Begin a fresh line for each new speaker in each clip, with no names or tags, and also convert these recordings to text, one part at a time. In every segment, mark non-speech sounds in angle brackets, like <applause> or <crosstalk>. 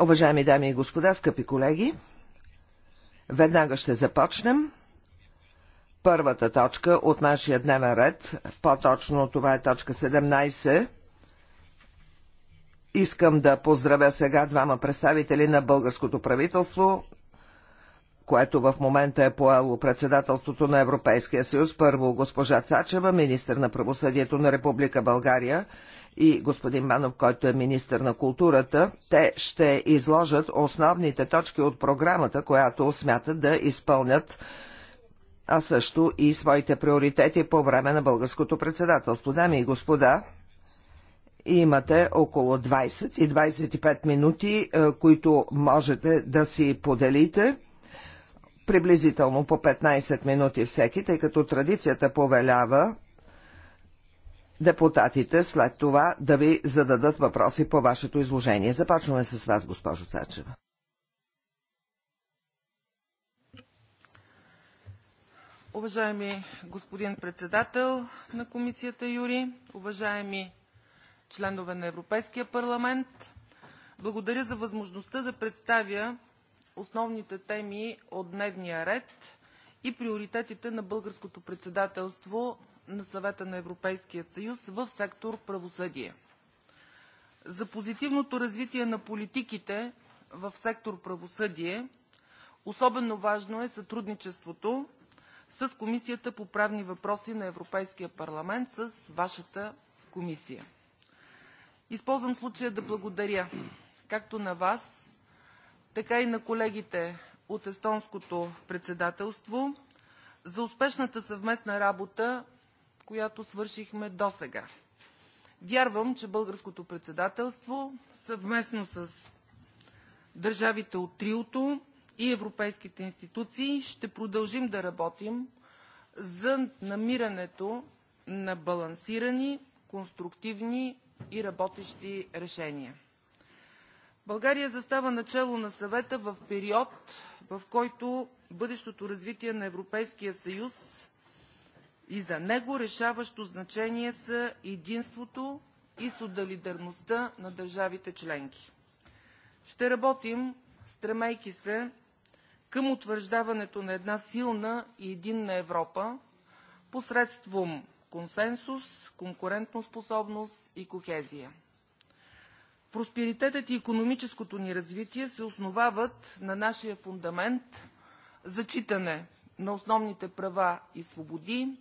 Уважаеми дами и господа, скъпи колеги, веднага ще започнем. Първата точка от нашия дневен ред, по-точно това е точка 17. Искам да поздравя сега двама представители на българското правителство, което в момента е поело председателството на Европейския съюз. Първо госпожа Цачева, министр на правосъдието на Република България, и господин Банов, който е министър на културата, те ще изложат основните точки от програмата, която смятат да изпълнят а също и своите приоритети по време на българското председателство. Дами и господа, имате около 20 и 25 минути, е, които можете да си поделите приблизително по 15 минути всеки, тъй като традицията повелява депутатите след това да ви зададат въпроси по вашето изложение. Започваме с вас, госпожо Цачева.
Уважаеми господин председател на комисията Юри, уважаеми членове на Европейския парламент, благодаря за възможността да представя основните теми от дневния ред и приоритетите на българското председателство на Съвета на Европейския съюз в сектор правосъдие. За позитивното развитие на политиките в сектор правосъдие особено важно е сътрудничеството с Комисията по правни въпроси на Европейския парламент, с Вашата комисия. Използвам случая да благодаря както на Вас, така и на колегите от Естонското председателство за успешната съвместна работа която свършихме досега. Вярвам, че българското председателство съвместно с държавите от триото и европейските институции ще продължим да работим за намирането на балансирани, конструктивни и работещи решения. България застава начало на Съвета в период, в който бъдещото развитие на Европейския съюз и за него решаващо значение са единството и солидарността на държавите членки. Ще работим, стремейки се към утвърждаването на една силна и единна Европа посредством консенсус, конкурентоспособност и кохезия. Просперитетът и економическото ни развитие се основават на нашия фундамент – зачитане на основните права и свободи,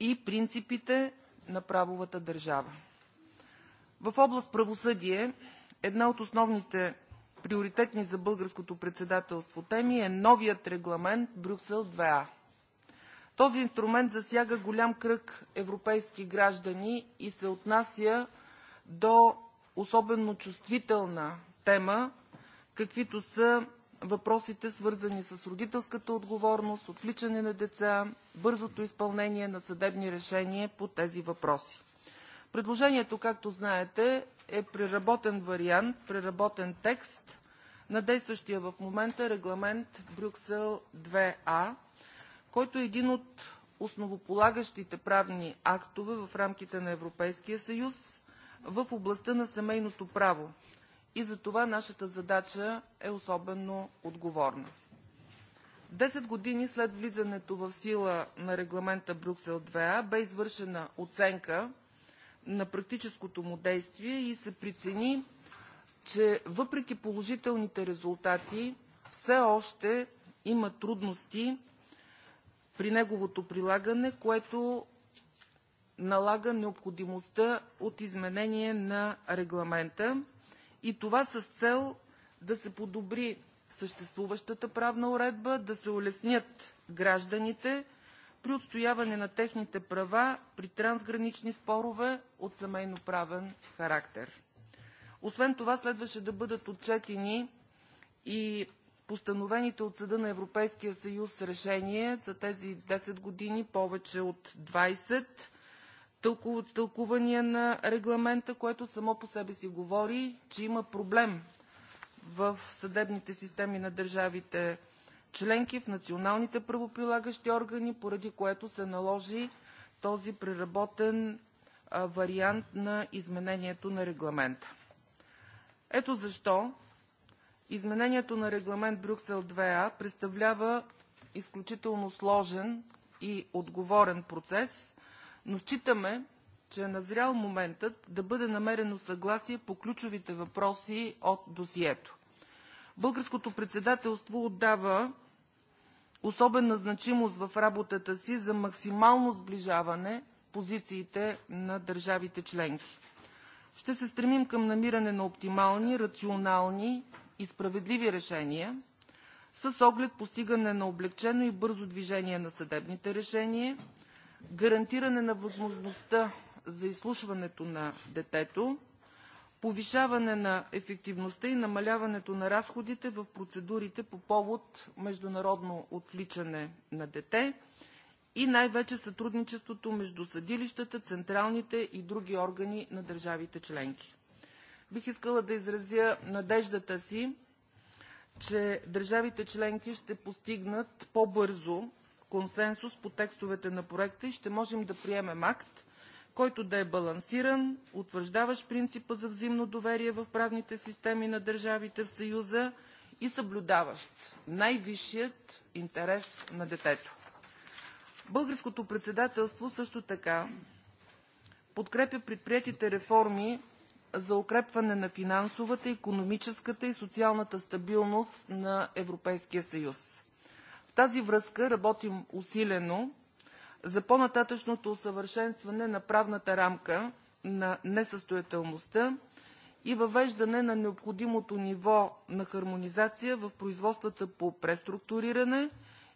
и принципите на правовата държава. В област правосъдие една от основните приоритетни за Българското председателство теми е новият Регламент Брюксел IIа. Този инструмент засяга голям кръг европейски граждани и се отнася до особено чувствителна тема, каквито са въпросите, свързани с родителската отговорност, отвличане на деца, бързото изпълнение на съдебни решения по тези въпроси. Предложението, както знаете, е преработен вариант, преработен текст на действащия в момента регламент Брюксел 2А, който е един от основополагащите правни актове в рамките на Европейския съюз в областта на семейното право, и затова нашата задача е особено отговорна. Десет години след влизането в сила на Регламента Брюксел IIа бе извършена оценка на практическото му действие и се прецени, че въпреки положителните резултати все още има трудности при неговото прилагане, което налага необходимостта от изменение на регламента, и това с цел да се подобри съществуващата правна уредба, да се улеснят гражданите при отстояване на техните права при трансгранични спорове от семейноправен характер. Освен това следваше да бъдат отчетени и постановените от Съда на Европейския съюз решения за тези 10 години, повече от 20, тълкувания на регламента, което само по себе си говори, че има проблем в съдебните системи на държавите членки, в националните правоприлагащи органи, поради което се наложи този преработен вариант на изменението на регламента. Ето защо изменението на регламент Брюксел 2А представлява изключително сложен и отговорен процес, но считаме, че е назрял моментът да бъде намерено съгласие по ключовите въпроси от досието. Българското председателство отдава особена значимост в работата си за максимално сближаване позициите на държавите членки. Ще се стремим към намиране на оптимални, рационални и справедливи решения с оглед постигане на облекчено и бързо движение на съдебните решения, гарантиране на възможността за изслушването на детето, повишаване на ефективността и намаляването на разходите в процедурите по повод международно отвличане на дете и най-вече сътрудничеството между съдилищата, централните и други органи на държавите членки. Бих искала да изразя надеждата си, че държавите членки ще постигнат по-бързо консенсус по текстовете на проекта и ще можем да приемем акт, който да е балансиран, утвърждаващ принципа за взаимно доверие в правните системи на държавите в Съюза и съблюдаващ най-висшия интерес на детето. Българското председателство също така подкрепя предприетите реформи за укрепване на финансовата, икономическата и социалната стабилност на Европейския съюз тази връзка работим усилено за по-нататъшното усъвършенстване на правната рамка на несъстоятелността и въвеждане на необходимото ниво на хармонизация в производствата по преструктуриране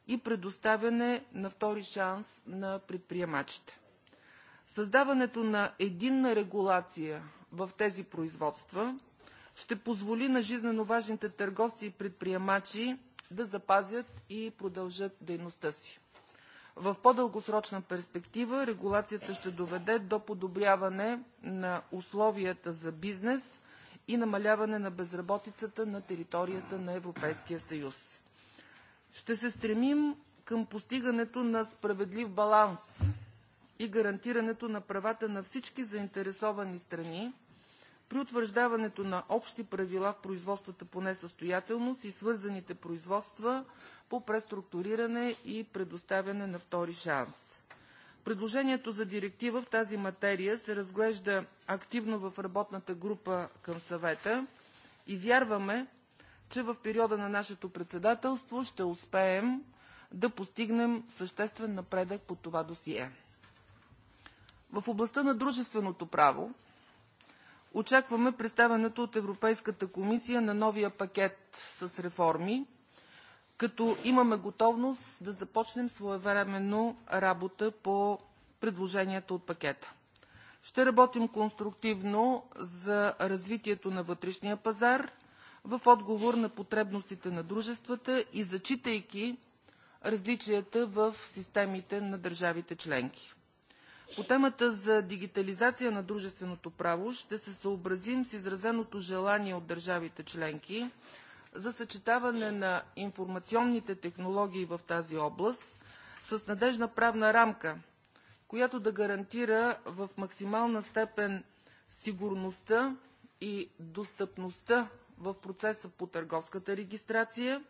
и предоставяне на втори шанс на предприемачите. Създаването на единна регулация в тези производства ще позволи на жизненоважните търговци и предприемачи да запазят и продължат дейността си. В по-дългосрочна перспектива регулацията ще доведе до подобряване на условията за бизнес и намаляване на безработицата на територията на Европейския съюз. Ще се стремим към постигането на справедлив баланс и гарантирането на правата на всички заинтересовани страни при утвърждаването на общи правила в производствата по несъстоятелност и свързаните производства по преструктуриране и предоставяне на втори шанс. Предложението за директива в тази материя се разглежда активно в работната група към Съвета и вярваме, че в периода на нашето председателство ще успеем да постигнем съществен напредък по това досие. В областта на дружественото право Очакваме представянето от Европейската комисия на новия пакет с реформи, като имаме готовност да започнем своевременно работа по предложенията от пакета. Ще работим конструктивно за развитието на вътрешния пазар в отговор на потребностите на дружествата и зачитайки различията в системите на държавите членки. По темата за дигитализация на дружественото право ще се съобразим с изразеното желание от държавите членки за съчетаване на информационните технологии в тази област с надеждна правна рамка, която да гарантира в максимална степен сигурността и достъпността в процеса по търговската регистрация,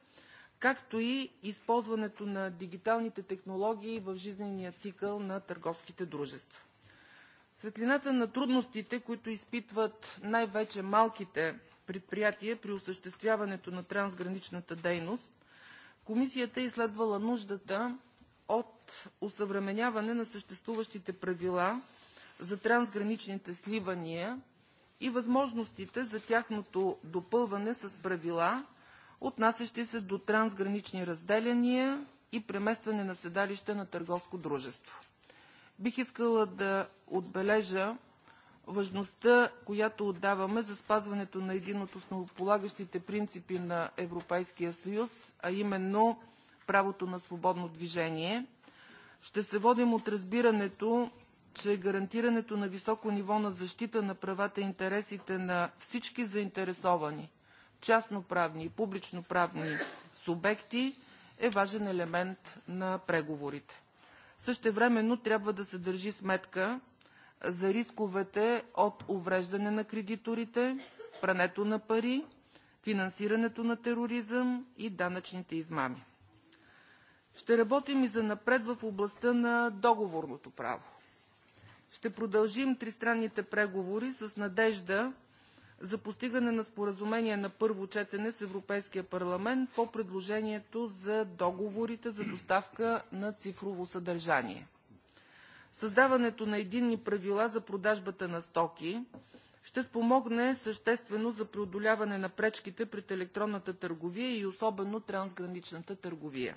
както и използването на дигиталните технологии в жизнения цикъл на търговските дружества. В светлината на трудностите, които изпитват най-вече малките предприятия при осъществяването на трансграничната дейност, Комисията е изследвала нуждата от осъвременяване на съществуващите правила за трансграничните сливания и възможностите за тяхното допълване с правила, отнасящи се до трансгранични разделяния и преместване на седалище на търговско дружество. Бих искала да отбележа важността, която отдаваме за спазването на един от основополагащите принципи на Европейския съюз, а именно правото на свободно движение. Ще се водим от разбирането, че гарантирането на високо ниво на защита на правата и интересите на всички заинтересовани частноправни и публичноправни субекти е важен елемент на преговорите. Същевременно трябва да се държи сметка за рисковете от увреждане на кредиторите, прането на пари, финансирането на тероризъм и данъчните измами. Ще работим и за напред в областта на договорното право. Ще продължим тристранните преговори с надежда за постигане на споразумение на първо четене с Европейския парламент по предложението за договорите за доставка на цифрово съдържание. Създаването на единни правила за продажбата на стоки ще спомогне съществено за преодоляване на пречките пред електронната търговия и особено трансграничната търговия.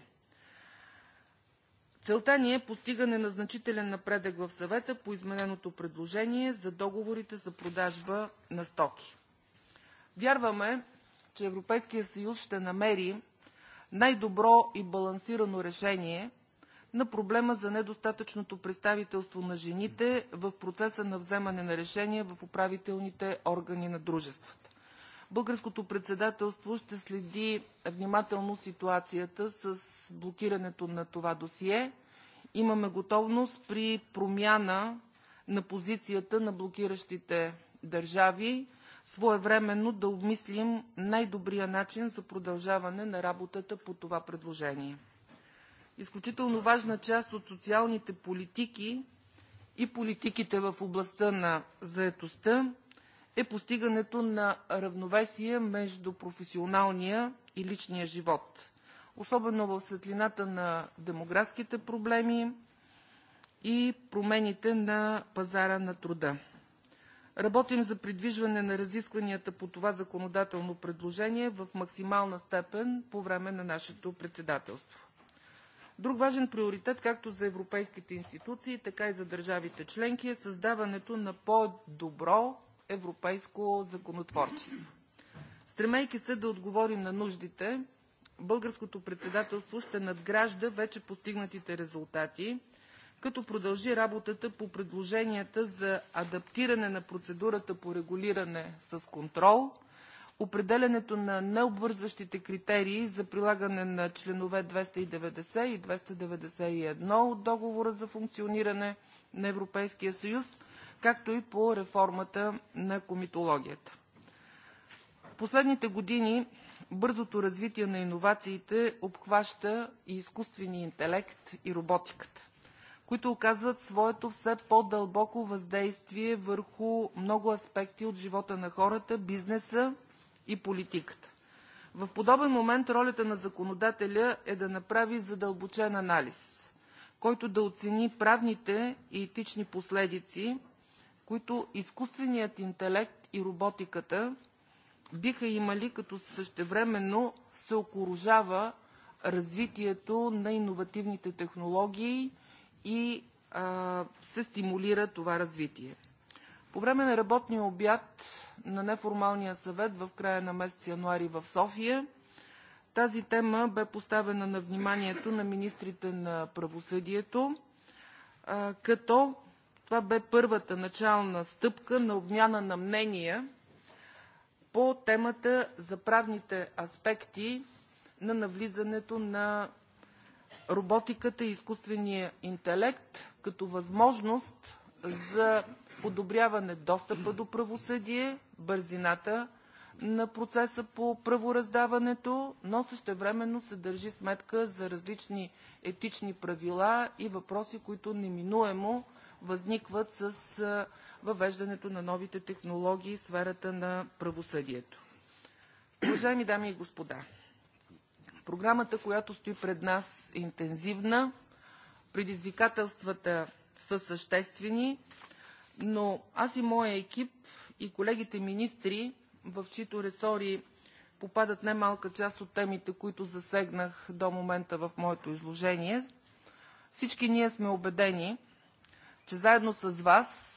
Целта ни е постигане на значителен напредък в Съвета по измененото предложение за договорите за продажба на стоки. Вярваме, че Европейският съюз ще намери най-добро и балансирано решение на проблема за недостатъчното представителство на жените в процеса на вземане на решения в управителните органи на дружествата. Българското председателство ще следи внимателно ситуацията с блокирането на това досие. Имаме готовност при промяна на позицията на блокиращите държави своевременно да обмислим най-добрия начин за продължаване на работата по това предложение. Изключително важна част от социалните политики и политиките в областта на заетостта е постигането на равновесие между професионалния и личния живот, особено в светлината на демографските проблеми и промените на пазара на труда. Работим за придвижване на разискванията по това законодателно предложение в максимална степен по време на нашето председателство. Друг важен приоритет както за европейските институции, така и за държавите членки е създаването на по-добро европейско законотворчество. Стремейки се да отговорим на нуждите, българското председателство ще надгражда вече постигнатите резултати, като продължи работата по предложенията за адаптиране на процедурата по регулиране с контрол, определянето на необвързващите критерии за прилагане на членове 290 и 291 от Договора за функциониране на Европейския съюз, както и по реформата на комитологията. В последните години бързото развитие на иновациите обхваща и изкуствения интелект, и роботиката, които оказват своето все по-дълбоко въздействие върху много аспекти от живота на хората, бизнеса и политиката. В подобен момент ролята на законодателя е да направи задълбочен анализ, който да оцени правните и етични последици които изкуственият интелект и роботиката биха имали, като същевременно се окуражава развитието на иновативните технологии и се стимулира това развитие. По време на работния обяд на неформалния съвет в края на месец януари в София тази тема бе поставена на вниманието на министрите на правосъдието, като това бе първата начална стъпка на обмяна на мнения по темата за правните аспекти на навлизането на роботиката и изкуствения интелект като възможност за подобряване достъпа до правосъдие, бързината на процеса по правораздаването, но същевременно се държи сметка за различни етични правила и въпроси, които неминуемо възникват с въвеждането на новите технологии в сферата на правосъдието. Уважаеми дами и господа, програмата, която стои пред нас, е интензивна, предизвикателствата са съществени, но аз и моя екип и колегите министри, в чието ресори попадат немалка част от темите, които засегнах до момента в моето изложение, всички ние сме убедени, че заедно с Вас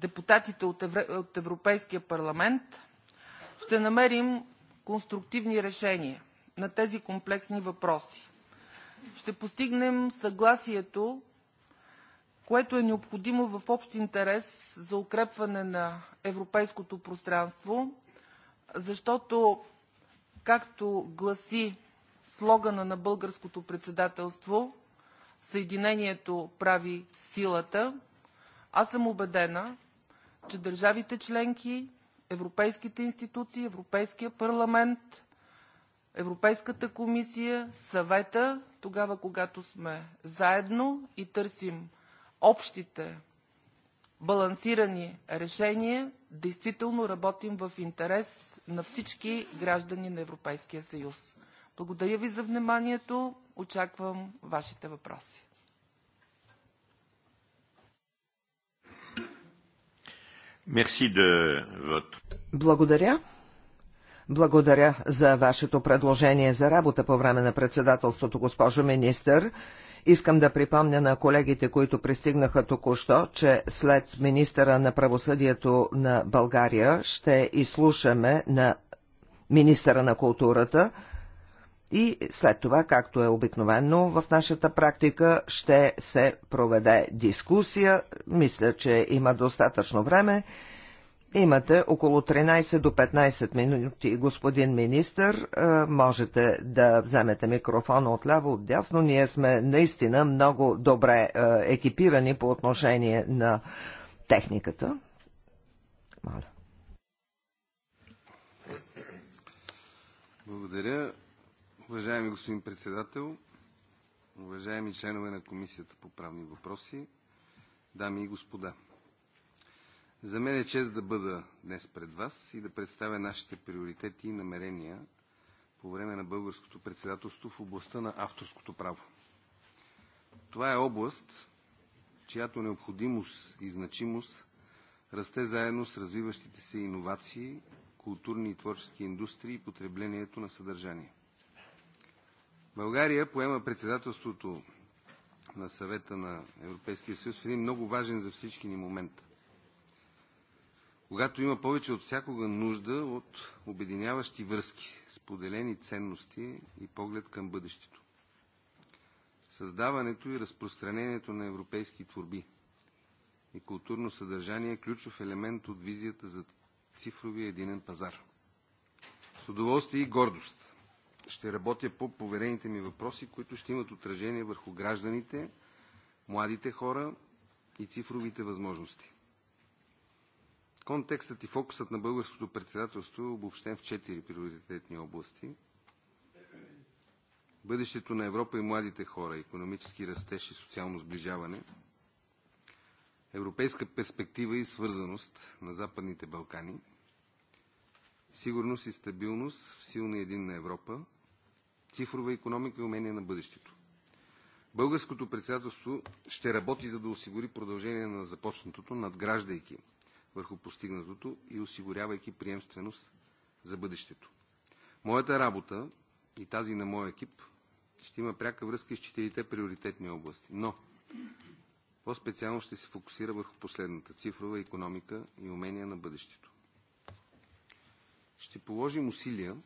депутатите от Европейския парламент ще намерим конструктивни решения на тези комплексни въпроси. Ще постигнем съгласието, което е необходимо в общ интерес за укрепване на европейското пространство, защото, както гласи слогана на българското председателство, Съединението прави силата. Аз съм убедена, че държавите членки, европейските институции, Европейския парламент, Европейската комисия, Съвета, тогава когато сме заедно и търсим общите балансирани решения, действително работим в интерес на всички граждани на Европейския съюз. Благодаря ви за вниманието. Очаквам вашите въпроси.
Благодаря. Благодаря за вашето предложение за работа по време на председателството, госпожо министър. Искам да припомня на колегите, които пристигнаха току-що, че след министъра на правосъдието на България ще изслушаме на министъра на културата – и след това, както е обикновено в нашата практика, ще се проведе дискусия. Мисля, че има достатъчно време. Имате около 13 до 15 минути, господин министър. Е, можете да вземете микрофона отляво, от дясно. Ние сме наистина много добре е, екипирани по отношение на техниката.
Моля. Благодаря. Уважаеми господин председател, уважаеми членове на Комисията по правни въпроси, дами и господа! За мен е чест да бъда днес пред вас и да представя нашите приоритети и намерения по време на българското председателство в областта на авторското право. Това е област, чиято необходимост и значимост расте заедно с развиващите се иновации, културни и творчески индустрии и потреблението на съдържание. България поема председателството на съвета на Европейския съюз в един много важен за всички ни момент. Когато има повече от всякога нужда от обединяващи връзки, споделени ценности и поглед към бъдещето. Създаването и разпространението на европейски творби и културно съдържание е ключов елемент от визията за цифровия единен пазар. С удоволствие и гордост ще работя по поверените ми въпроси, които ще имат отражение върху гражданите, младите хора и цифровите възможности. Контекстът и фокусът на българското председателство е обобщен в четири приоритетни области. Бъдещето на Европа и младите хора, економически растеж и социално сближаване, европейска перспектива и свързаност на Западните Балкани – сигурност и стабилност в силна и единна Европа, цифрова економика и умения на бъдещето. Българското председателство ще работи за да осигури продължение на започнатото, надграждайки върху постигнатото и осигурявайки приемственост за бъдещето. Моята работа и тази на моя екип ще има пряка връзка с четирите приоритетни области, но по-специално ще се фокусира върху последната цифрова економика и умения на бъдещето. Ще положим усилия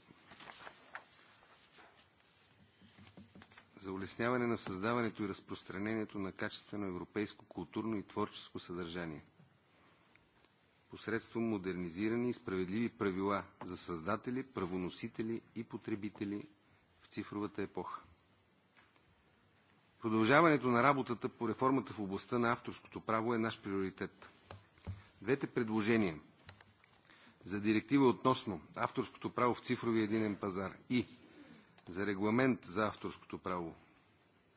за улесняване на създаването и разпространението на качествено европейско културно и творческо съдържание посредством модернизирани и справедливи правила за създатели, правоносители и потребители в цифровата епоха. Продължаването на работата по реформата в областта на авторското право е наш приоритет. Двете предложения – за директива относно авторското право в цифровия единен пазар и за регламент за авторското право,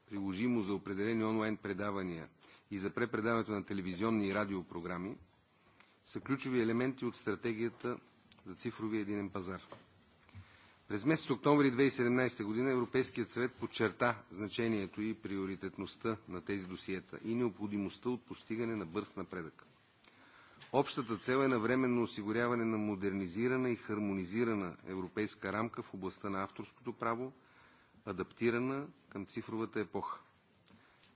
приложимо за определени онлайн предавания и за препредаването на телевизионни и радиопрограми, са ключови елементи от стратегията за цифровия единен пазар. През месец октомври 2017 година Европейският съвет подчерта значението и приоритетността на тези досиета и необходимостта от постигане на бърз напредък. Общата цел е навременно осигуряване на модернизирана и хармонизирана европейска рамка в областта на авторското право, адаптирана към цифровата епоха.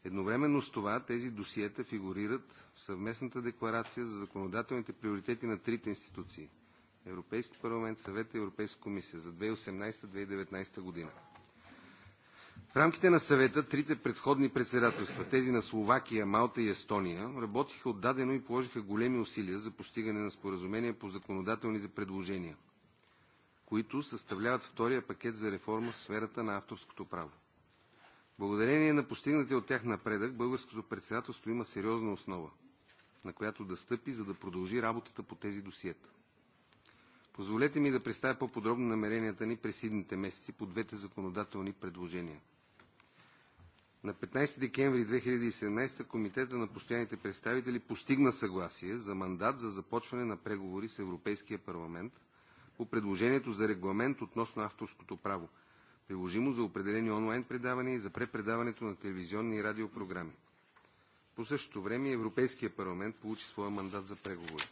Едновременно с това тези досиета фигурират в съвместната декларация за законодателните приоритети на трите институции – Европейски парламент, Съвет и Европейска комисия за 2018-2019 година. В рамките на съвета трите предходни председателства, тези на Словакия, Малта и Естония, работиха отдадено и положиха големи усилия за постигане на споразумения по законодателните предложения, които съставляват втория пакет за реформа в сферата на авторското право. Благодарение на постигнатия от тях напредък, българското председателство има сериозна основа, на която да стъпи, за да продължи работата по тези досиета. Позволете ми да представя по-подробно намеренията ни през идните месеци по двете законодателни предложения – на 15 декември 2017 Комитета на постоянните представители постигна съгласие за мандат за започване на преговори с Европейския парламент по предложението за регламент относно авторското право, приложимо за определени онлайн предавания и за препредаването на телевизионни и радиопрограми. По същото време Европейския парламент получи своя мандат за преговори.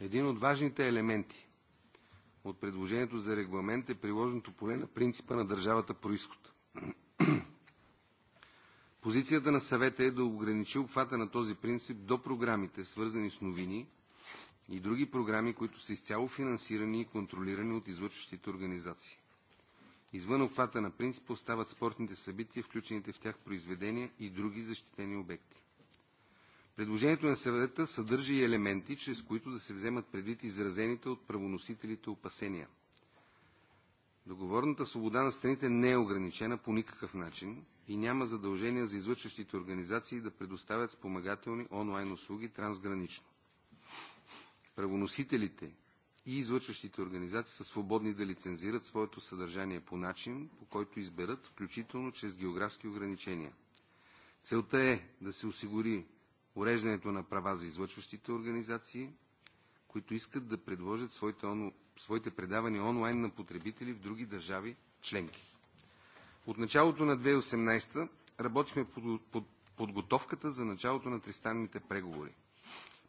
Един от важните елементи от предложението за регламент е приложеното поле на принципа на държавата происход – Позицията на съвета е да ограничи обхвата на този принцип до програмите, свързани с новини и други програми, които са изцяло финансирани и контролирани от излъчващите организации. Извън обхвата на принципа остават спортните събития, включените в тях произведения и други защитени обекти. Предложението на съвета съдържа и елементи, чрез които да се вземат предвид изразените от правоносителите опасения – Договорната свобода на страните не е ограничена по никакъв начин и няма задължения за излъчващите организации да предоставят спомагателни онлайн услуги трансгранично. Правоносителите и излъчващите организации са свободни да лицензират своето съдържание по начин, по който изберат, включително чрез географски ограничения. Целта е да се осигури уреждането на права за излъчващите организации, които искат да предложат своите, он... своите предавания онлайн на потребители в други държави членки. От началото на 2018 работихме под, под подготовката за началото на тристанните преговори.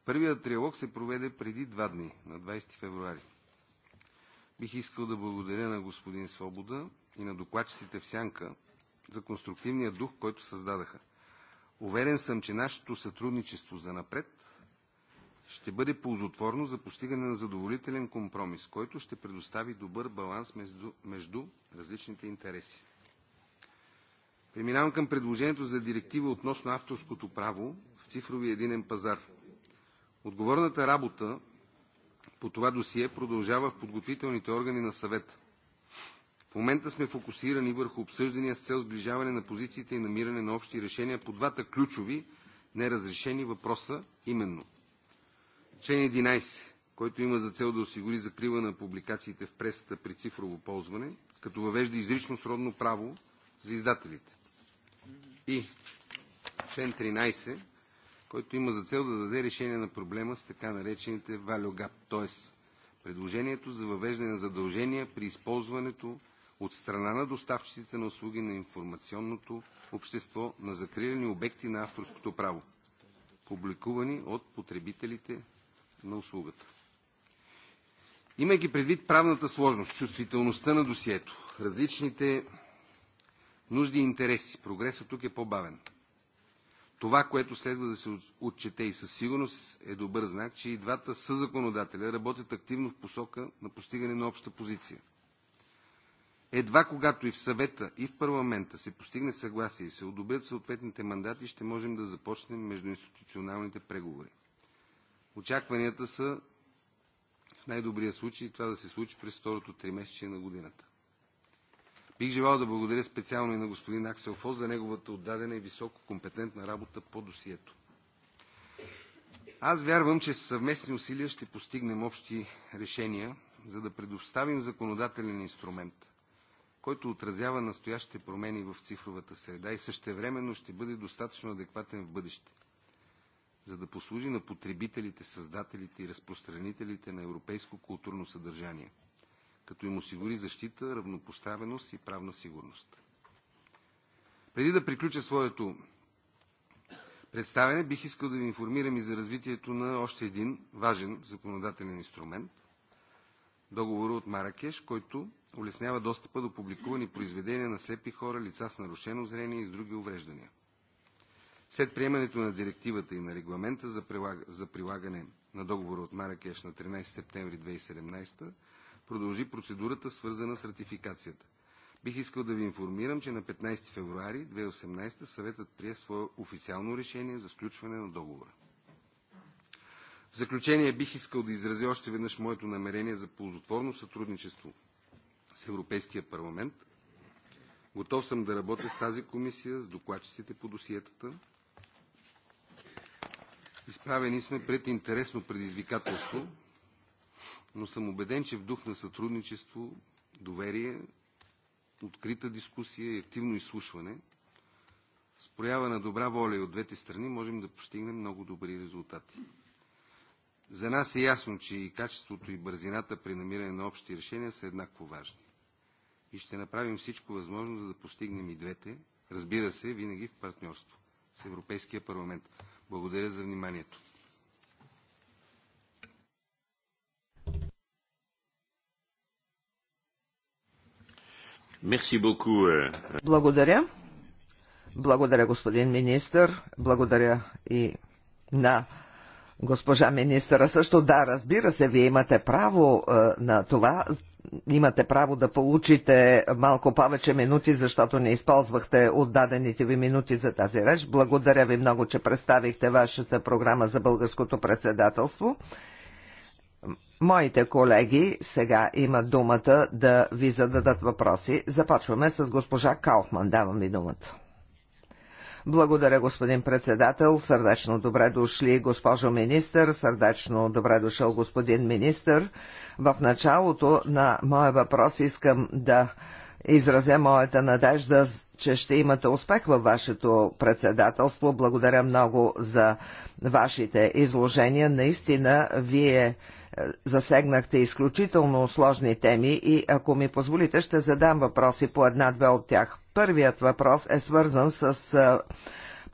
Първият триалог се проведе преди два дни, на 20 февруари. Бих искал да благодаря на господин Свобода и на докладчиците в Сянка за конструктивния дух, който създадаха. Уверен съм, че нашето сътрудничество за напред ще бъде ползотворно за постигане на задоволителен компромис, който ще предостави добър баланс между, между различните интереси. Преминавам към предложението за директива относно авторското право в цифровия единен пазар. Отговорната работа по това досие продължава в подготвителните органи на съвета. В момента сме фокусирани върху обсъждания с цел сближаване на позициите и намиране на общи решения по двата ключови неразрешени въпроса, именно Член 11, който има за цел да осигури закрива на публикациите в пресата при цифрово ползване, като въвежда изрично сродно право за издателите. И член 13, който има за цел да даде решение на проблема с така наречените gap, т.е. предложението за въвеждане на задължения при използването от страна на доставчиците на услуги на информационното общество на закрилени обекти на авторското право, публикувани от потребителите на услугата. Имайки предвид правната сложност, чувствителността на досието, различните нужди и интереси, прогресът тук е по-бавен. Това, което следва да се отчете и със сигурност е добър знак, че и двата съзаконодателя работят активно в посока на постигане на обща позиция. Едва когато и в съвета, и в парламента се постигне съгласие и се одобрят съответните мандати, ще можем да започнем междуинституционалните преговори. Очакванията са в най-добрия случай това да се случи през второто тримесечие на годината. Бих желал да благодаря специално и на господин Аксел Фос за неговата отдадена и високо компетентна работа по досието. Аз вярвам, че с съвместни усилия ще постигнем общи решения, за да предоставим законодателен инструмент, който отразява настоящите промени в цифровата среда и същевременно ще бъде достатъчно адекватен в бъдеще – за да послужи на потребителите, създателите и разпространителите на европейско културно съдържание, като им осигури защита, равнопоставеност и правна сигурност. Преди да приключа своето представяне, бих искал да ви информирам и за развитието на още един важен законодателен инструмент – договора от Маракеш, който улеснява достъпа до публикувани произведения на слепи хора, лица с нарушено зрение и с други увреждания – след приемането на директивата и на регламента за прилагане на договора от Маракеш на 13 септември 2017 продължи процедурата, свързана с ратификацията. Бих искал да ви информирам, че на 15 февруари 2018 съветът прие свое официално решение за сключване на договора. В заключение бих искал да изразя още веднъж моето намерение за ползотворно сътрудничество с Европейския парламент. Готов съм да работя с тази комисия, с докладчиците по досиетата, Изправени сме пред интересно предизвикателство, но съм убеден, че в дух на сътрудничество, доверие, открита дискусия и активно изслушване, с проява на добра воля и от двете страни можем да постигнем много добри резултати. За нас е ясно, че и качеството и бързината при намиране на общи решения са еднакво важни. И ще направим всичко възможно, за да постигнем и двете, разбира се, винаги в партньорство с Европейския парламент. Благодаря за вниманието.
Euh, euh.
Благодаря. Благодаря, господин министр. Благодаря и на госпожа министра също. Да, разбира се, вие имате право е, на това имате право да получите малко повече минути, защото не използвахте отдадените ви минути за тази реч. Благодаря ви много, че представихте вашата програма за българското председателство. Моите колеги сега имат думата да ви зададат въпроси. Започваме с госпожа Кауфман. Давам ви думата. Благодаря, господин председател. Сърдечно добре дошли, госпожо министър. Сърдечно добре дошъл, господин министър. В началото на моя въпрос искам да изразя моята надежда, че ще имате успех във вашето председателство. Благодаря много за вашите изложения. Наистина, вие е, засегнахте изключително сложни теми и ако ми позволите, ще задам въпроси по една-две от тях. Първият въпрос е свързан с е,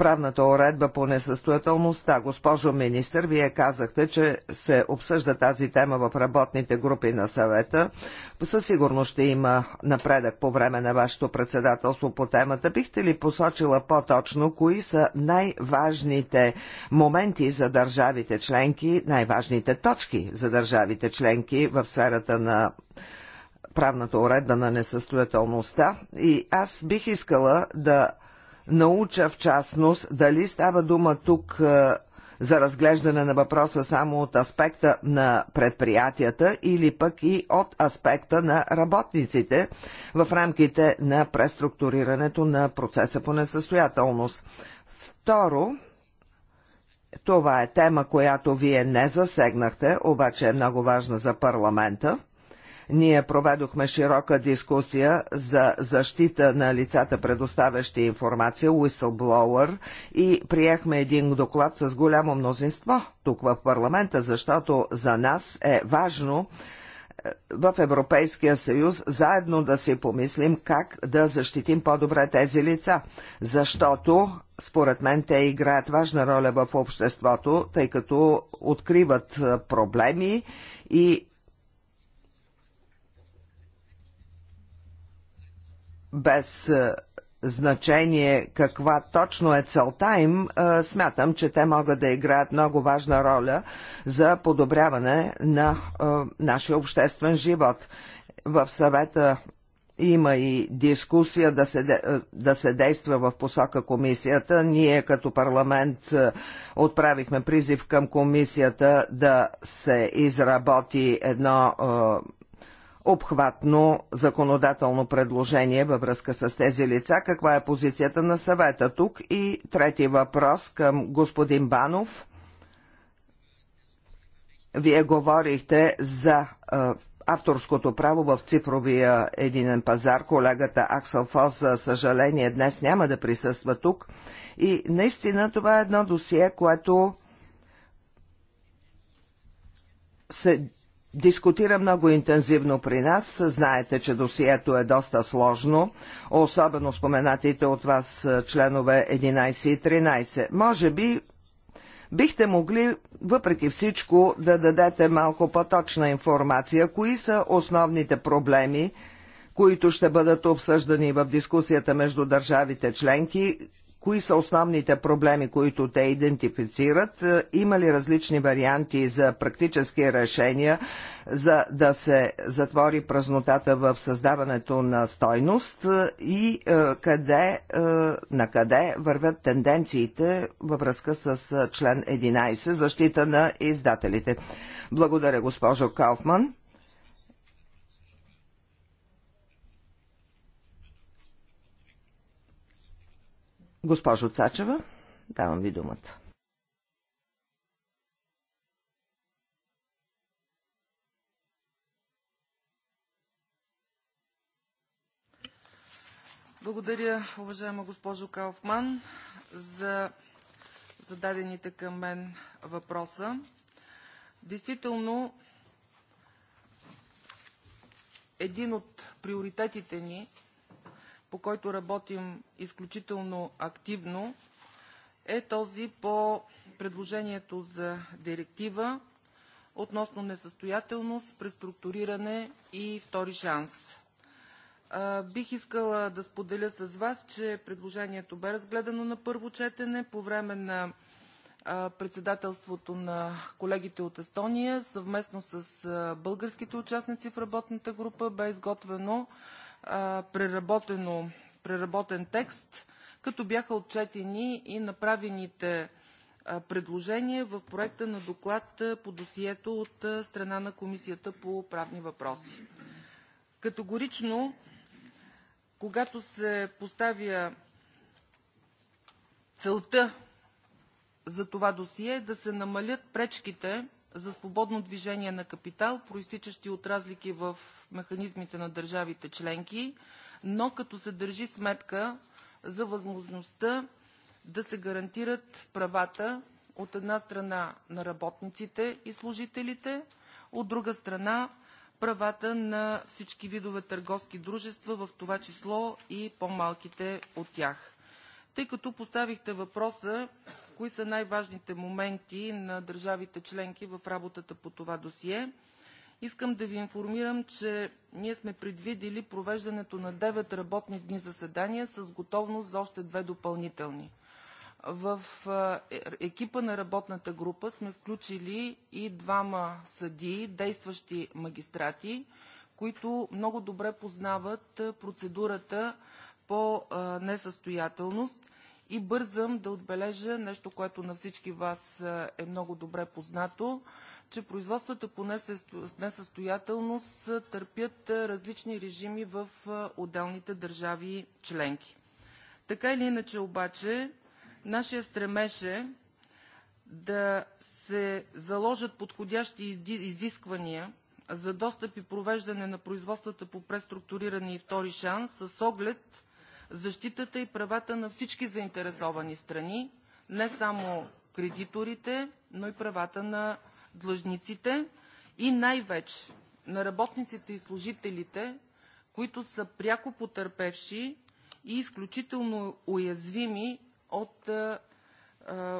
правната уредба по несъстоятелността. Госпожо министър, вие казахте, че се обсъжда тази тема в работните групи на съвета. Със сигурност ще има напредък по време на вашето председателство по темата. Бихте ли посочила по-точно кои са най-важните моменти за държавите членки, най-важните точки за държавите членки в сферата на правната уредба на несъстоятелността и аз бих искала да науча в частност дали става дума тук е, за разглеждане на въпроса само от аспекта на предприятията или пък и от аспекта на работниците в рамките на преструктурирането на процеса по несъстоятелност. Второ, това е тема, която вие не засегнахте, обаче е много важна за парламента. Ние проведохме широка дискусия за защита на лицата, предоставящи информация, whistleblower, и приехме един доклад с голямо мнозинство тук в парламента, защото за нас е важно е, в Европейския съюз заедно да си помислим как да защитим по-добре тези лица, защото според мен те играят важна роля в обществото, тъй като откриват е, проблеми и без е, значение каква точно е целта им, е, смятам, че те могат да играят много важна роля за подобряване на е, нашия обществен живот. В съвета има и дискусия да се, да се действа в посока комисията. Ние като парламент отправихме призив към комисията да се изработи едно обхватно законодателно предложение във връзка с тези лица. Каква е позицията на съвета тук? И трети въпрос към господин Банов. Вие говорихте за авторското право в цифровия единен пазар. Колегата Аксел Фос, за съжаление, днес няма да присъства тук. И наистина това е едно досие, което се дискутира много интензивно при нас. Знаете, че досието е доста сложно, особено споменатите от вас е, членове 11 и 13. Може би бихте могли, въпреки всичко, да дадете малко по-точна информация, кои са основните проблеми, които ще бъдат обсъждани в дискусията между държавите членки, кои са основните проблеми, които те идентифицират, е, има ли различни варианти за практически решения, за да се затвори празнотата в създаването на стойност е, и е, къде, на къде вървят тенденциите във връзка с член 11 защита на издателите. Благодаря, госпожо Кауфман. Госпожо Цачева, давам ви думата.
Благодаря, уважаема госпожо Кауфман, за зададените към мен въпроса. Действително, един от приоритетите ни по който работим изключително активно, е този по предложението за директива относно несъстоятелност, преструктуриране и втори шанс. Бих искала да споделя с Вас, че предложението бе разгледано на първо четене по време на председателството на колегите от Естония. Съвместно с българските участници в работната група бе изготвено преработен текст, като бяха отчетени и направените предложения в проекта на доклад по досието от страна на Комисията по правни въпроси. Категорично, когато се поставя целта за това досие, е да се намалят пречките за свободно движение на капитал, произтичащи от разлики в механизмите на държавите членки, но като се държи сметка за възможността да се гарантират правата, от една страна, на работниците и служителите, от друга страна, правата на всички видове търговски дружества, в това число и по-малките от тях. Тъй като поставихте въпроса кои са най-важните моменти на държавите членки в работата по това досие. Искам да Ви информирам, че ние сме предвидили провеждането на 9 работни дни заседания с готовност за още две допълнителни. В е, екипа на работната група сме включили и двама съдии, действащи магистрати, които много добре познават процедурата по несъстоятелност и бързам да отбележа нещо, което на всички вас е, е много добре познато, че производствата по несъстоятелност е, търпят е, различни режими в отделните държави членки. Така или иначе обаче, нашият стремеж е да се заложат подходящи изисквания за достъп и провеждане на производствата по преструктуриране и втори шанс с оглед защитата и правата на всички заинтересовани страни, не само кредиторите, но и правата на длъжниците и най-вече на работниците и служителите, които са пряко потърпевши и изключително уязвими от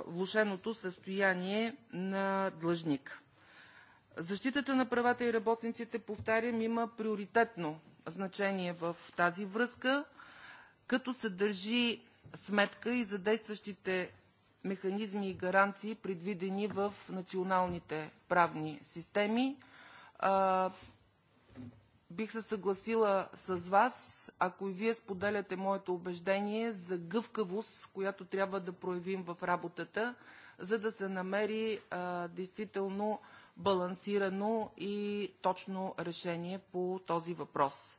влушеното състояние на длъжника. Защитата на правата и работниците, повтарям, има приоритетно значение в тази връзка като се държи сметка и за действащите механизми и гаранции, предвидени в националните правни системи. Бих се съгласила с Вас, ако и Вие споделяте моето убеждение за гъвкавост, която трябва да проявим в работата, за да се намери действително балансирано и точно решение по този въпрос.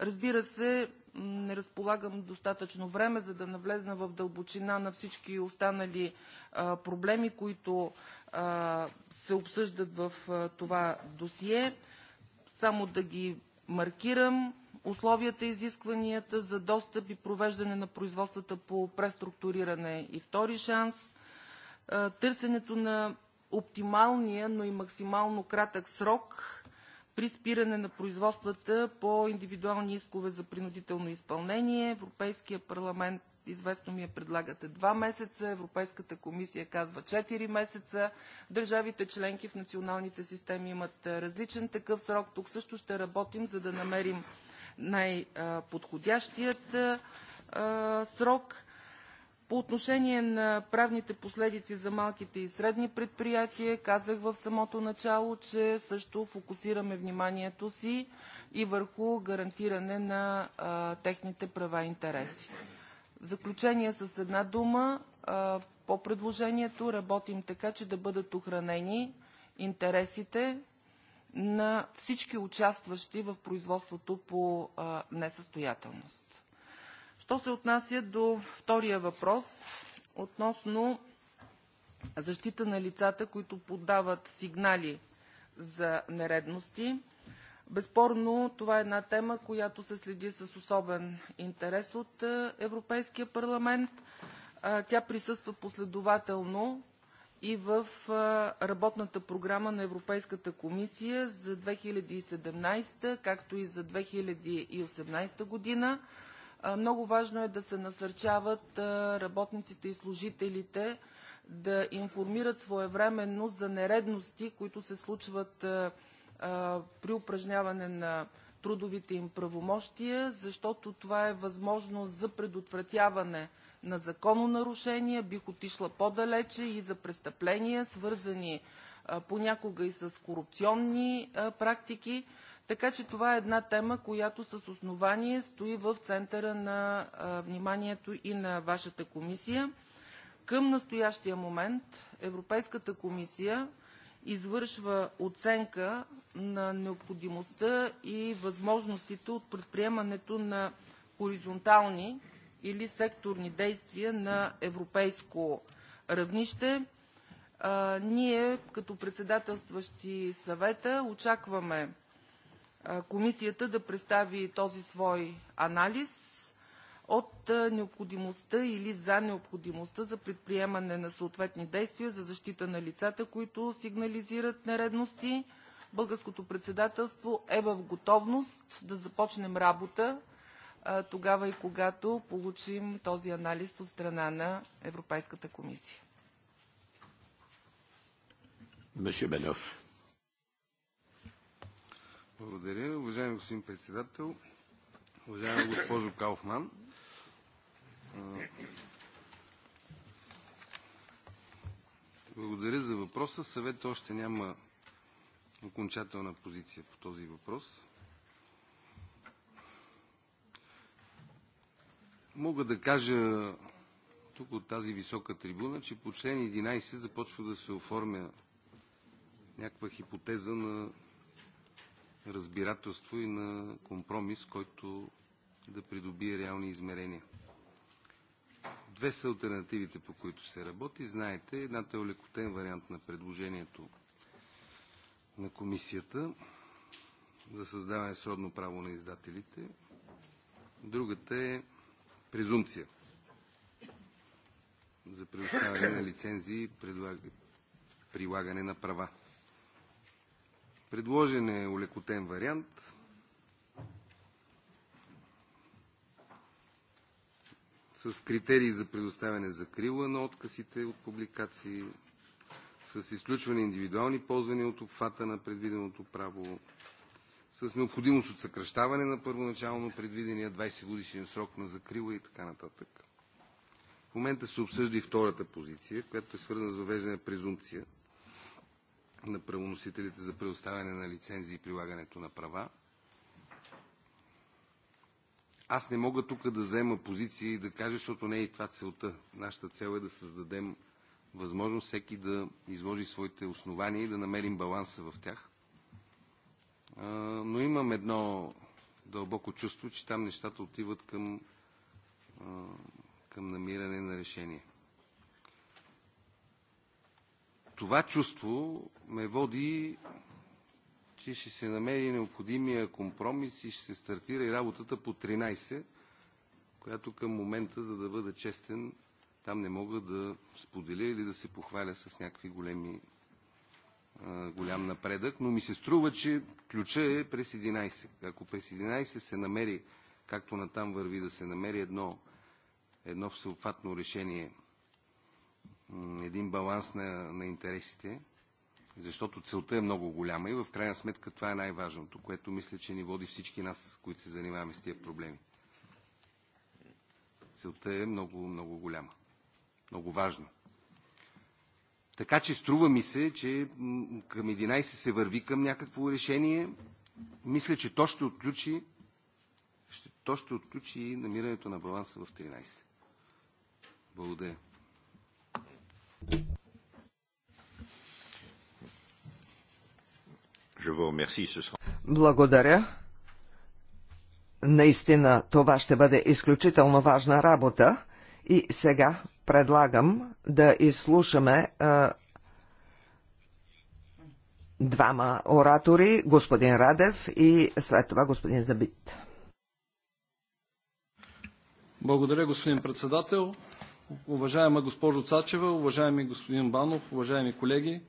Разбира се, не разполагам достатъчно време, за да навлезна в дълбочина на всички останали проблеми, които се обсъждат в това досие. Само да ги маркирам. Условията и изискванията за достъп и провеждане на производствата по преструктуриране и втори шанс, търсенето на оптималния, но и максимално кратък срок при спиране на производствата по индивидуални искове за принудително изпълнение. Европейският парламент, известно ми е, предлагате два месеца, Европейската комисия казва четири месеца. Държавите членки в националните системи имат различен такъв срок. Тук също ще работим, за да намерим най-подходящият срок. По отношение на правните последици за малките и средни предприятия казах в самото начало, че също фокусираме вниманието си и върху гарантиране на техните права и интереси. В заключение с една дума по предложението работим така, че да бъдат охранени интересите на всички участващи в производството по несъстоятелност. Що се отнася до втория въпрос относно защита на лицата, които подават сигнали за нередности, безспорно това е една тема, която се следи с особен интерес от е, Европейския парламент. Тя присъства последователно и в работната програма на Европейската комисия за 2017, както и за 2018 година. Много важно е да се насърчават работниците и служителите да информират своевременно за нередности, които се случват при упражняване на трудовите им правомощия, защото това е възможност за предотвратяване на закононарушения, бих отишла по-далече и за престъпления, свързани понякога и с корупционни практики. Така че това е една тема, която с основание стои в центъра на вниманието и на Вашата комисия. Към настоящия момент Европейската комисия извършва оценка на необходимостта и възможностите от предприемането на хоризонтални или секторни действия на европейско равнище. Ние, като председателстващи Съвета, очакваме комисията да представи този свой анализ от необходимостта или за необходимостта за предприемане на съответни действия за защита на лицата, които сигнализират нередности. Българското председателство е в готовност да започнем работа тогава и когато получим този анализ от страна на Европейската комисия.
Monsieur Benov. Благодаря. Уважаеми господин председател, уважаема госпожо Кауфман, благодаря за въпроса. Съвет още няма окончателна позиция по този въпрос. Мога да кажа тук от тази висока трибуна, че по член 11 започва да се оформя някаква хипотеза на разбирателство и на компромис, който да придобие реални измерения. Две са альтернативите, по които се работи. Знаете, едната е олекотен вариант на предложението на комисията за създаване сродно право на издателите. Другата е презумпция за предоставяне на лицензии и прилагане на права. Предложен е улекотен вариант. с критерии за предоставяне за крила на отказите от публикации, с изключване индивидуални ползвания от обхвата на предвиденото право, с необходимост от съкръщаване на първоначално предвидения 20 годишен срок на закрила и така нататък. В момента се обсъжда и втората позиция, която е свързана с въвеждане презумпция на правоносителите за предоставяне на лицензии и прилагането на права. Аз не мога тук да взема позиции и да кажа, защото не е и това целта. Нашата цел е да създадем възможност всеки да изложи своите основания и да намерим баланса в тях. Но имам едно дълбоко чувство, че там нещата отиват към, към намиране на решение това чувство ме води, че ще се намери необходимия компромис и ще се стартира и работата по 13, която към момента, за да бъда честен, там не мога да споделя или да се похваля с някакви големи голям напредък, но ми се струва, че ключа е през 11. Ако през 11 се намери, както натам върви да се намери едно, едно всеобхватно решение един баланс на, на интересите, защото целта е много голяма и в крайна сметка това е най-важното, което мисля, че ни води всички нас, които се занимаваме с тия проблеми. Целта е много, много голяма. Много важна. Така че струва ми се, че към 11 се върви към някакво решение. Мисля, че то ще отключи, ще, то ще отключи и намирането на баланса в 13. Благодаря.
Благодаря. Наистина това ще бъде изключително важна работа и сега предлагам да изслушаме е, двама оратори, господин Радев и след това господин Забит.
Благодаря, господин председател. Уважаема госпожо Цачева, уважаеми господин Банов, уважаеми колеги,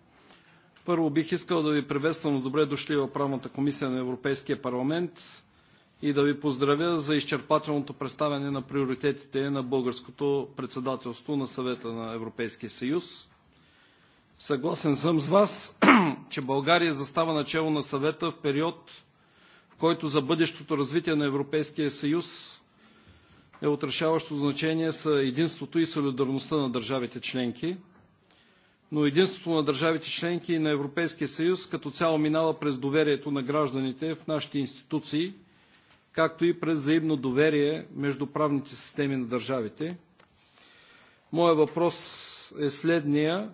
първо бих искал да ви приветствам с добре дошли в правната комисия на Европейския парламент и да ви поздравя за изчерпателното представяне на приоритетите на българското председателство на съвета на Европейския съюз. Съгласен съм с вас, <clears throat> че България застава начало на съвета в период, в който за бъдещото развитие на Европейския съюз е от решаващо значение са единството и солидарността на държавите членки, но единството на държавите членки и на Европейския съюз като цяло минава през доверието на гражданите в нашите институции, както и през взаимно доверие между правните системи на държавите. Моя въпрос е следния.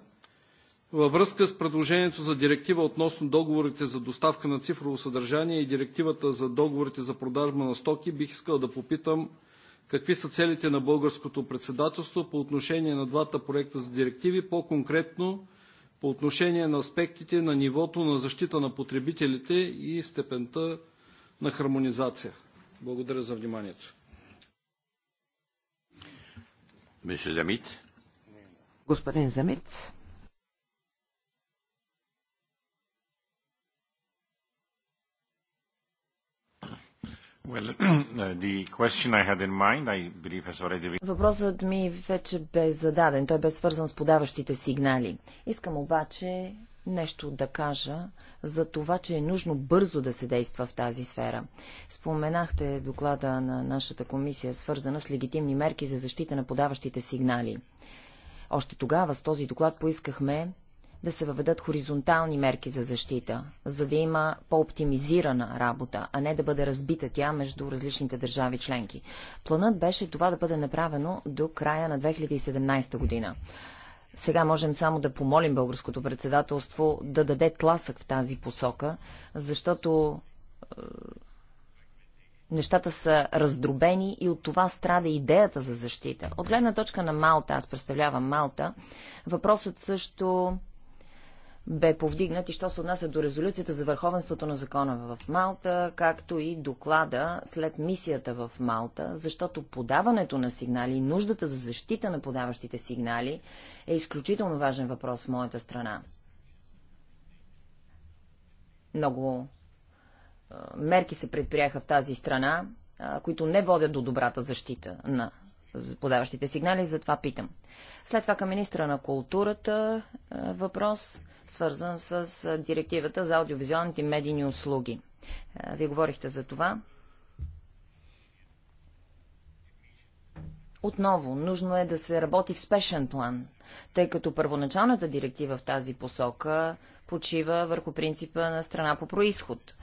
Във връзка с предложението за директива относно договорите за доставка на цифрово съдържание и директивата за договорите за продажба на стоки, бих искал да попитам – какви са целите на българското председателство по отношение на двата проекта за директиви, по-конкретно по отношение на аспектите на нивото на защита на потребителите и степента на хармонизация. Благодаря за вниманието.
Господин Замит. <clears throat> Uh,
Въпросът ми вече бе зададен. Той бе свързан с подаващите сигнали. Искам обаче нещо да кажа за това, че е нужно бързо да се действа в тази сфера. Споменахте доклада на нашата комисия, свързана с легитимни мерки за защита на подаващите сигнали. Още тогава с този доклад поискахме да се въведат хоризонтални мерки за защита, за да има по-оптимизирана работа, а не да бъде разбита тя между различните държави членки. Планът беше това да бъде направено до края на 2017 година. Сега можем само да помолим българското председателство да даде тласък в тази посока, защото е, нещата са раздробени и от това страда идеята за защита. От гледна точка на Малта, аз представлявам Малта, въпросът също бе повдигнат и що се отнася до резолюцията за върховенството на закона в Малта, както и доклада след мисията в Малта, защото подаването на сигнали и нуждата за защита на подаващите сигнали е изключително важен въпрос в моята страна. Много мерки се предприяха в тази страна, които не водят до добрата защита на подаващите сигнали, затова питам. След това към министра на културата въпрос свързан с директивата за аудиовизуалните медийни услуги. Вие говорихте за това. Отново, нужно е да се работи в спешен план, тъй като първоначалната директива в тази посока почива върху принципа на страна по происход.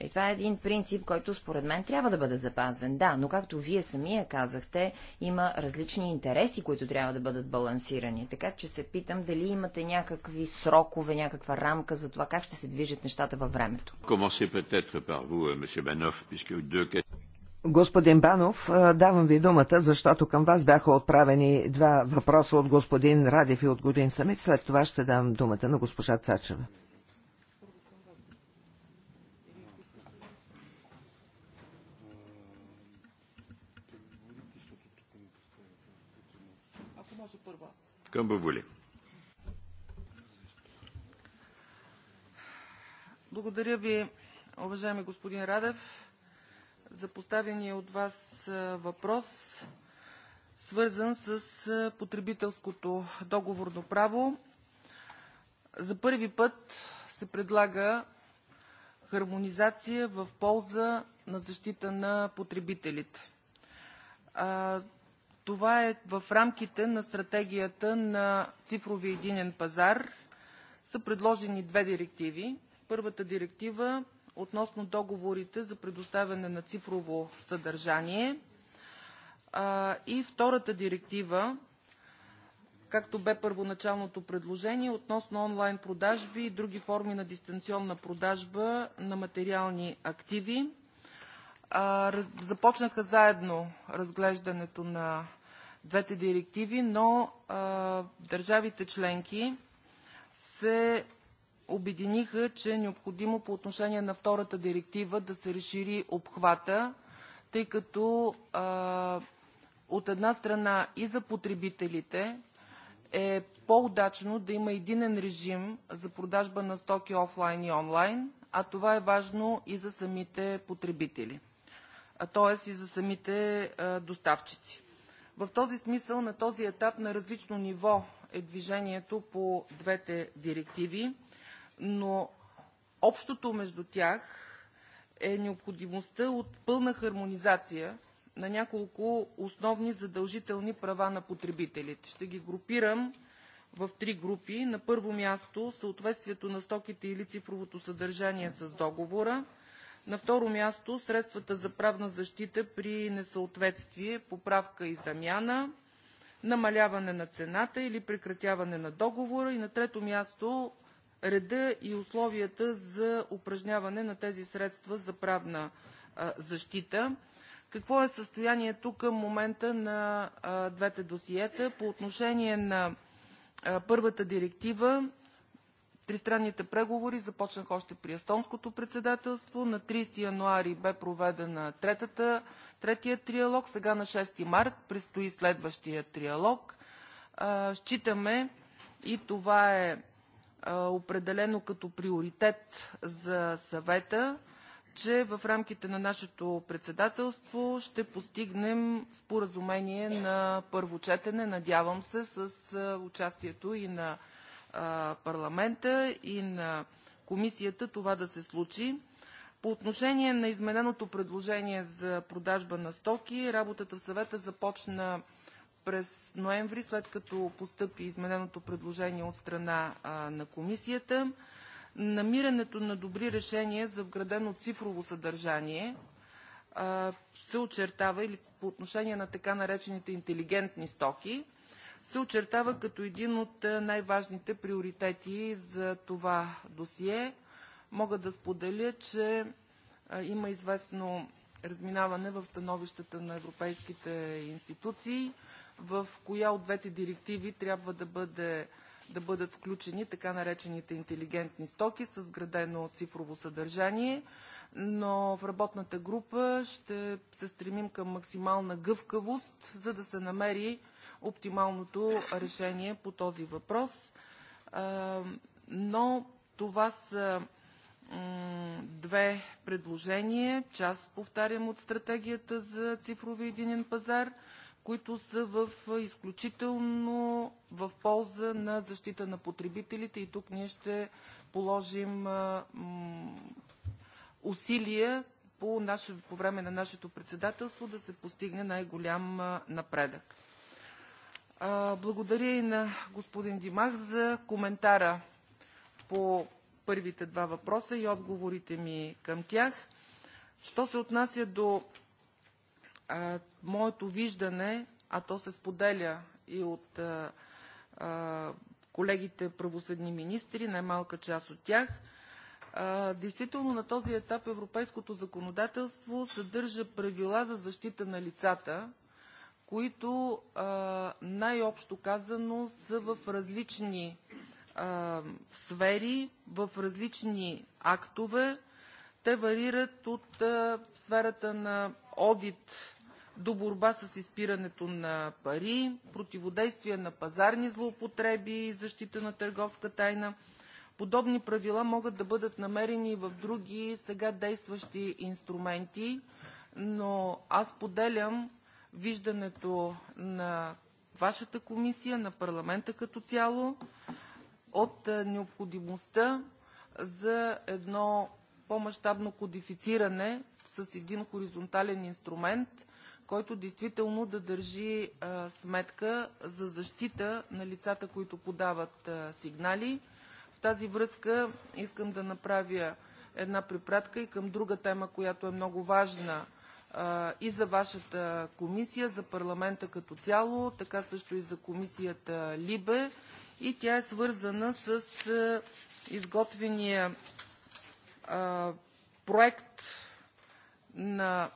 И е, това е един принцип, който според мен трябва да бъде запазен. Да, но както вие самия казахте, има различни интереси, които трябва да бъдат балансирани. Така че се питам дали имате някакви срокове, някаква рамка за това как ще се движат
нещата във времето. Euh,
господин Банов, давам ви думата, защото към вас бяха отправени два въпроса от господин Радев и от годин Самит. След това ще дам думата на госпожа Цачева.
Comme
Благодаря ви, уважаеми господин Радев, за поставения от Вас въпрос, свързан с потребителското договорно право. За първи път се предлага хармонизация в полза на защита на потребителите. Това е в рамките на стратегията на цифровия единен пазар са предложени две директиви. Първата директива относно договорите за предоставяне на цифрово съдържание и втората директива, както бе първоначалното предложение, относно онлайн продажби и други форми на дистанционна продажба на материални активи. Започнаха заедно разглеждането на двете директиви, но а, държавите членки се обединиха, че е необходимо по отношение на втората директива да се разшири обхвата, тъй като а, от една страна и за потребителите е по-удачно да има единен режим за продажба на стоки офлайн и онлайн, а това е важно и за самите потребители, т.е. и за самите доставчици. В този смисъл на този етап на различно ниво е движението по двете директиви, но общото между тях е необходимостта от пълна хармонизация на няколко основни задължителни права на потребителите. Ще ги групирам в три групи. На първо място, съответствието на стоките или цифровото съдържание с договора. На второ място, средствата за правна защита при несъответствие, поправка и замяна, намаляване на цената или прекратяване на договора. И на трето място, реда и условията за упражняване на тези средства за правна защита. Какво е състоянието към момента на двете досиета? По отношение на първата директива Тристранните преговори започнаха още при Естонското председателство. На 30 януари бе проведен третият триалог. Сега на 6 март предстои следващият триалог. Считаме, и това е определено като приоритет за Съвета, че в рамките на нашето председателство ще постигнем споразумение на първо четене, надявам се, с участието и на парламента и на комисията това да се случи. По отношение на измененото предложение за продажба на стоки, работата в съвета започна през ноември, след като постъпи измененото предложение от страна на комисията. Намирането на добри решения за вградено цифрово съдържание се очертава или по отношение на така наречените интелигентни стоки, се очертава като един от е, най-важните приоритети за това досие. Мога да споделя, че е, има известно разминаване в становищата на европейските институции, в коя от двете директиви трябва да, бъде, да бъдат включени така наречените интелигентни стоки с градено цифрово съдържание, но в работната група ще се стремим към максимална гъвкавост, за да се намери оптималното решение по този въпрос. Но това са две предложения, част, повтарям, от стратегията за цифрови единен пазар, които са в изключително в полза на защита на потребителите и тук ние ще положим усилия по, наше, по време на нашето председателство да се постигне най-голям напредък. Благодаря и на господин Димах за коментара по първите два въпроса и отговорите ми към тях. Що се отнася до а, моето виждане, а то се споделя и от а, а, колегите правосъдни министри, най-малка част от тях, а, действително на този етап европейското законодателство съдържа правила за защита на лицата, които най-общо казано са в различни сфери, в различни актове. Те варират от сферата на одит до борба с изпирането на пари, противодействие на пазарни злоупотреби и защита на търговска тайна. Подобни правила могат да бъдат намерени и в други сега действащи инструменти, но аз споделям виждането на вашата комисия, на парламента като цяло, от е, необходимостта за едно по-мащабно кодифициране с един хоризонтален инструмент, който действително да държи е, сметка за защита на лицата, които подават е, сигнали. В тази връзка искам да направя една препратка и към друга тема, която е много важна и за вашата комисия, за парламента като цяло, така също и за комисията ЛИБЕ и тя е свързана с изготвения проект на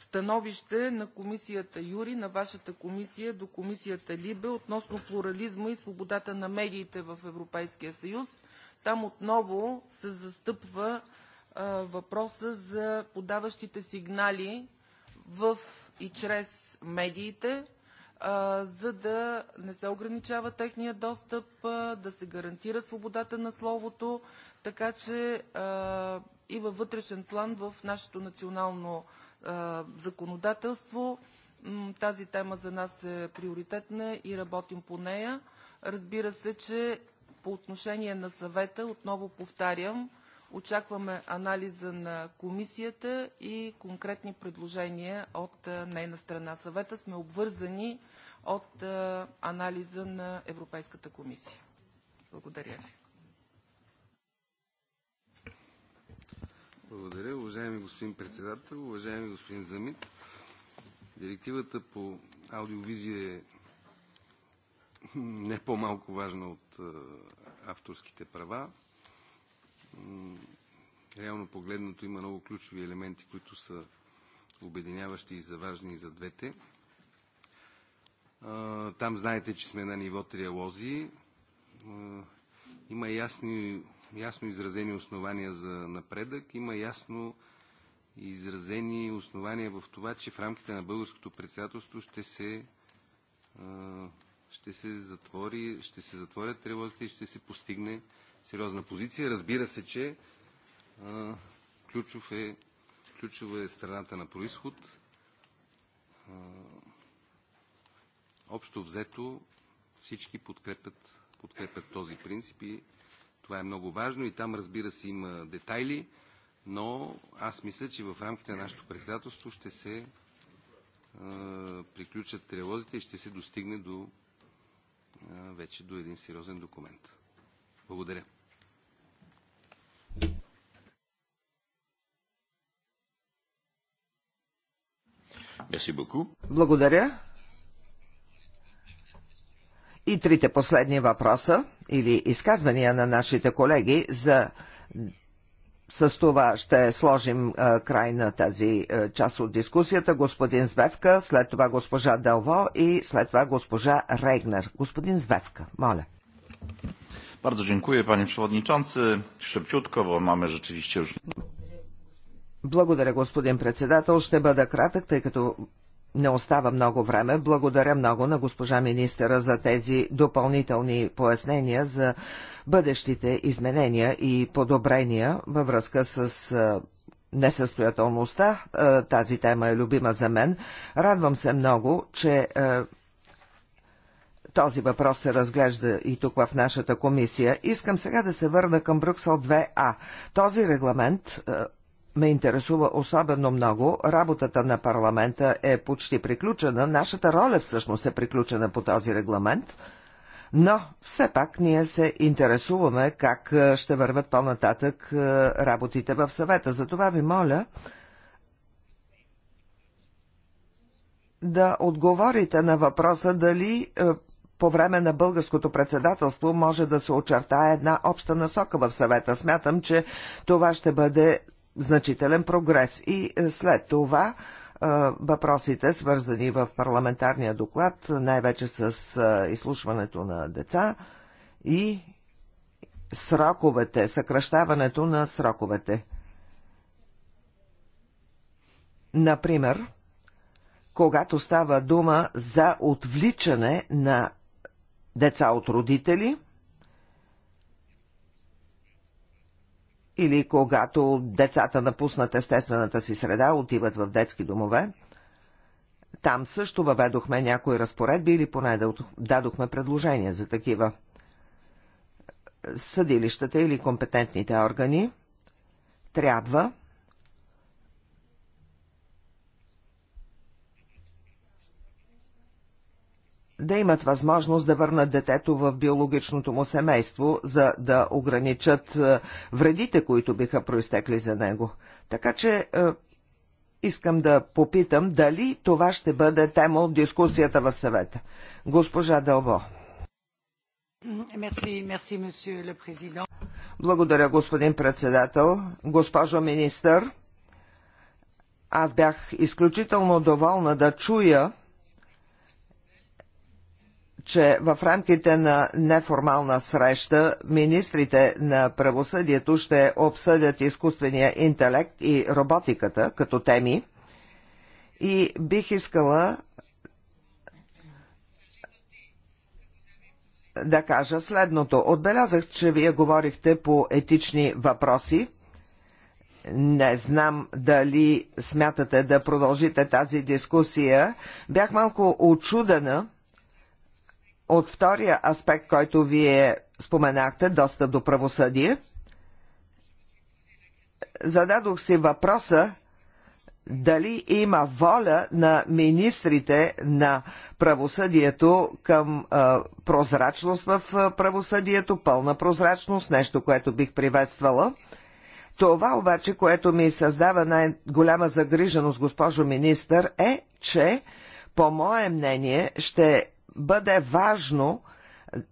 становище на комисията ЮРИ, на вашата комисия до комисията ЛИБЕ относно плурализма и свободата на медиите в Европейския съюз. Там отново се застъпва въпроса за подаващите сигнали в и чрез медиите, за да не се ограничава техният достъп, да се гарантира свободата на словото, така че и във вътрешен план в нашето национално законодателство тази тема за нас е приоритетна и работим по нея. Разбира се, че по отношение на Съвета, отново повтарям, Очакваме анализа на комисията и конкретни предложения от нейна страна. Съвета сме обвързани от анализа на Европейската комисия. Благодаря ви.
Благодаря. Уважаеми господин председател, уважаеми господин Замит, директивата по аудиовизия е не по-малко важна от авторските права реално погледнато има много ключови елементи, които са обединяващи и за важни и за двете. Там знаете, че сме на ниво триалози. Има ясни, ясно изразени основания за напредък. Има ясно изразени основания в това, че в рамките на българското председателство ще се, ще се, затвори, ще се затворят тревозите и ще се постигне сериозна позиция. Разбира се, че ключов е, ключова е страната на происход. общо взето всички подкрепят, подкрепят този принцип и това е много важно и там разбира се има детайли, но аз мисля, че в рамките на нашето председателство ще се а, приключат трилозите и ще се достигне до, а, вече до един сериозен документ. Благодаря.
Благодаря. И трите последни въпроса или изказвания на нашите колеги за с това ще сложим а, край на тази а, част от дискусията. Господин Звевка, след това госпожа Дълво и след това госпожа Регнер. Господин Звевка, моля.
Bardzo dziękuję, panie przewodniczący. Szybciutko, bo mamy rzeczywiście już...
Благодаря, господин председател. Ще бъда кратък, тъй като не остава много време. Благодаря много на госпожа министъра за тези допълнителни пояснения за бъдещите изменения и подобрения във връзка с несъстоятелността. Тази тема е любима за мен. Радвам се много, че този въпрос се разглежда и тук в нашата комисия. Искам сега да се върна към Брюксел 2А. Този регламент е, ме интересува особено много. Работата на парламента е почти приключена. Нашата роля всъщност е приключена по този регламент. Но все пак ние се интересуваме как е, ще върват по-нататък е, работите в съвета. Затова ви моля да отговорите на въпроса дали по време на българското председателство може да се очертае една обща насока в съвета. Смятам, че това ще бъде значителен прогрес. И е, след това е, въпросите, свързани в парламентарния доклад, най-вече с е, изслушването на деца и сроковете, съкръщаването на сроковете. Например, когато става дума за отвличане на деца от родители или когато децата напуснат естествената си среда, отиват в детски домове. Там също въведохме някои разпоредби или поне дадохме предложения за такива. Съдилищата или компетентните органи трябва да имат възможност да върнат детето в биологичното му семейство, за да ограничат е, вредите, които биха проистекли за него. Така че е, искам да попитам дали това ще бъде тема от дискусията в съвета. Госпожа Дълбо. Благодаря, господин председател. Госпожо министър, аз бях изключително доволна да чуя, че в рамките на неформална среща министрите на правосъдието ще обсъдят изкуствения интелект и роботиката като теми. И бих искала да кажа следното. Отбелязах, че вие говорихте по етични въпроси. Не знам дали смятате да продължите тази дискусия. Бях малко очудена от втория аспект, който вие споменахте, достъп до правосъдие, зададох си въпроса дали има воля на министрите на правосъдието към а, прозрачност в правосъдието, пълна прозрачност, нещо, което бих приветствала. Това обаче, което ми създава най-голяма загриженост, госпожо министър, е, че по мое мнение, ще бъде важно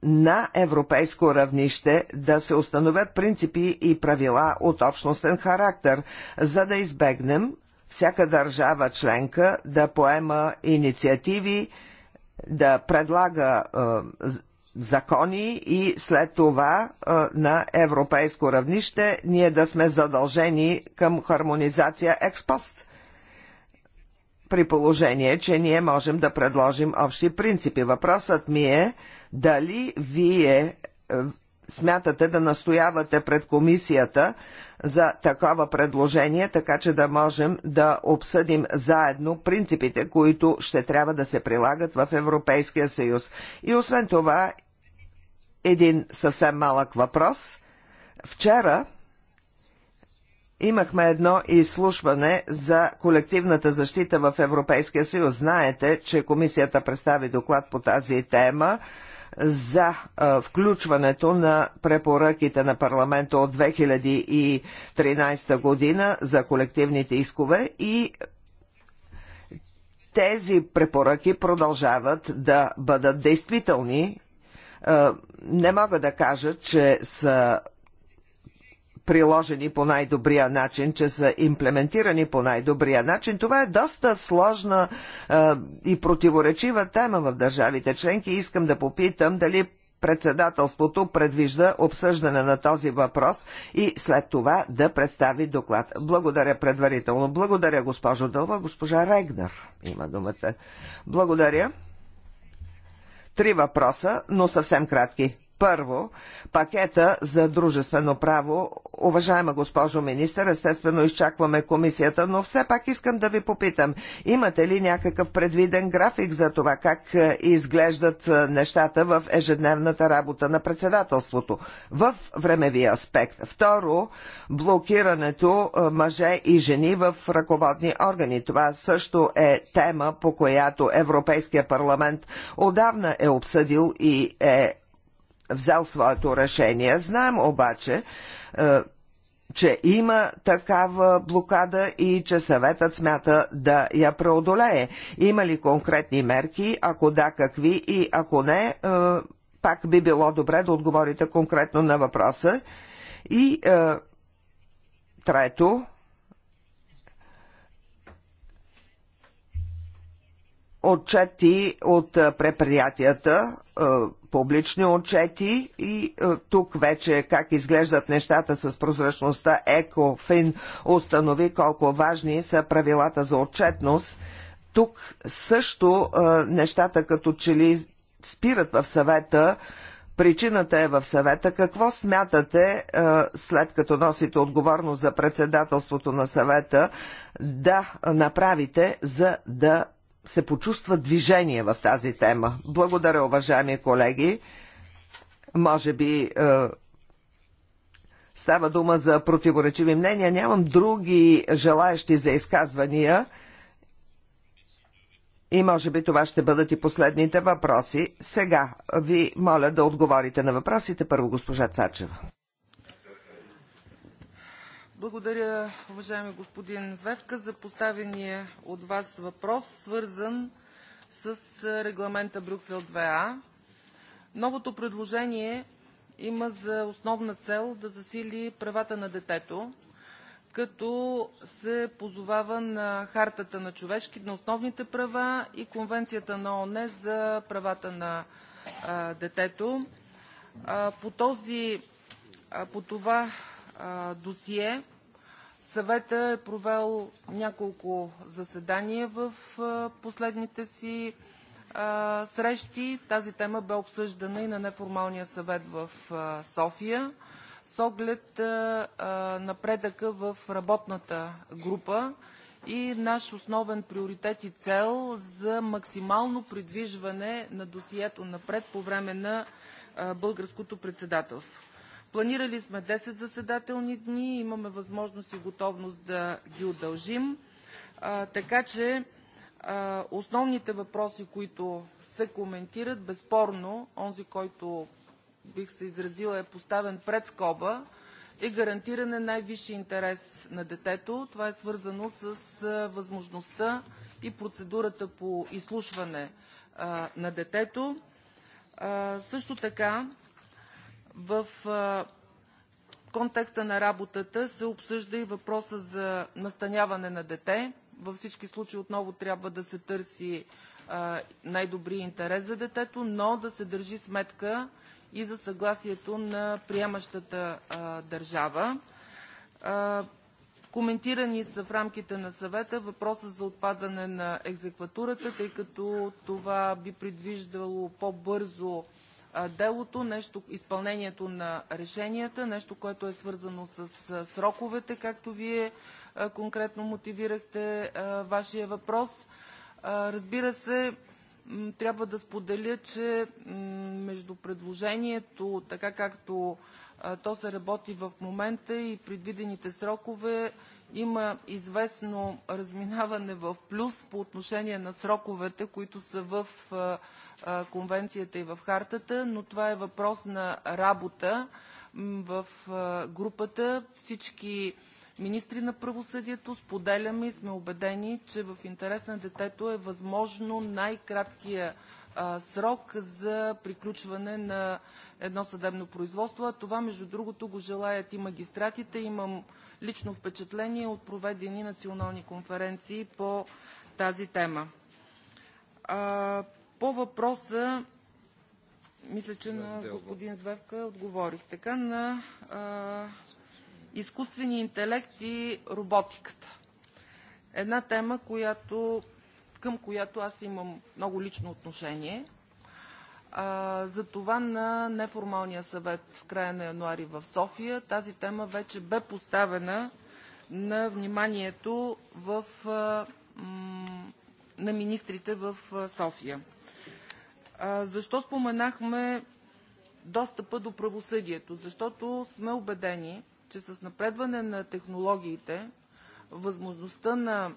на европейско равнище да се установят принципи и правила от общностен характер, за да избегнем всяка държава членка да поема инициативи, да предлага е, закони и след това е, на европейско равнище ние да сме задължени към хармонизация експост при положение, че ние можем да предложим общи принципи. Въпросът ми е дали вие е, смятате да настоявате пред комисията за такова предложение, така че да можем да обсъдим заедно принципите, които ще трябва да се прилагат в Европейския съюз. И освен това, един съвсем малък въпрос. Вчера Имахме едно изслушване за колективната защита в Европейския съюз. Знаете, че комисията представи доклад по тази тема за а, включването на препоръките на парламента от 2013 година за колективните искове и тези препоръки продължават да бъдат действителни. А, не мога да кажа, че са приложени по най-добрия начин, че са имплементирани по най-добрия начин. Това е доста сложна а, и противоречива тема в държавите членки. Искам да попитам дали председателството предвижда обсъждане на този въпрос и след това да представи доклад. Благодаря предварително. Благодаря, госпожо Дълва. Госпожа Регнер има думата. Благодаря. Три въпроса, но съвсем кратки. Първо, пакета за дружествено право. Уважаема госпожо министър, естествено изчакваме комисията, но все пак искам да ви попитам, имате ли някакъв предвиден график за това как е, изглеждат е, нещата в ежедневната работа на председателството в времевия аспект? Второ, блокирането е, мъже и жени в ръководни органи. Това също е тема, по която Европейския парламент отдавна е обсъдил и е взел своето решение. Знаем обаче, е, че има такава блокада и че съветът смята да я преодолее. Има ли конкретни мерки? Ако да, какви? И ако не, е, пак би било добре да отговорите конкретно на въпроса. И е, трето, отчети от предприятията, публични отчети и е, тук вече как изглеждат нещата с прозрачността ЕКОФИН установи колко важни са правилата за отчетност. Тук също е, нещата като че ли спират в съвета. Причината е в съвета. Какво смятате, е, след като носите отговорност за председателството на съвета, да направите, за да се почувства движение в тази тема. Благодаря, уважаеми колеги. Може би е, става дума за противоречиви мнения. Нямам други желаящи за изказвания. И може би това ще бъдат и последните въпроси. Сега ви моля да отговорите на въпросите. Първо госпожа Цачева.
Благодаря, уважаеми господин Звевка, за поставения от Вас въпрос, свързан с Регламента Брюксел IIа. Новото предложение има за основна цел да засили правата на детето, като се позовава на Хартата на основните права и Конвенцията на ООН за правата на детето. По това досие Съветът е провел няколко заседания в последните си срещи. Тази тема бе обсъждана и на неформалния съвет в София. С оглед напредъка в работната група и наш основен приоритет и цел за максимално придвижване на досието напред по време на Българското председателство. Планирали сме 10 заседателни дни. Имаме възможност и готовност да ги удължим. Така че основните въпроси, които се коментират, безспорно онзи, който бих се изразила е поставен пред скоба, е гарантиране най-висшия интерес на детето. Това е свързано с възможността и процедурата по изслушване на детето. Също така в контекста на работата се обсъжда и въпросът за настаняване на дете. Във всички случаи отново трябва да се търси най-добрият интерес за детето, но да се държи сметка и за съгласието на приемащата държава. Коментирани са в рамките на Съвета въпроса за отпадане на екзекватурата, тъй като това би предвиждало по-бързо делото, изпълнението на решенията, нещо, което е свързано с сроковете, както Вие конкретно мотивирахте Вашия въпрос. Разбира се, трябва да споделя, че между предложението, така както то се работи в момента и предвидените срокове, има известно разминаване в плюс по отношение на сроковете, които са в конвенцията и в хартата, но това е въпрос на работа в групата. Всички министри на правосъдието споделяме и сме убедени, че в интерес на детето е възможно най-краткият срок за приключване на едно съдебно производство. А това, между другото, го желаят и магистратите. Имам лично впечатление от проведени национални конференции по тази тема. По въпроса, мисля, че на господин Звевка отговорих така, на изкуствения интелект и роботиката. Една тема, към която аз имам много лично отношение – за това на неформалния съвет в края на януари в София тази тема вече бе поставена на вниманието на министрите в София. Защо споменахме достъпа до правосъдието? Защото сме убедени, че с напредване на технологиите възможността на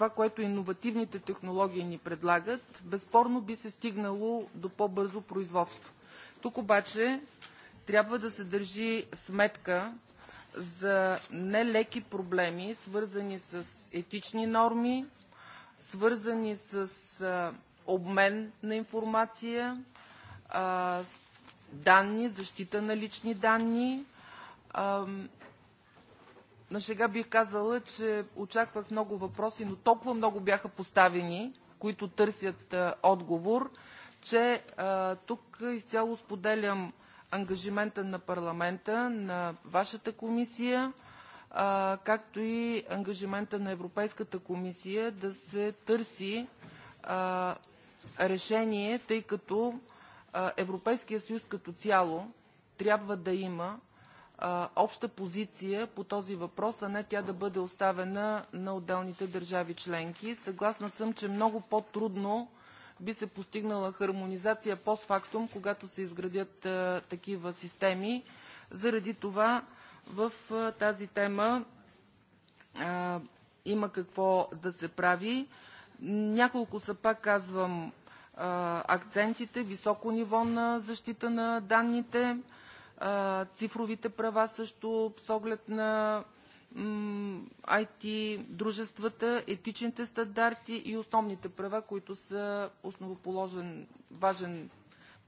това, което иновативните технологии ни предлагат, безспорно би се стигнало до по-бързо производство. Тук обаче трябва да се държи сметка за нелеки проблеми, свързани с етични норми, свързани с обмен на информация, данни, защита на лични данни, на шега бих казала, че очаквах много въпроси, но толкова много бяха поставени, които търсят отговор, че тук изцяло споделям ангажимента на парламента, на вашата комисия, както и ангажимента на Европейската комисия да се търси решение, тъй като Европейският съюз като цяло трябва да има обща позиция по този въпрос, а не тя да бъде оставена на отделните държави членки. Съгласна съм, че много по-трудно би се постигнала хармонизация постфактум, когато се изградят такива системи. Заради това в тази тема а, има какво да се прави. Няколко са, пак казвам, акцентите, високо ниво на защита на данните, цифровите права също с оглед на IT дружествата, етичните стандарти и основните права, които са основоположен важен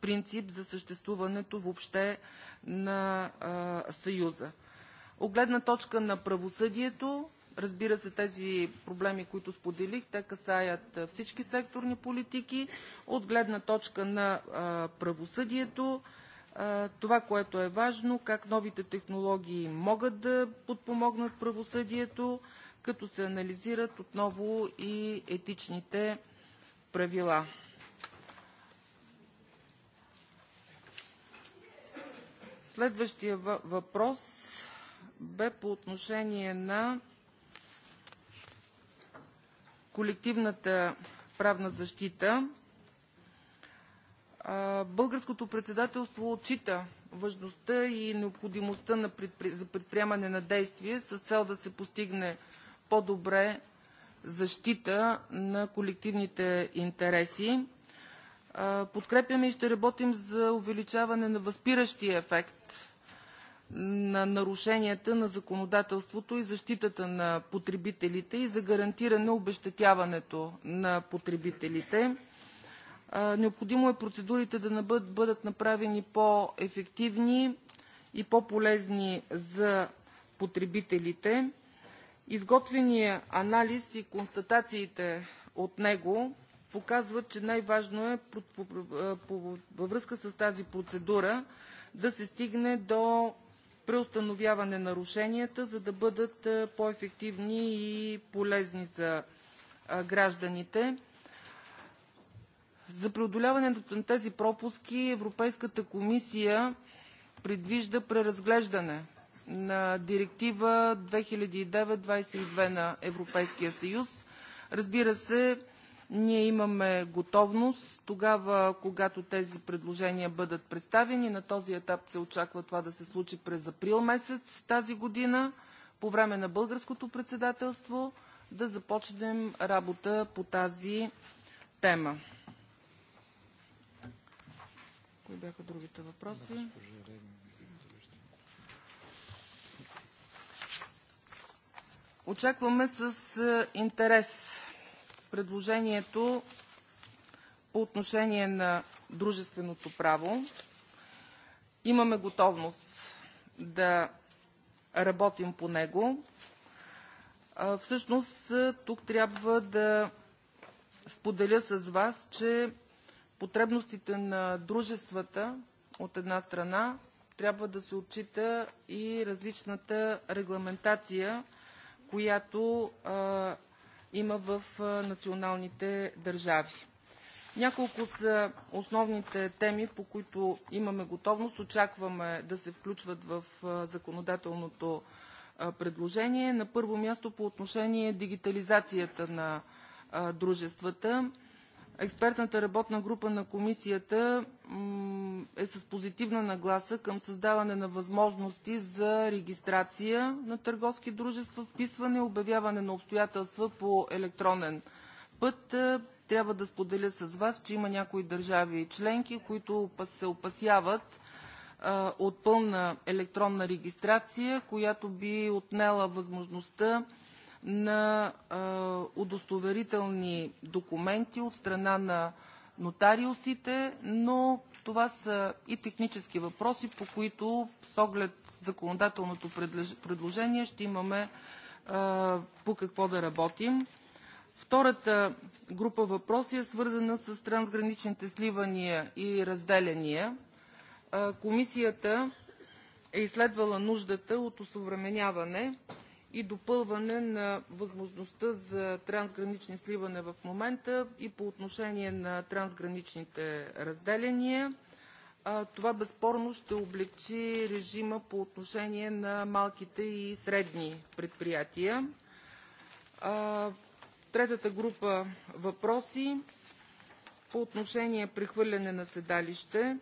принцип за съществуването въобще на Съюза. От гледна точка на правосъдието, разбира се, тези проблеми, които споделих, те касаят всички секторни политики. От гледна точка на правосъдието това, което е важно, как новите технологии могат да подпомогнат правосъдието, като се анализират отново и етичните правила. Следващият въпрос бе по отношение на колективната правна защита. Българското председателство отчита важността и необходимостта за предприемане на действия с цел да се постигне по-добре защита на колективните интереси. Подкрепяме и ще работим за увеличаване на възпиращия ефект на нарушенията на законодателството и защитата на потребителите и за гарантиране обезщетяването на потребителите. Необходимо е процедурите да бъдат направени по-ефективни и по-полезни за потребителите. Изготвеният анализ и констатациите от него показват, че най-важно е във връзка с тази процедура да се стигне до преустановяване на нарушенията, за да бъдат по-ефективни и полезни за гражданите. За преодоляването на тези пропуски Европейската комисия предвижда преразглеждане на Директива 2009/22 на Европейския съюз. Разбира се, ние имаме готовност тогава, когато тези предложения бъдат представени, на този етап се очаква това да се случи през април месец тази година, по време на българското председателство да започнем работа по тази тема. Кои бяха другите въпроси? Очакваме с е, интерес предложението по отношение на дружественото право. Имаме готовност да работим по него. Всъщност, е, тук трябва да споделя с вас, че потребностите на дружествата, от една страна, трябва да се отчита и различната регламентация, която има в националните държави. Няколко са основните теми, по които имаме готовност, очакваме да се включват в законодателното предложение. На първо място по отношение дигитализацията на дружествата. Експертната работна група на комисията е с позитивна нагласа към създаване на възможности за регистрация на търговски дружества, вписване, обявяване на обстоятелства по електронен път. Е, трябва да споделя с Вас, че има някои държави членки, които се опасяват е, от пълна електронна регистрация, която би отнела възможността на удостоверителни документи от страна на нотариусите, но това са и технически въпроси, по които с оглед законодателното предложение ще имаме по какво да работим. Втората група въпроси е свързана с трансграничните сливания и разделения. Комисията е изследвала нуждата от осъвременяване и допълване на възможността за трансгранични сливане в момента и по отношение на трансграничните разделяния. Това безспорно ще облекчи режима по отношение на малките и средни предприятия. Третата група въпроси по отношение прехвърляне на седалище.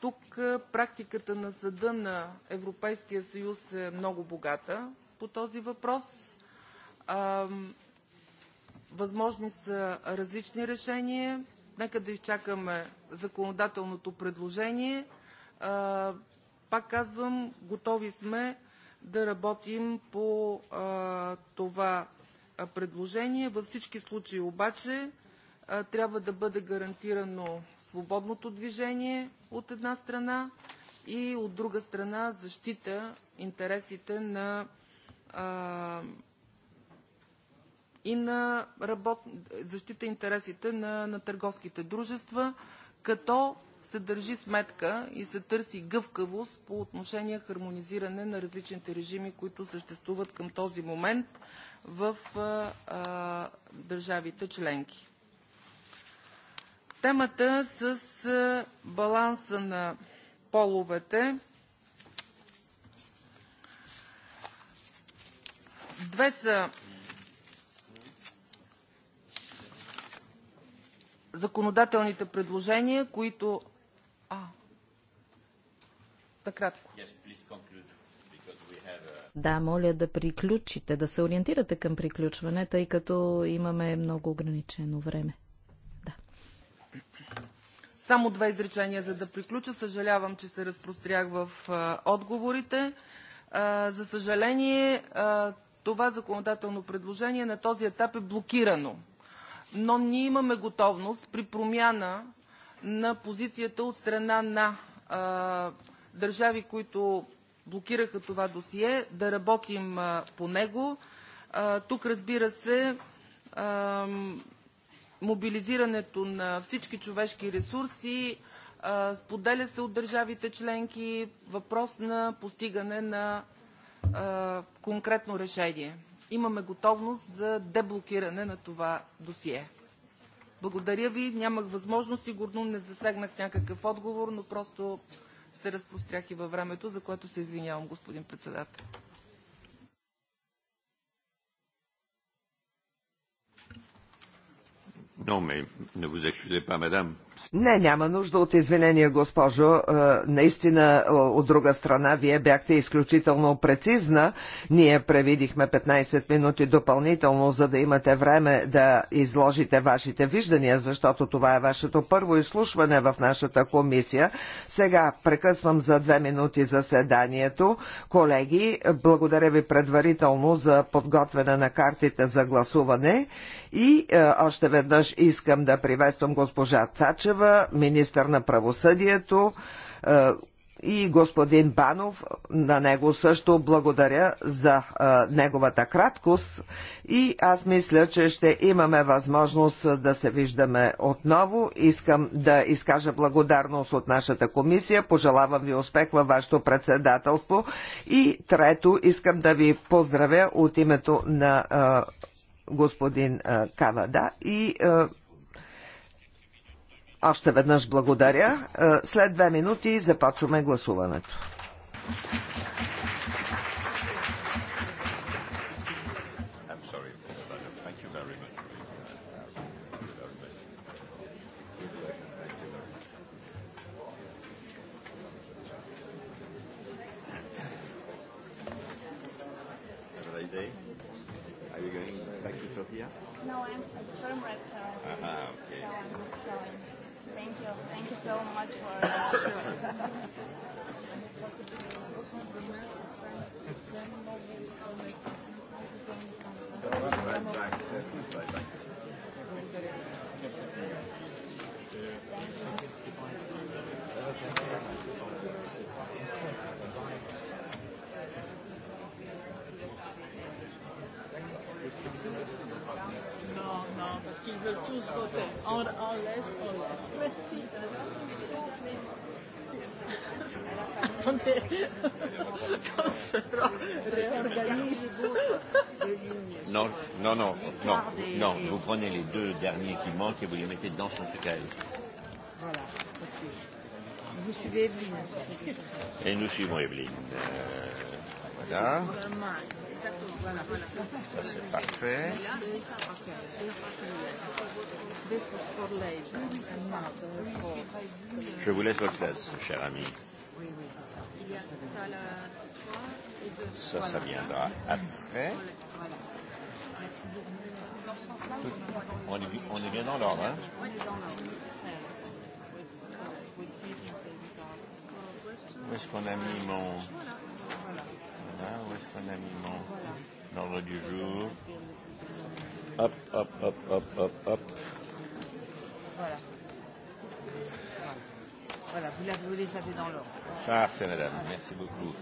Тук практиката на Съда на Европейския съюз е много богата по този въпрос. Възможни са различни решения. Нека да изчакаме законодателното предложение. Пак казвам, готови сме да работим по това предложение. Във всички случаи обаче трябва да бъде гарантирано свободното движение, от една страна, и от друга страна защита интересите на търговските дружества, като се държи сметка и се търси гъвкавост по отношение хармонизиране на различните режими, които съществуват към този момент в държавите членки. Темата с баланса на половете. Две са законодателните предложения, които... А, да кратко.
Да, моля да приключите, да се ориентирате към приключване, тъй като имаме много ограничено време.
Само две изречения, за да приключа. Съжалявам, че се разпрострях в отговорите. За съжаление, това законодателно предложение на този етап е блокирано. Но ние имаме готовност при промяна на позицията от страна на държави, които блокираха това досие, да работим по него. Тук, разбира се, мобилизирането на всички човешки ресурси, споделя се от държавите членки, въпрос на постигане на конкретно решение. Имаме готовност за деблокиране на това досие. Благодаря Ви. Нямах възможност, сигурно не засегнах някакъв отговор, но просто се разпрострях и във времето, за което се извинявам, господин председател.
Non, mais ne vous excusez pas, madame.
Не, няма нужда от извинения, госпожо. Е, наистина, от друга страна, вие бяхте изключително прецизна. Ние превидихме 15 минути допълнително, за да имате време да изложите вашите виждания, защото това е вашето първо изслушване в нашата комисия. Сега прекъсвам за две минути заседанието. Колеги, благодаря ви предварително за подготвяне на картите за гласуване и е, още веднъж искам да приветствам госпожа Цач Халачева, министър на правосъдието, е, и господин Банов, на него също благодаря за а, е, неговата краткост и аз мисля, че ще имаме възможност да се виждаме отново. Искам да изкажа благодарност от нашата комисия, пожелавам ви успех във вашето председателство и трето, искам да ви поздравя от името на а, е, господин а, Кавада и а, още веднъж благодаря. Е, след две минути започваме гласуването.
Et nous suivons Evelyne. Euh, voilà.
Ça
c'est parfait. Je vous laisse votre place, cher ami. Ça, ça viendra après. On est, on est bien dans l'ordre, hein Où est-ce qu'on a mis mon... Voilà, où est-ce qu'on a mis mon... Dans L'ordre du jour.
Hop, hop, hop, hop, hop, hop. Voilà. Voilà, vous, vous les avez dans l'ordre.
Parfait, madame. Merci beaucoup.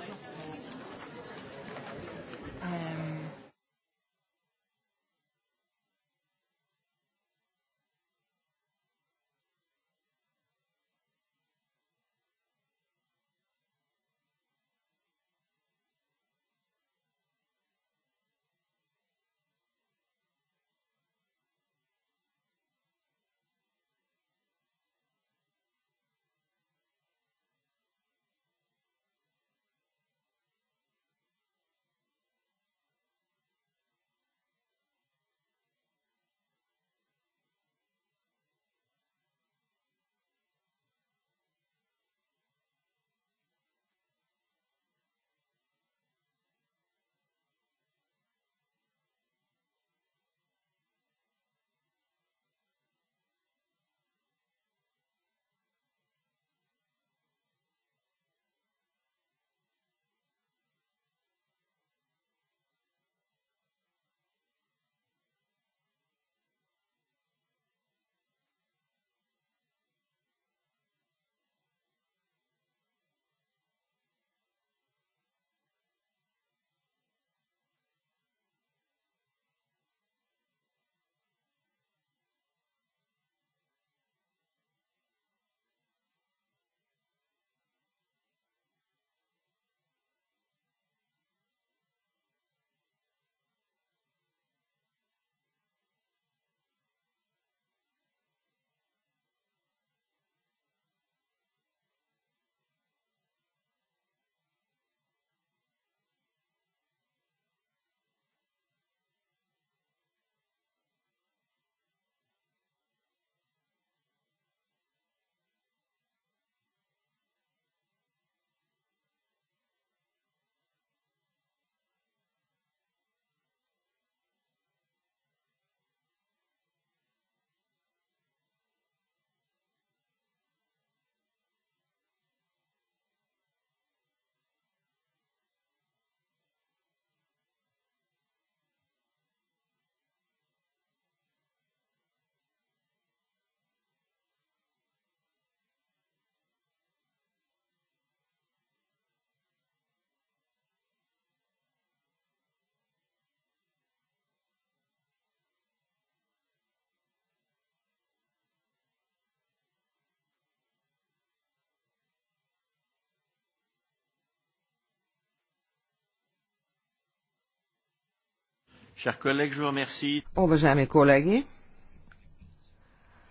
Уважаеми колеги,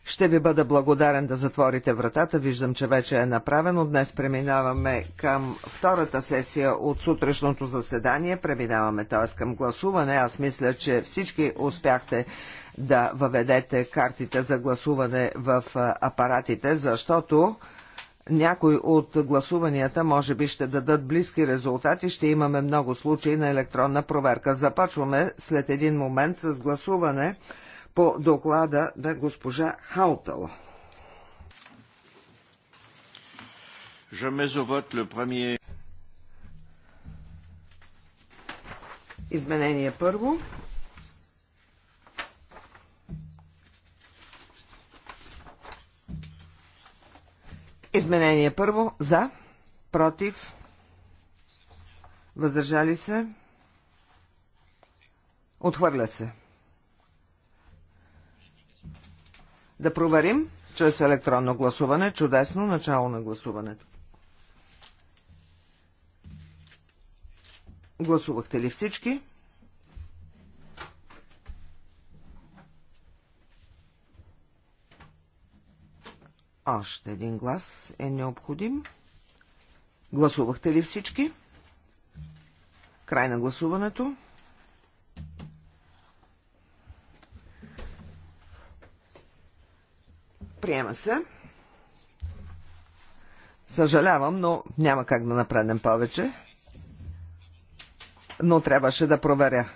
ще ви бъда благодарен да затворите вратата. Виждам, че вече е направено. Днес преминаваме към втората сесия от сутрешното заседание. Преминаваме т.е. към гласуване. Аз мисля, че всички успяхте да въведете картите за гласуване в апаратите, защото някои от гласуванията може би ще дадат близки резултати, ще имаме много случаи на електронна проверка. Започваме след един момент с гласуване по доклада на госпожа Хаутъл. Изменение първо. Изменение първо за, против, въздържали се, отхвърля се. Да проверим чрез електронно гласуване. Чудесно начало на гласуването. Гласувахте ли всички? Още един глас е необходим. Гласувахте ли всички? Край на гласуването. Приема се. Съжалявам, но няма как да напреднем повече. Но трябваше да проверя.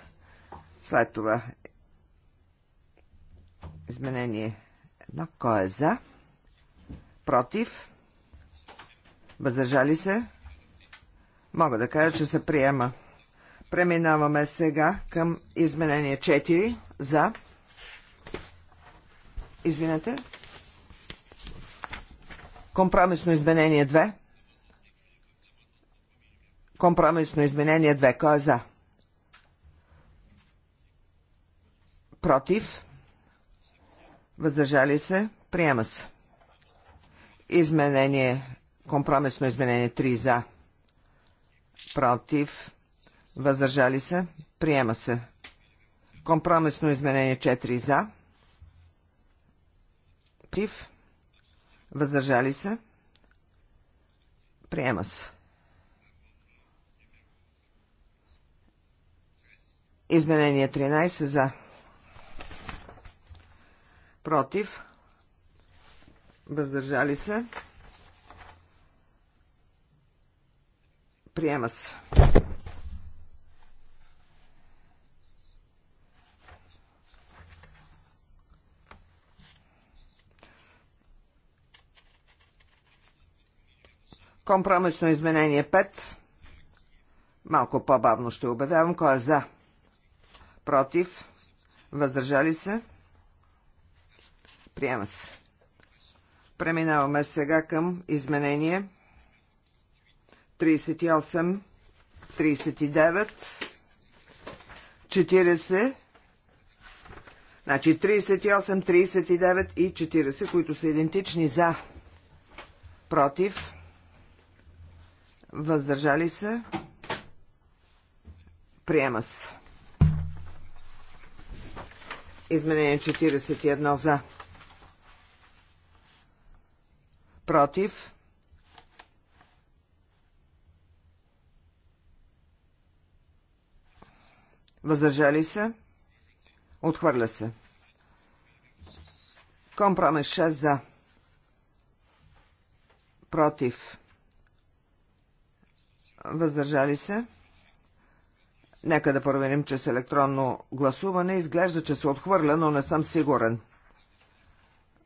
След това изменение едно. Кой е за? против, въздържали се, мога да кажа, че се приема. Преминаваме сега към изменение 4 за. Извинете. Компромисно изменение 2. Компромисно изменение 2. Кой е за? Против. Въздържали се. Приема се. Изменение, компромисно изменение 3 за, против, въздържали се, приема се. Компромисно изменение 4 за, против, въздържали се, приема се. Изменение 13 за, против, въздържали се. Приема се. Компромисно изменение 5. Малко по-бавно ще обявявам. Кой е за? Против? Въздържали се? Приема се. Преминаваме сега към изменение 38, 39, 40, значи 38, 39 и 40, които са идентични за, против, въздържали се, приема се. Изменение 41 за против, въздържали се, отхвърля се. Компромис 6 за, против, въздържали се. Нека да проверим, че с електронно гласуване изглежда, че се отхвърля, но не съм сигурен.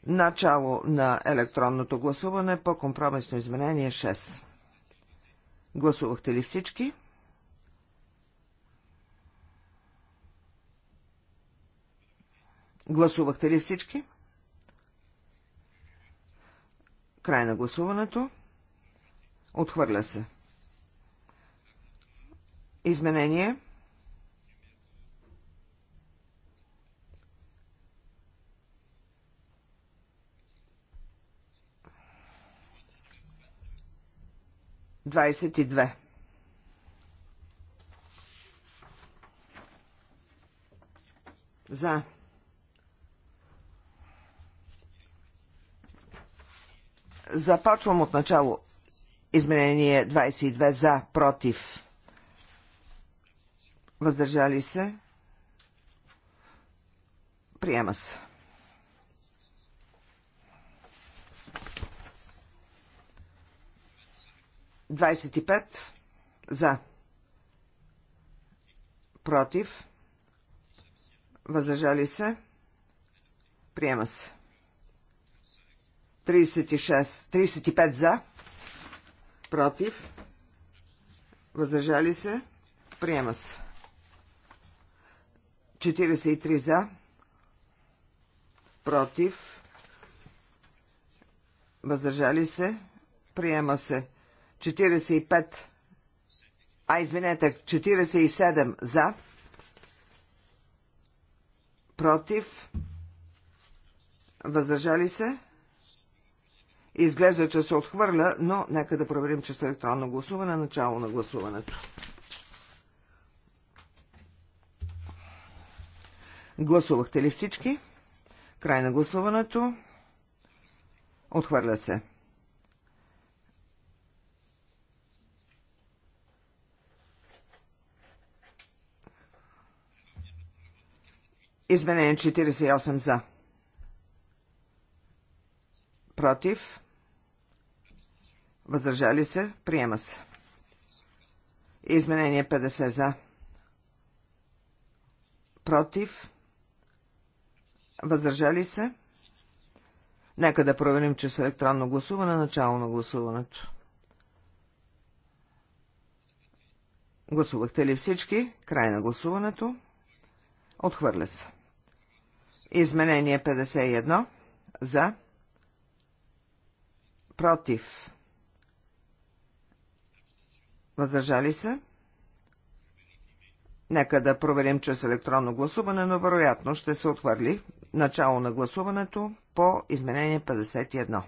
Начало на електронното гласуване по компромисно изменение 6. Гласувахте ли всички? Гласувахте ли всички? Край на гласуването. Отхвърля се. Изменение 22. За. Започвам от начало. Изменение 22 за, против. Въздържали се. Приема се. 25 за. Против. Въздържали се. Приема се. 36, 35 за. Против. Въздържали се. Приема се. 43 за. Против. Въздържали се. Приема се. 45, а извинете, 47 за, против, въздържали се. Изглежда, че се отхвърля, но нека да проверим, че с електронно гласуване, начало на гласуването. Гласувахте ли всички? Край на гласуването. Отхвърля се. Изменение 48 за. Против. Въздържали се. Приема се. Изменение 50 за. Против. Въздържали се. Нека да проверим, че с електронно гласуване начало на гласуването. Гласувахте ли всички? Край на гласуването. Отхвърля се. Изменение 51 за против. Въздържали се? Нека да проверим чрез електронно гласуване, но вероятно ще се отхвърли начало на гласуването по изменение 51.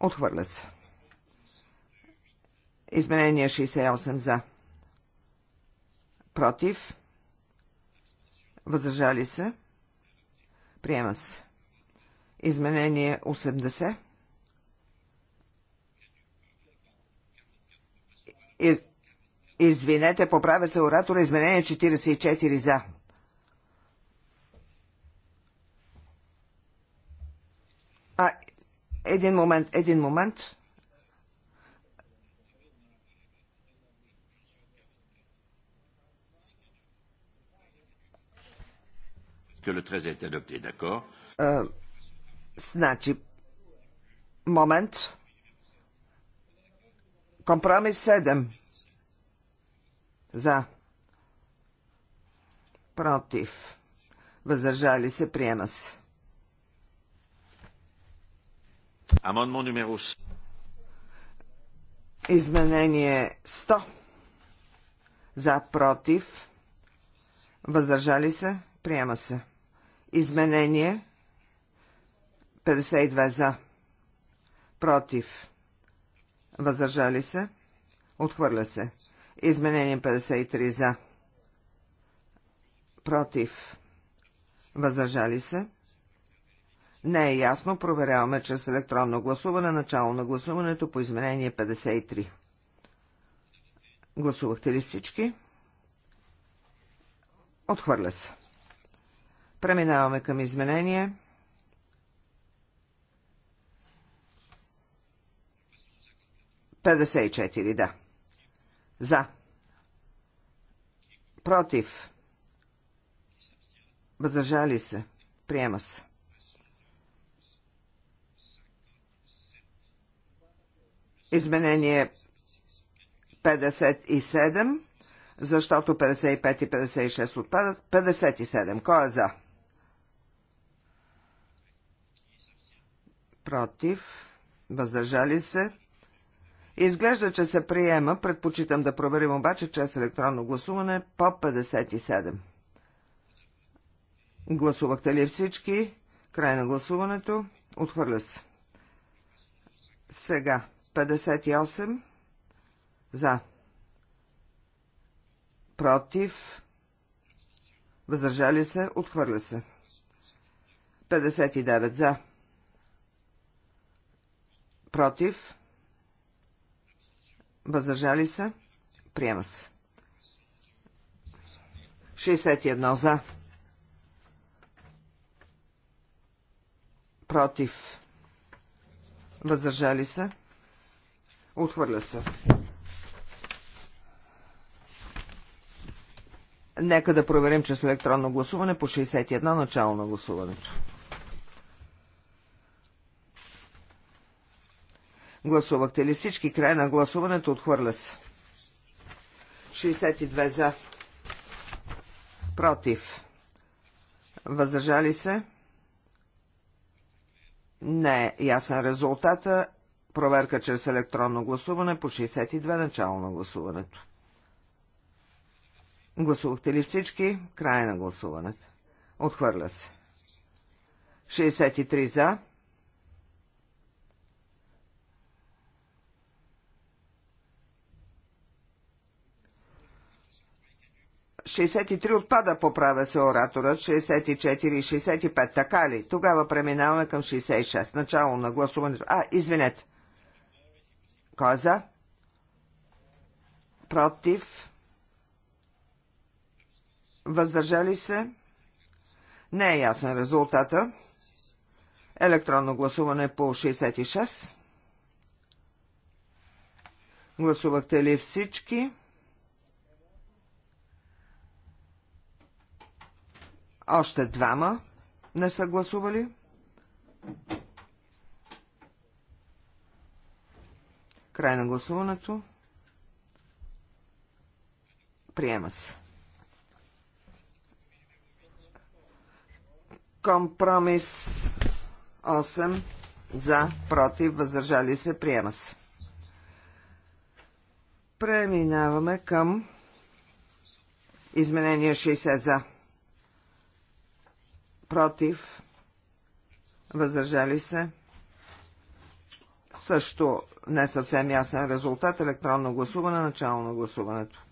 Отхвърля се. Изменение 68 за против, въздържали се, приема се. Изменение 80. Из... Извинете, поправя се оратора, изменение 44 за. А, един момент, един момент.
que le 13 a été adopté, d'accord
euh, Значи, момент. Компромис 7. За. Против. Въздържали се, приема се.
Амонмон номер номеро
Изменение 100. За, против. Въздържали се, приема се. Изменение 52 за. Против. Въздържали се. Отхвърля се. Изменение 53 за. Против. Въздържали се. Не е ясно. Проверяваме чрез електронно гласуване начало на гласуването по изменение 53. Гласувахте ли всички? Отхвърля се. Преминаваме към изменение. Петдесет и да. За. Против. Въздържали се. Приема се. Изменение 57, защото 55 и 56 отпадат. 57. Кой е за? против, въздържали се. Изглежда, че се приема, предпочитам да проверим обаче чрез електронно гласуване по 57. Гласувахте ли всички? Край на гласуването. Отхвърля се. Сега 58 за против въздържали се, отхвърля се. 59 за против, въздържали се, приема се. 61 за, против, въздържали се, отхвърля се. Нека да проверим чрез електронно гласуване по 61 начало на гласуването. Гласувахте ли всички? Край на гласуването отхвърля се. 62 за. Против. Въздържали се? Не е ясен резултата. Проверка чрез електронно гласуване по 62 начало на гласуването. Гласувахте ли всички? Край на гласуването. Отхвърля се. 63 за. 63 отпада, поправя се ораторът, 64 и 65, така ли? Тогава преминаваме към 66, начало на гласуването. А, извинете. Кой е за? Против? Въздържали се? Не е ясен резултата. Електронно гласуване по 66. Гласувахте ли всички? Още двама не са гласували. Край на гласуването. Приема се. Компромис 8 за, против, въздържали се, приема се. Преминаваме към изменение 60 за против, въздържали се. Също не съвсем ясен резултат. Електронно гласуване, начало на гласуването.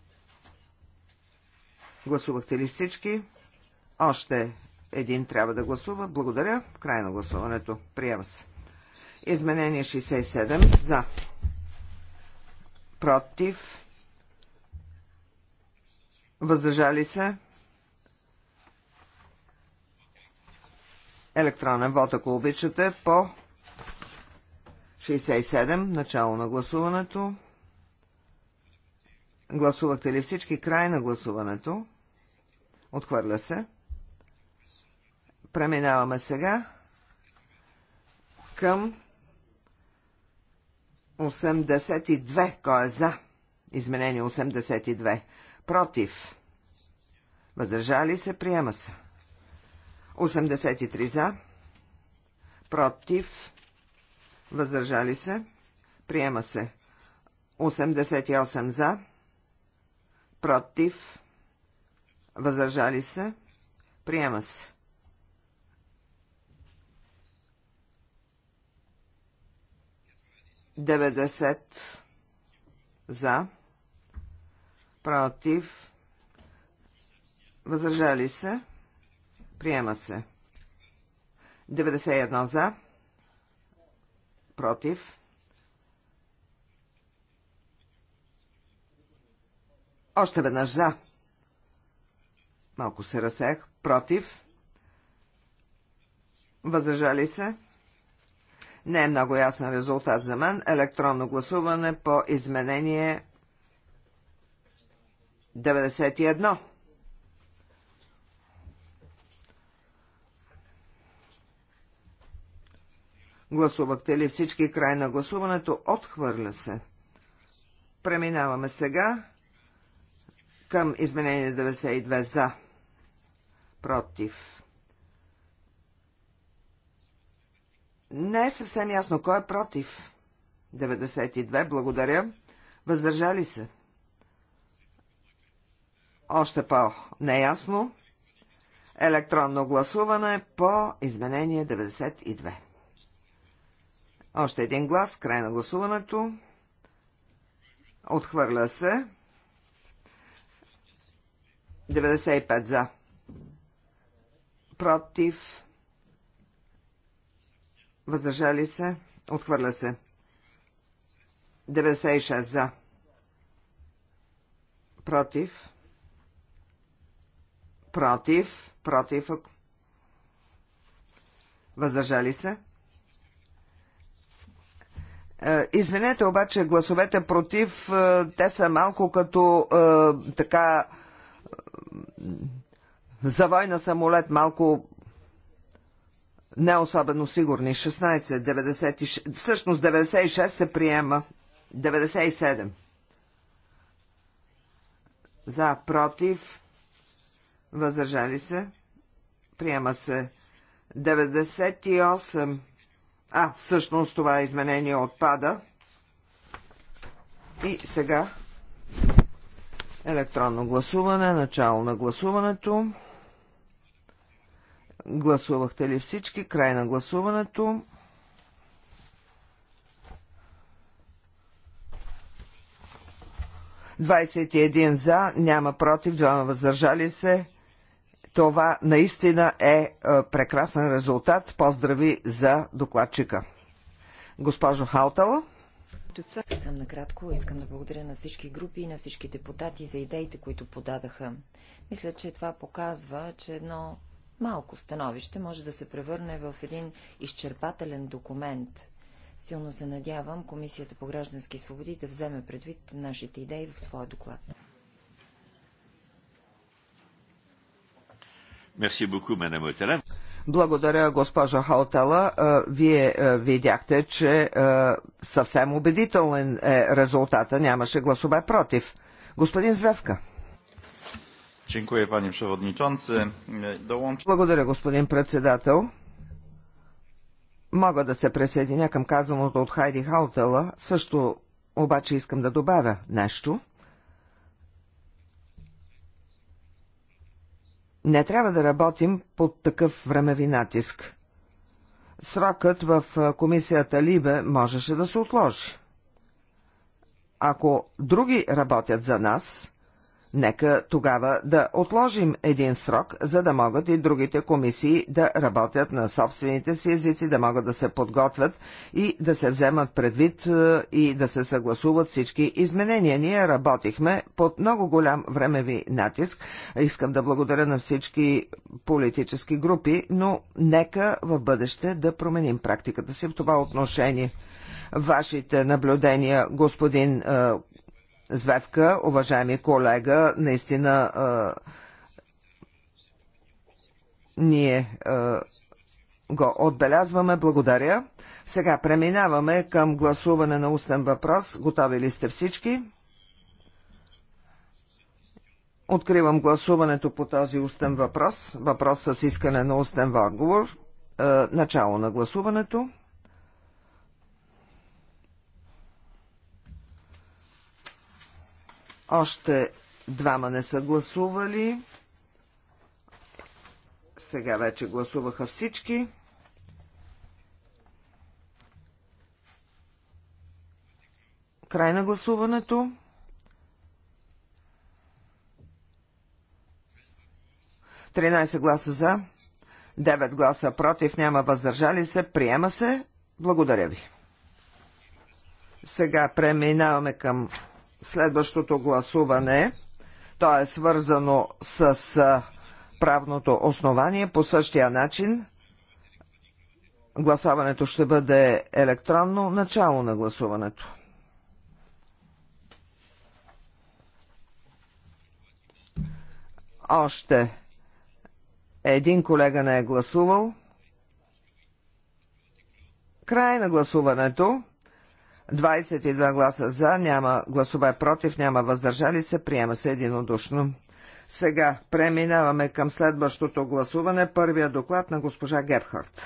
Гласувахте ли всички? Още един трябва да гласува. Благодаря. Край на гласуването. Приема се. Изменение 67. За. Против. Въздържали се. електронен вод, ако обичате, по 67, начало на гласуването. Гласувате ли всички? Край на гласуването. Отхвърля се. Преминаваме сега към 82. Кой е за? Изменение 82. Против. Въздържали се, приема се. 83 за, против, въздържали се, приема се. 88 за, против, въздържали се, приема се. Деведесет за, против, въздържали се. Приема се. 91 за. Против. Още веднъж за. Малко се разсех. Против. Възражали се. Не е много ясен резултат за мен. Електронно гласуване по изменение 91. Гласувахте ли всички край на гласуването? Отхвърля се. Преминаваме сега към изменение 92 за. Против. Не е съвсем ясно кой е против. 92, благодаря. Въздържали се. Още по-неясно. Електронно гласуване по изменение 92. Още един глас, край на гласуването. Отхвърля се. 95 за. Против. Въздържали се. Отхвърля се. 96 за. Против. Против. Против. Въздържали се. Е, извинете обаче, гласовете против, е, те са малко като е, така завой на самолет, малко не особено сигурни. 16, 96, всъщност 96 се приема. 97. За, против, въздържали се. Приема се. 98 а, всъщност това изменение отпада. И сега електронно гласуване, начало на гласуването. Гласувахте ли всички? Край на гласуването. 21 за, няма против, двама въздържали се. Това наистина е, е прекрасен резултат. Поздрави за докладчика. Госпожо Хаутала.
Съвсем накратко искам да благодаря на всички групи и на всички депутати за идеите, които подадаха. Мисля, че това показва, че едно малко становище може да се превърне в един изчерпателен документ. Силно се надявам Комисията по граждански свободи да вземе предвид нашите идеи в своя доклад.
Благодаря, госпожа Халтала. Е, вие е, видяхте, че е, съвсем убедителен е резултата. Нямаше гласове против. Господин Звевка. Благодаря, господин председател. Мога да се присъединя към казаното от Хайди Хаутела, също обаче искам да добавя нещо – Не трябва да работим под такъв времеви натиск. Срокът в комисията Либе можеше да се отложи. Ако други работят за нас, Нека тогава да отложим един срок, за да могат и другите комисии да работят на собствените си езици, да могат да се подготвят и да се вземат предвид е, и да се съгласуват всички изменения. Ние работихме под много голям времеви натиск. Искам да благодаря на всички политически групи, но нека в бъдеще да променим практиката си в това отношение вашите наблюдения, господин е, Звевка, уважаеми колега, наистина ние го отбелязваме. Благодаря. Сега преминаваме към гласуване на устен въпрос. Готови ли сте всички? Откривам гласуването по този устен въпрос. Въпрос с искане на устен отговор. Начало на гласуването. Още двама не са гласували. Сега вече гласуваха всички. Край на гласуването. 13 гласа за, 9 гласа против, няма въздържали се. Приема се. Благодаря ви. Сега преминаваме към следващото гласуване. То е свързано с правното основание по същия начин. Гласуването ще бъде електронно начало на гласуването. Още един колега не е гласувал. Край на гласуването. 22 гласа за, няма гласове против, няма въздържали се, приема се единодушно. Сега преминаваме към следващото гласуване, първия доклад на госпожа Гебхарт.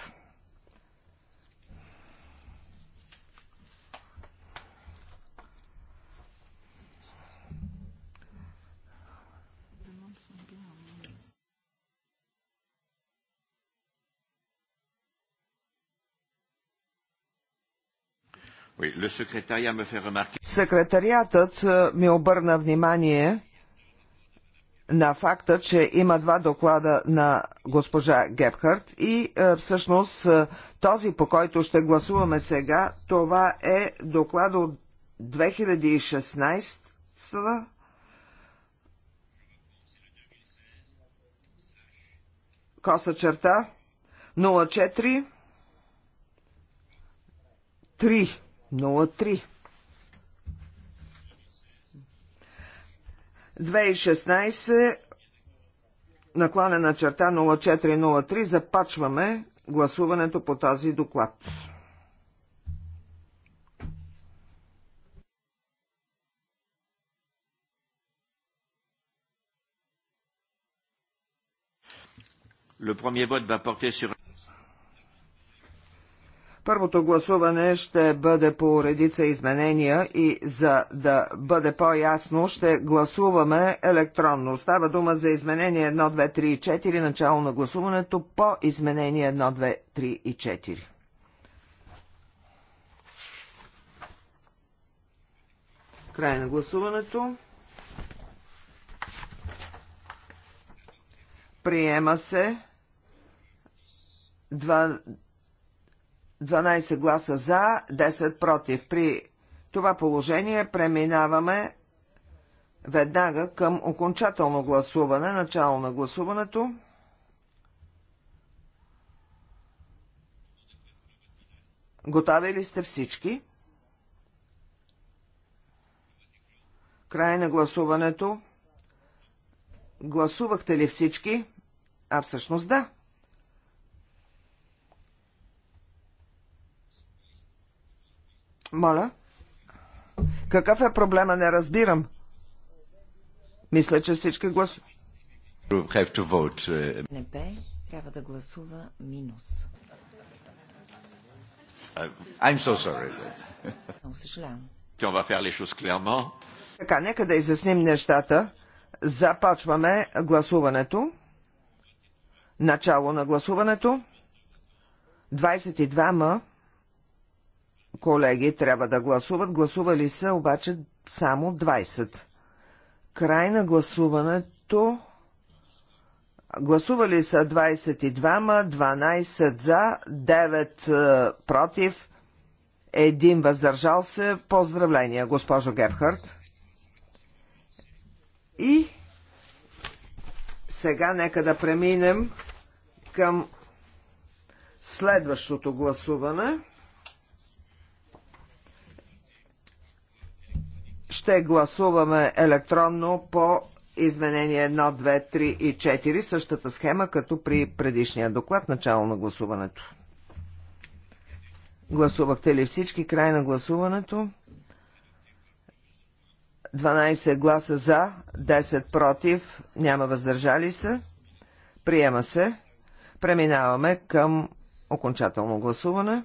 Секретариатът е, ми обърна внимание на факта, че има два доклада на госпожа Гепхарт и е, всъщност е, този, по който ще гласуваме сега, това е доклад от 2016 коса черта 04 3 2016 2016 накланена черта 0403 започваме гласуването по този доклад.
Le premier vote va porter sur
Първото гласуване ще бъде по редица изменения и за да бъде по-ясно ще гласуваме електронно. Става дума за изменение 1, 2, 3 и 4, начало на гласуването по изменение 1, 2, 3 и 4. Край на гласуването. Приема се 2 12 гласа за, 10 против. При това положение преминаваме веднага към окончателно гласуване, начало на гласуването. Готови ли сте всички? Край на гласуването. Гласувахте ли всички? А всъщност да. Моля? Какъв е проблема? Не разбирам. Мисля, че всички гласуват. Uh,
Не бе, трябва да гласува минус.
Uh, I'm so sorry. съжалявам.
Така, нека да изясним нещата. Започваме гласуването. Начало на гласуването. 22 ма колеги трябва да гласуват. Гласували са обаче само 20. Край на гласуването. Гласували са 22, 12 за, 9 е, против, 1 въздържал се. Поздравления, госпожо Герхард. И сега нека да преминем към следващото гласуване. ще гласуваме електронно по изменение 1, 2, 3 и 4, същата схема като при предишния доклад, начало на гласуването. Гласувахте ли всички? Край на гласуването. 12 гласа за, 10 против, няма въздържали се. Приема се. Преминаваме към окончателно гласуване.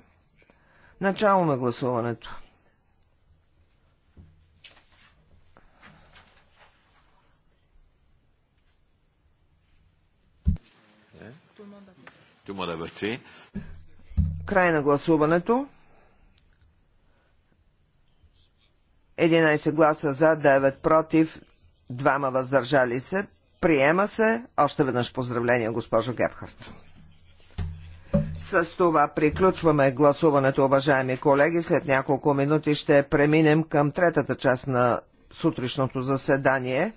Начало на гласуването. Край на гласуването. 11 гласа за, 9 против, 2 въздържали се. Приема се. Още веднъж поздравление, госпожо Гебхарт. С това приключваме гласуването, уважаеми колеги. След няколко минути ще преминем към третата част на сутрешното заседание.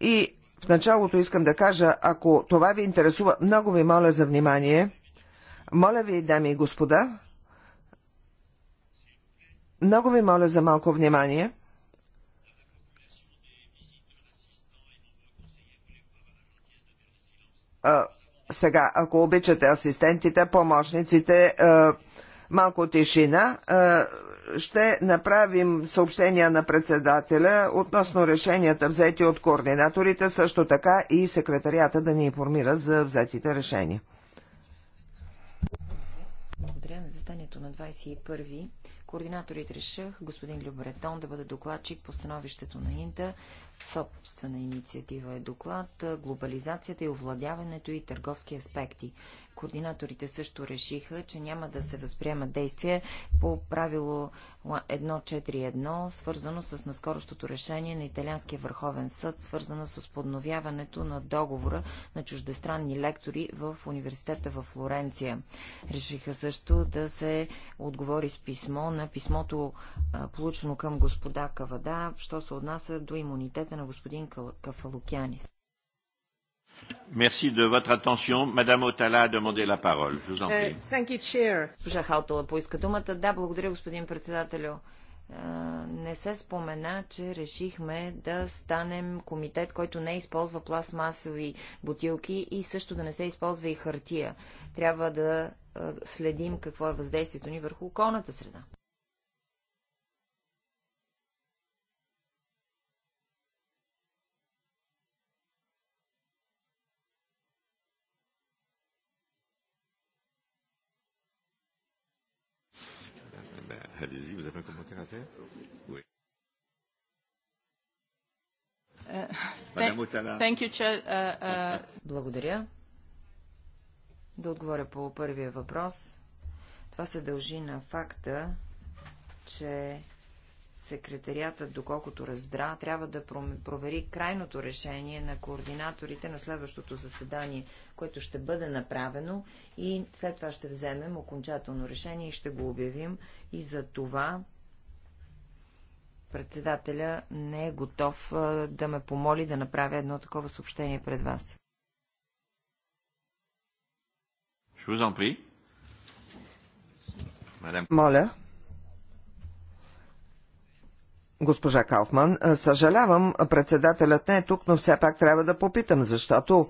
И в началото искам да кажа, ако това ви интересува, много ви моля за внимание. Моля ви, дами и господа, много ви моля за малко внимание. А, сега, ако обичате асистентите, помощниците, а, малко тишина. А, ще направим съобщения на председателя относно решенията взети от координаторите, също така и секретарията да ни информира за взетите решения.
Благодаря. На застанието на 21-и координаторите решах господин Любретон да бъде докладчик по становището на Инта. Собствена инициатива е доклад Глобализацията и овладяването и търговски аспекти. Координаторите също решиха, че няма да се възприема действие по правило 1.4.1, свързано с наскорощото решение на Италианския върховен съд, свързано с подновяването на договора на чуждестранни лектори в университета в Флоренция. Решиха също да се отговори с писмо на писмото, получено към господа Кавада, що се отнася до имунитета на господин Кафалокянис.
Merci de votre attention. Madame Отала a demandé la parole. Je vous en е, prie.
Thank you, chair. Госпожа Халтала поиска думата. Да, благодаря, господин председателю. Е, не се спомена, че решихме да станем комитет, който не използва пластмасови бутилки и също да не се използва и хартия. Трябва да е, следим какво е въздействието ни върху околната среда.
Allez-y, vous avez un commentaire à faire Oui.
Euh, uh,
uh, Благодаря. Да отговоря по първия въпрос. Това се дължи на факта, че секретариатът, доколкото разбра, трябва да провери крайното решение на координаторите на следващото заседание, което ще бъде направено и след това ще вземем окончателно решение и ще го обявим. И за това председателя не е готов да ме помоли да направя едно такова съобщение
пред вас. Моля госпожа Кауфман. Съжалявам, председателят не е тук, но все пак трябва да попитам, защото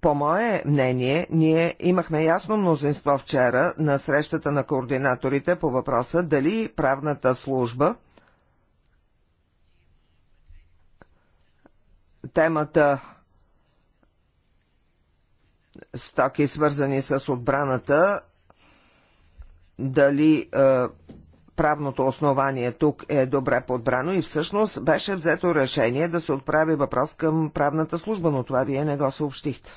по мое мнение, ние имахме ясно мнозинство вчера на срещата на координаторите по въпроса дали правната служба темата стоки свързани с отбраната дали е, правното основание тук е добре подбрано и всъщност беше взето решение да се отправи въпрос към правната служба, но това вие не го съобщихте.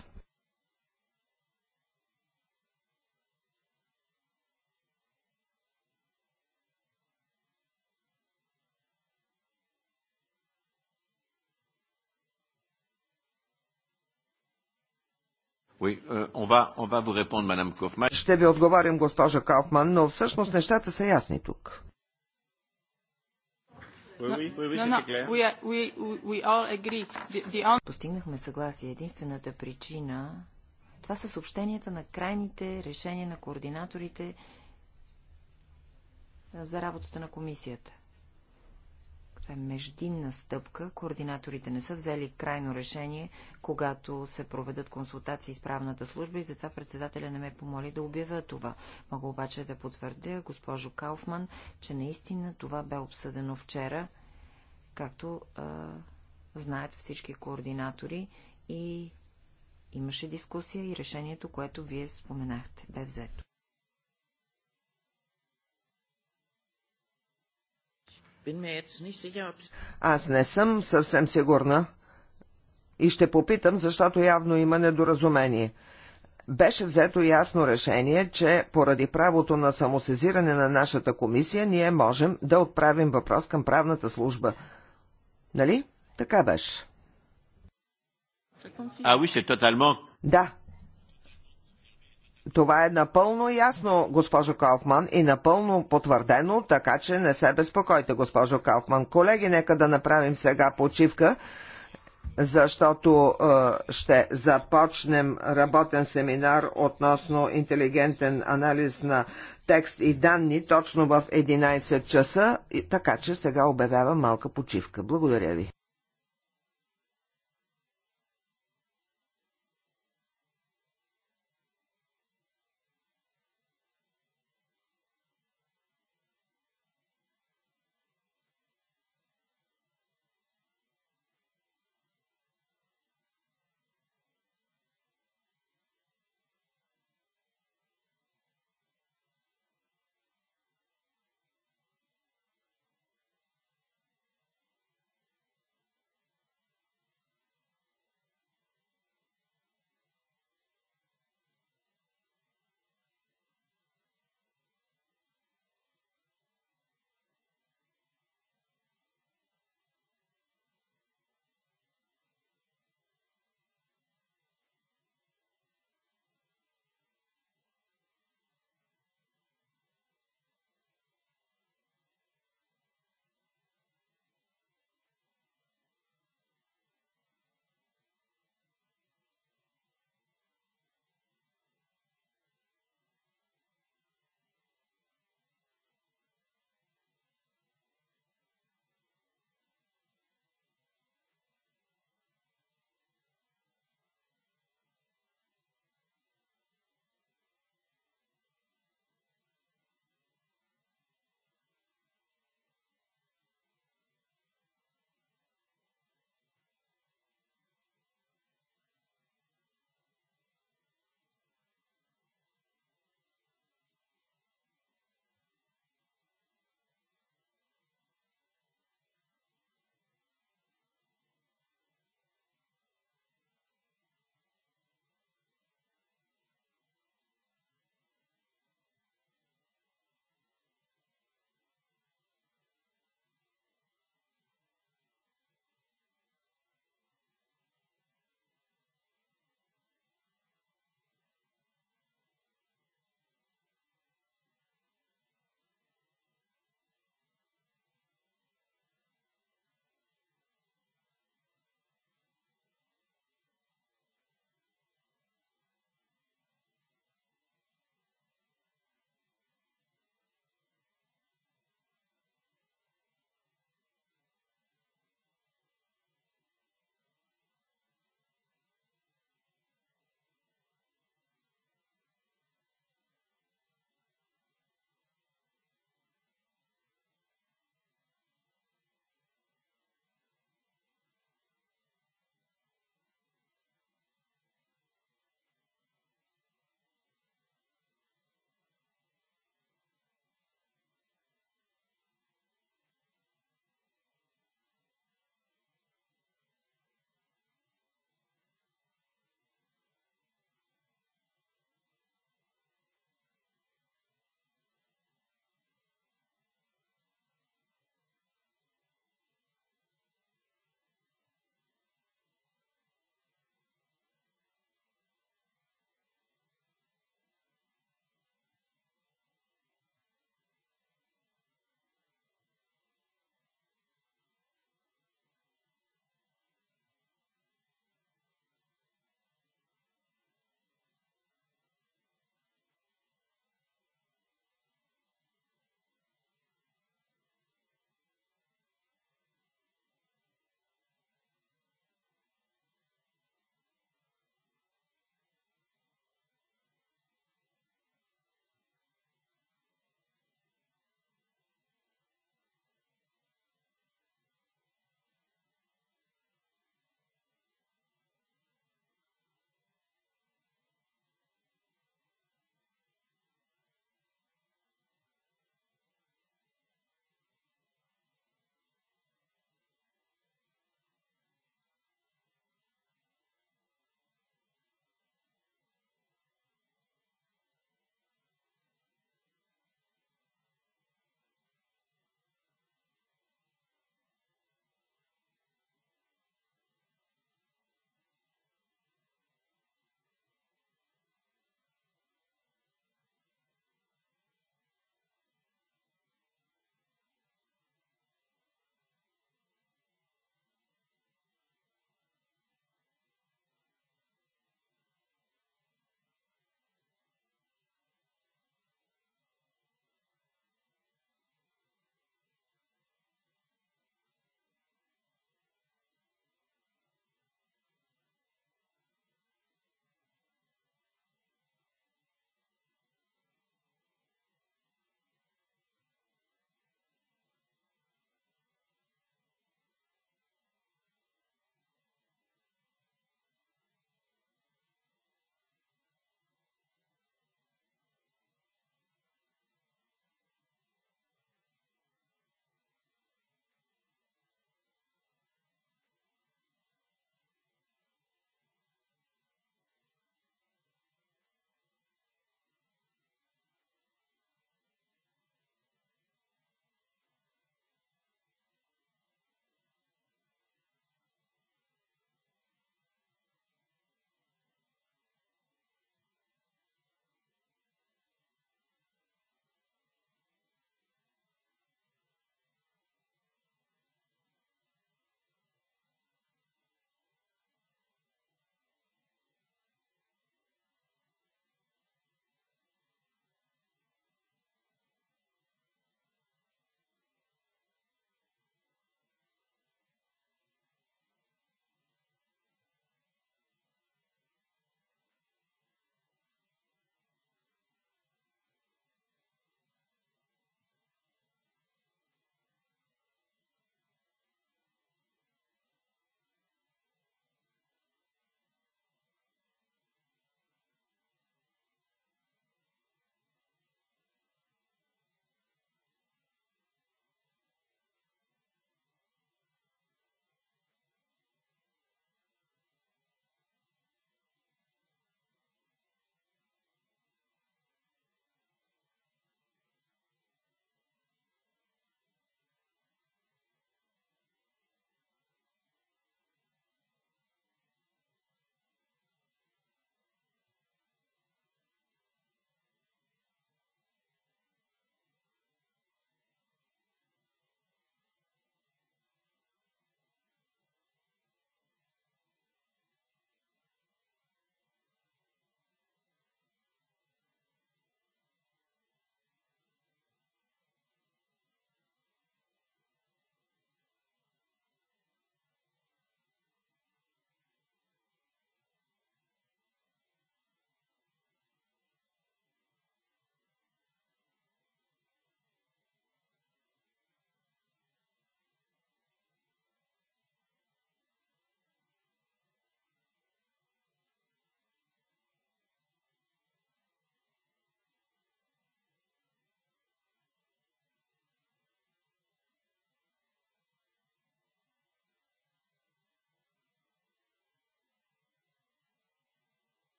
Euh, Ще ви отговарям,
госпожа Кауфман, но всъщност нещата са ясни тук.
Постигнахме съгласие. Единствената причина... Това са съобщенията на крайните решения на координаторите за работата на комисията е междинна стъпка. Координаторите не са взели крайно решение, когато се проведат консултации с правната служба и затова председателя не ме помоли да обявя това. Мога обаче да потвърдя, госпожо Кауфман, че наистина това бе обсъдено вчера, както а, знаят всички координатори и имаше дискусия и решението, което вие споменахте, бе взето.
Аз не съм съвсем сигурна и ще попитам, защото явно има недоразумение. Беше взето ясно решение, че поради правото на самосезиране на нашата комисия, ние можем да отправим въпрос към правната служба. Нали? Така беше. Да, това е напълно ясно, госпожо Кауфман, и напълно потвърдено, така че не се безпокойте, госпожо Кауфман. Колеги, нека да направим сега почивка, защото е, ще започнем работен семинар относно интелигентен анализ на текст и данни точно в 11 часа, така че сега обявявам малка почивка. Благодаря ви.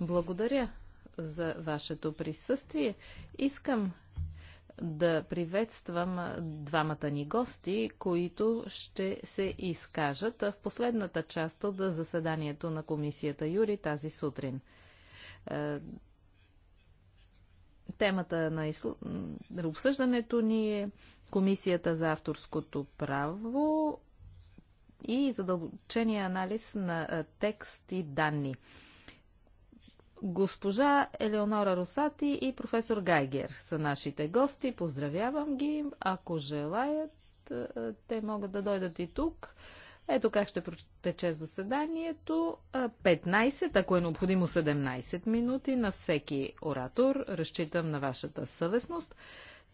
Благодаря за вашето присъствие. Искам да приветствам двамата ни гости, които ще се изкажат в последната част от заседанието на комисията Юри тази сутрин. Е, темата на обсъждането ни е Комисията за авторското право и задълбочения анализ на текст и данни. Госпожа Елеонора Росати и професор Гайгер са нашите гости. Поздравявам ги. Ако желаят, те могат да дойдат и тук. Ето как ще протече заседанието. 15, ако е необходимо 17 минути на всеки оратор. Разчитам на вашата съвестност.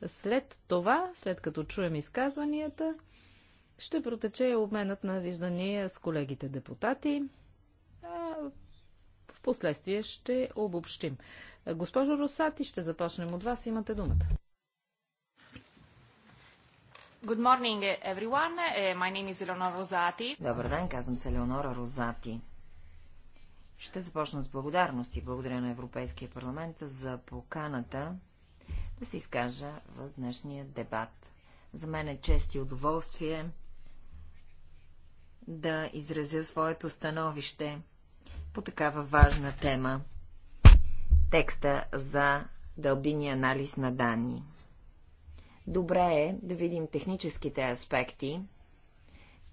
След това, след като чуем изказванията, ще протече обменът на виждания с колегите депутати. А в последствие ще обобщим. Госпожо Росати, ще започнем от вас. Имате думата. Good morning, everyone. Е, my name is Eleonora Rosati. Добър
ден, казвам се Леонора Розати. Ще започна с благодарност и Благодаря на Европейския парламент за поканата да се изкажа в днешния дебат. За мен е чест и удоволствие да изразя своето становище по такава важна тема. Текста за дълбини анализ на данни. Добре е да видим техническите аспекти,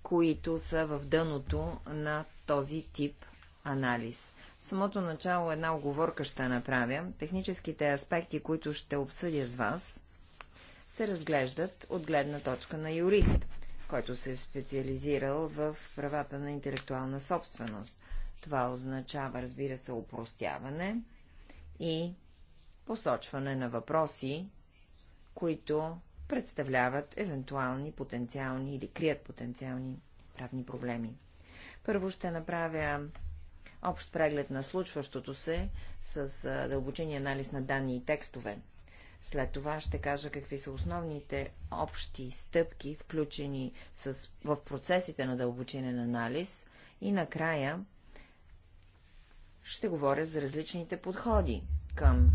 които са в дъното на този тип анализ. В самото начало една оговорка ще направя. Техническите аспекти, които ще обсъдя с вас, се разглеждат от гледна точка на юрист който се е специализирал в правата на интелектуална собственост. Това означава, разбира се, упростяване и посочване на въпроси, които представляват евентуални потенциални или крият потенциални правни проблеми. Първо ще направя общ преглед на случващото се с дълбочения анализ на данни и текстове – след това ще кажа какви са основните общи стъпки, включени с, в процесите на дълбочинен анализ и накрая ще говоря за различните подходи към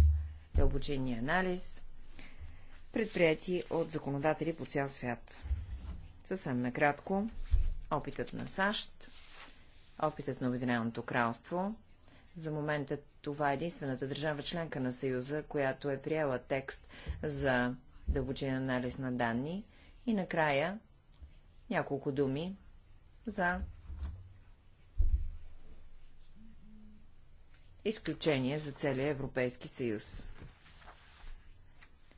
дълбочинния анализ, предприяти от законодатели по цял свят. Съвсем накратко, опитът на САЩ, опитът на Обединеното кралство, за момента това е единствената държава членка на Съюза, която е приела текст за дълбочен анализ на данни. И накрая няколко думи за изключение за целия Европейски съюз.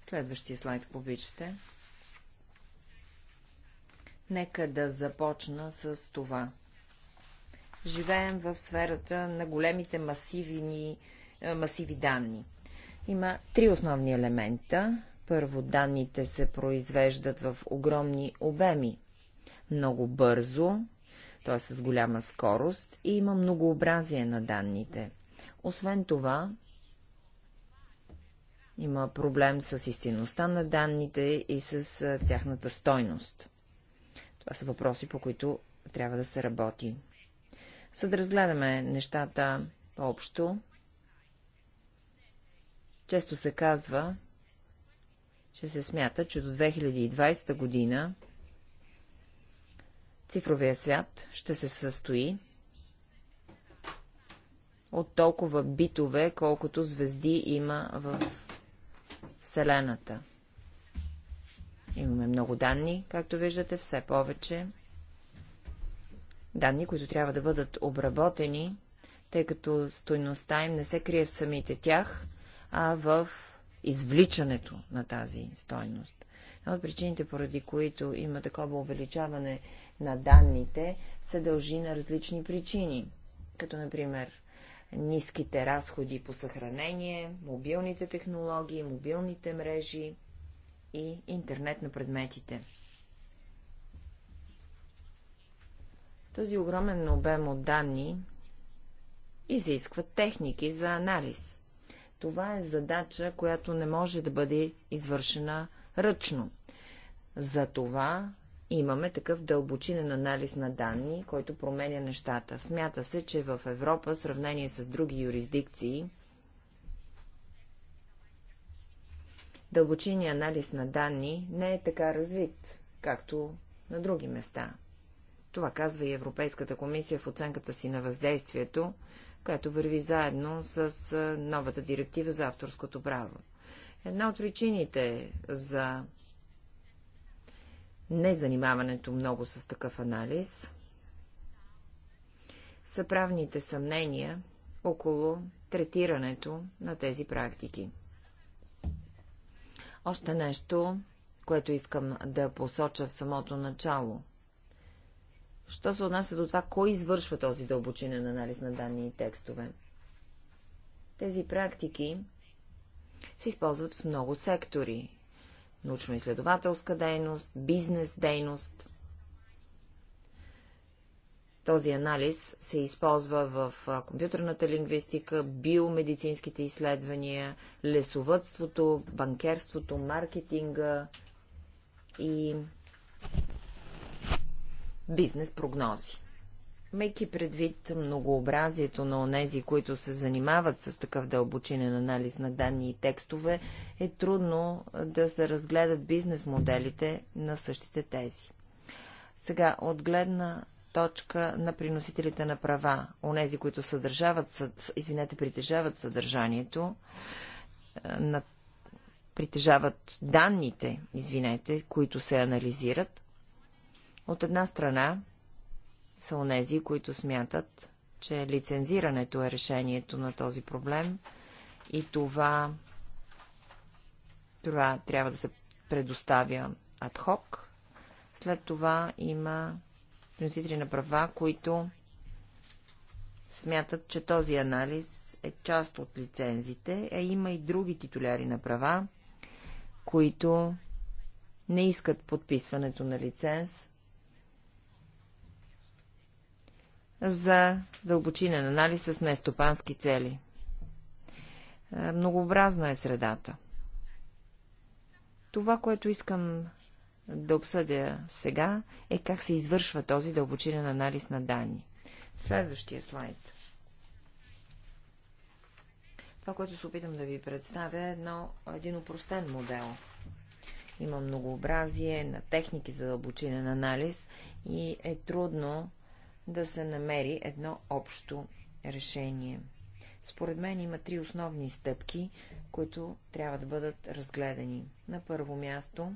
Следващия слайд, ако обичате. Нека да започна с това живеем в сферата на големите масиви, е, масиви данни. Има три основни елемента. Първо, данните се произвеждат в огромни обеми, много бързо, т.е. с голяма скорост и има многообразие на данните. Освен това, има проблем с истинността на данните и с е, тяхната стойност. Това са въпроси, по които трябва да се работи. За да разгледаме нещата общо, често се казва, че се смята, че до 2020 година цифровия свят ще се състои от толкова битове, колкото звезди има в Вселената. Имаме много данни, както виждате, все повече данни, които трябва да бъдат обработени, тъй като стойността им не се крие в самите тях, а в извличането на тази стойност. Една от причините, поради които има такова увеличаване на данните, се дължи на различни причини, като например ниските разходи по съхранение, мобилните технологии, мобилните мрежи и интернет на предметите. Този огромен обем от данни изисква техники за анализ. Това е задача, която не може да бъде извършена ръчно. За това имаме такъв дълбочинен анализ на данни, който променя нещата. Смята се, че в Европа, в сравнение с други юрисдикции, дълбочиният анализ на данни не е така развит, както на други места. Това казва и Европейската комисия в оценката си на въздействието, което върви заедно с новата директива за авторското право. Една от причините за незанимаването много с такъв анализ са правните съмнения около третирането на тези практики. Още нещо, което искам да посоча в самото начало. Що се отнася до това, кой извършва този дълбочинен анализ на данни и текстове? Тези практики се използват в много сектори. Научно-изследователска дейност, бизнес дейност. Този анализ се използва в компютърната лингвистика, биомедицинските изследвания, лесовътството, банкерството, маркетинга и бизнес прогнози. Мейки предвид многообразието на онези, които се занимават с такъв дълбочинен анализ на данни и текстове, е трудно да се разгледат бизнес моделите на същите тези. Сега, от гледна точка на приносителите на права, онези, които съдържават, извинете, притежават съдържанието, на, притежават данните, извинете, които се анализират, от една страна са онези, които смятат, че лицензирането е решението на този проблем и това, това трябва да се предоставя адхок. След това има носители на права, които смятат, че този анализ е част от лицензите, а има и други титуляри на права, които не искат подписването на лиценз, за дълбочинен анализ с нестопански цели. Е, многообразна е средата. Това, което искам да обсъдя сега, е как се извършва този дълбочинен анализ на данни. Следващия слайд. Това, което се опитам да ви представя, е едно, един упростен модел. Има многообразие на техники за дълбочинен анализ и е трудно да се намери едно общо решение. Според мен има три основни стъпки, които трябва да бъдат разгледани. На първо място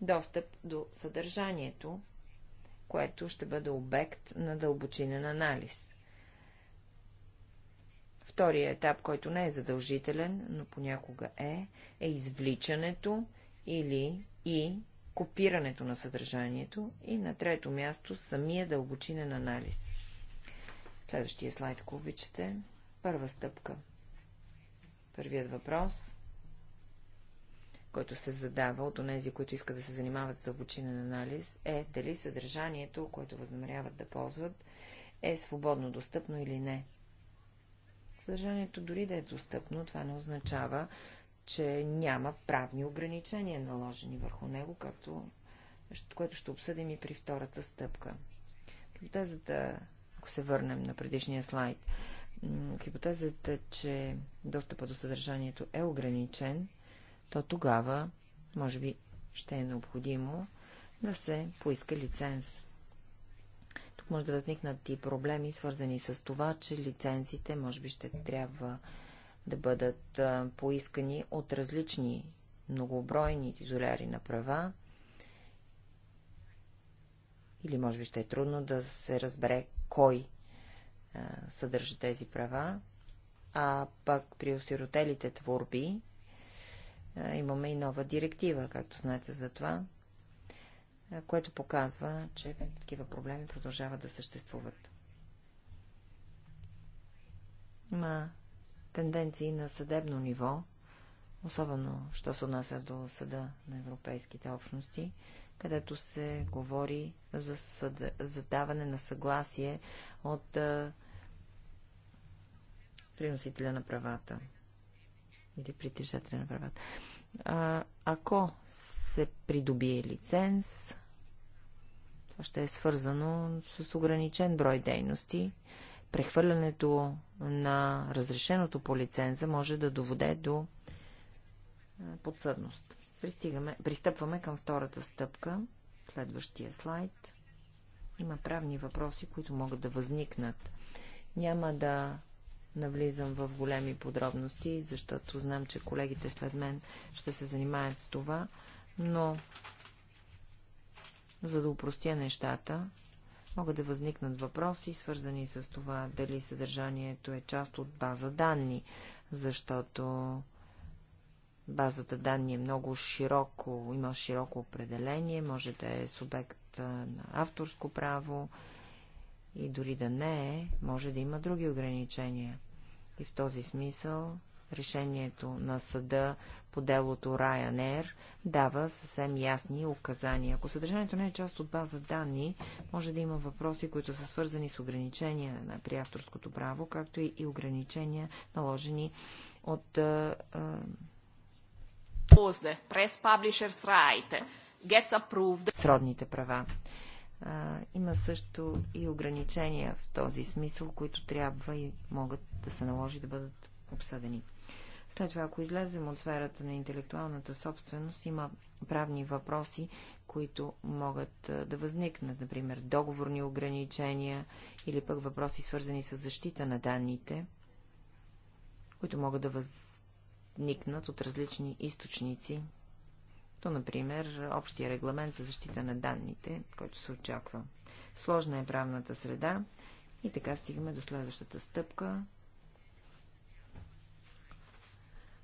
достъп до съдържанието, което ще бъде обект на дълбочинен анализ. Втория етап, който не е задължителен, но понякога е, е извличането или и копирането на съдържанието и на трето място самия дълбочинен анализ. Следващия слайд, ако обичате. Първа стъпка. Първият въпрос, който се задава от онези, които искат да се занимават с дълбочинен анализ, е дали съдържанието, което възнамеряват да ползват, е свободно достъпно или не. Съдържанието дори да е достъпно, това не означава, че няма правни ограничения наложени върху него, както, което ще обсъдим и при втората стъпка. Хипотезата, ако се върнем на предишния слайд, хипотезата, че достъпа до съдържанието е ограничен, то тогава, може би, ще е необходимо да се поиска лиценз. Тук може да възникнат и проблеми, свързани с това, че лицензите, може би, ще трябва да бъдат поискани от различни многобройни титуляри на права. Или може би ще е трудно да се разбере кой съдържа тези права. А пък при осиротелите творби имаме и нова директива, както знаете за това, което показва, че такива проблеми продължават да съществуват. Има тенденции на съдебно ниво, особено, що се отнася до съда на европейските общности, където се говори за, съд... за даване на съгласие от а... приносителя на правата или притежателя на правата. А, ако се придобие лиценз, това ще е свързано с ограничен брой дейности, прехвърлянето на разрешеното по лиценза може да доведе до подсъдност. Пристигаме, пристъпваме към втората стъпка, следващия слайд. Има правни въпроси, които могат да възникнат. Няма да навлизам в големи подробности, защото знам, че колегите след мен ще се занимаят с това, но за да упростя нещата, могат да възникнат въпроси, свързани с това, дали съдържанието е част от база данни, защото базата данни е много широко, има широко определение, може да е субект на авторско право и дори да не е, може да има други ограничения. И в този смисъл решението на съда по делото Ryanair дава съвсем ясни указания. Ако съдържанието не е част от база данни, може да има въпроси, които са свързани с ограничения на приавторското право, както и ограничения наложени от... Позде, прес паблишерс right, gets approved. Сродните права. А, има също и ограничения в този смисъл, които трябва и могат да се наложи да бъдат обсъдени. След това, ако излезем от сферата на интелектуалната собственост, има правни въпроси, които могат да възникнат, например договорни ограничения или пък въпроси свързани с защита на данните, които могат да възникнат от различни източници, то, например, общия регламент за защита на данните, който се очаква. Сложна е правната среда и така стигаме до следващата стъпка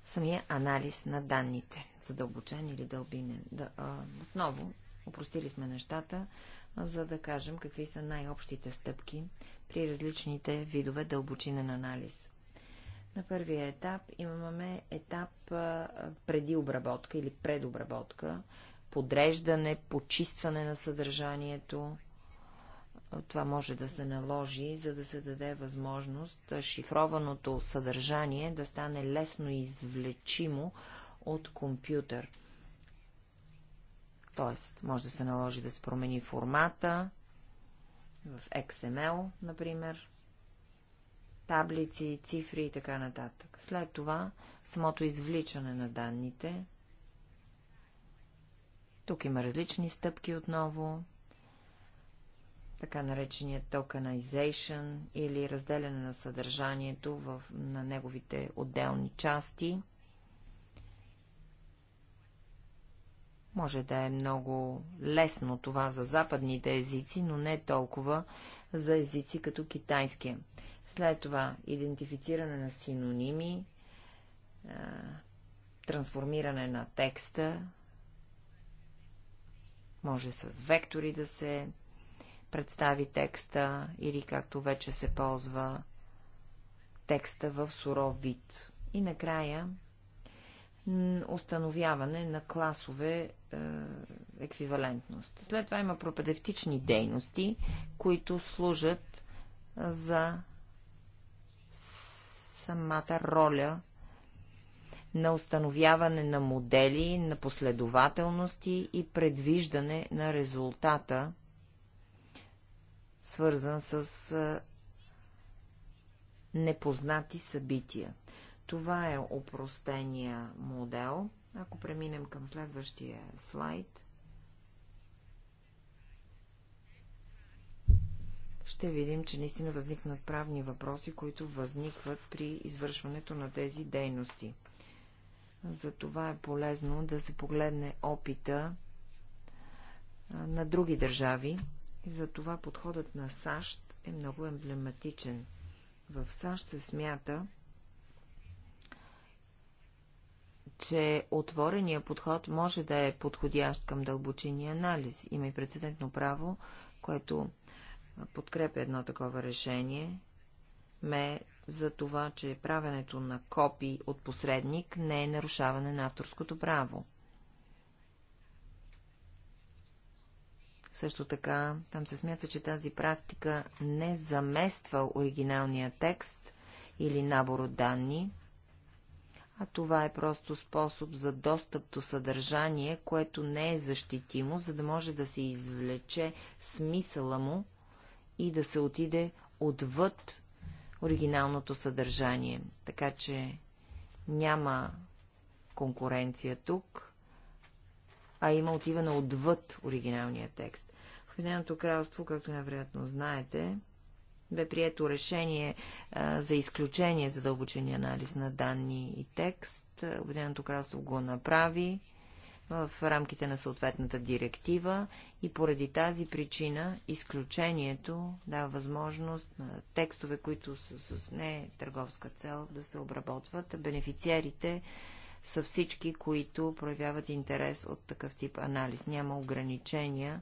самия анализ на данните, задълбочен или дълбинен. Да, а, отново, упростили сме нещата, а, за да кажем какви са най-общите стъпки при различните видове дълбочинен анализ. На първия етап имаме етап а, преди обработка или предобработка, подреждане, почистване на съдържанието, това може да се наложи, за да се даде възможност шифрованото съдържание да стане лесно извлечимо от компютър. Тоест, може да се наложи да се промени формата в XML, например, таблици, цифри и така нататък. След това, самото извличане на данните. Тук има различни стъпки отново, така наречения tokenization или разделяне на съдържанието в, на неговите отделни части. Може да е много лесно това за западните езици, но не толкова за езици като китайския. След това идентифициране на синоними, трансформиране на текста, може с вектори да се представи текста или както вече се ползва текста в суров вид. И накрая установяване на класове е, еквивалентност. След това има пропедевтични дейности, които служат за самата роля на установяване на модели, на последователности и предвиждане на резултата свързан с непознати събития. Това е упростения модел. Ако преминем към следващия слайд, ще видим, че наистина възникнат правни въпроси, които възникват при извършването на тези дейности. Затова е полезно да се погледне опита на други държави, и затова подходът на САЩ е много емблематичен. В САЩ се смята, че отворения подход може да е подходящ към дълбочини анализ. Има и прецедентно право, което подкрепя едно такова решение. Ме за това, че правенето на копии от посредник не е нарушаване на авторското право. Също така, там се смята, че тази практика не замества оригиналния текст или набор от данни, а това е просто способ за достъп до съдържание, което не е защитимо, за да може да се извлече смисъла му и да се отиде отвъд оригиналното съдържание. Така че няма конкуренция тук, а има отиване отвъд оригиналния текст. В Обединеното кралство, както невероятно знаете, бе прието решение а, за изключение за дълбочения анализ на данни и текст. Обединеното кралство го направи в рамките на съответната директива и поради тази причина изключението дава възможност на текстове, които са с не търговска цел, да се обработват. Бенефициерите са всички, които проявяват интерес от такъв тип анализ. Няма ограничения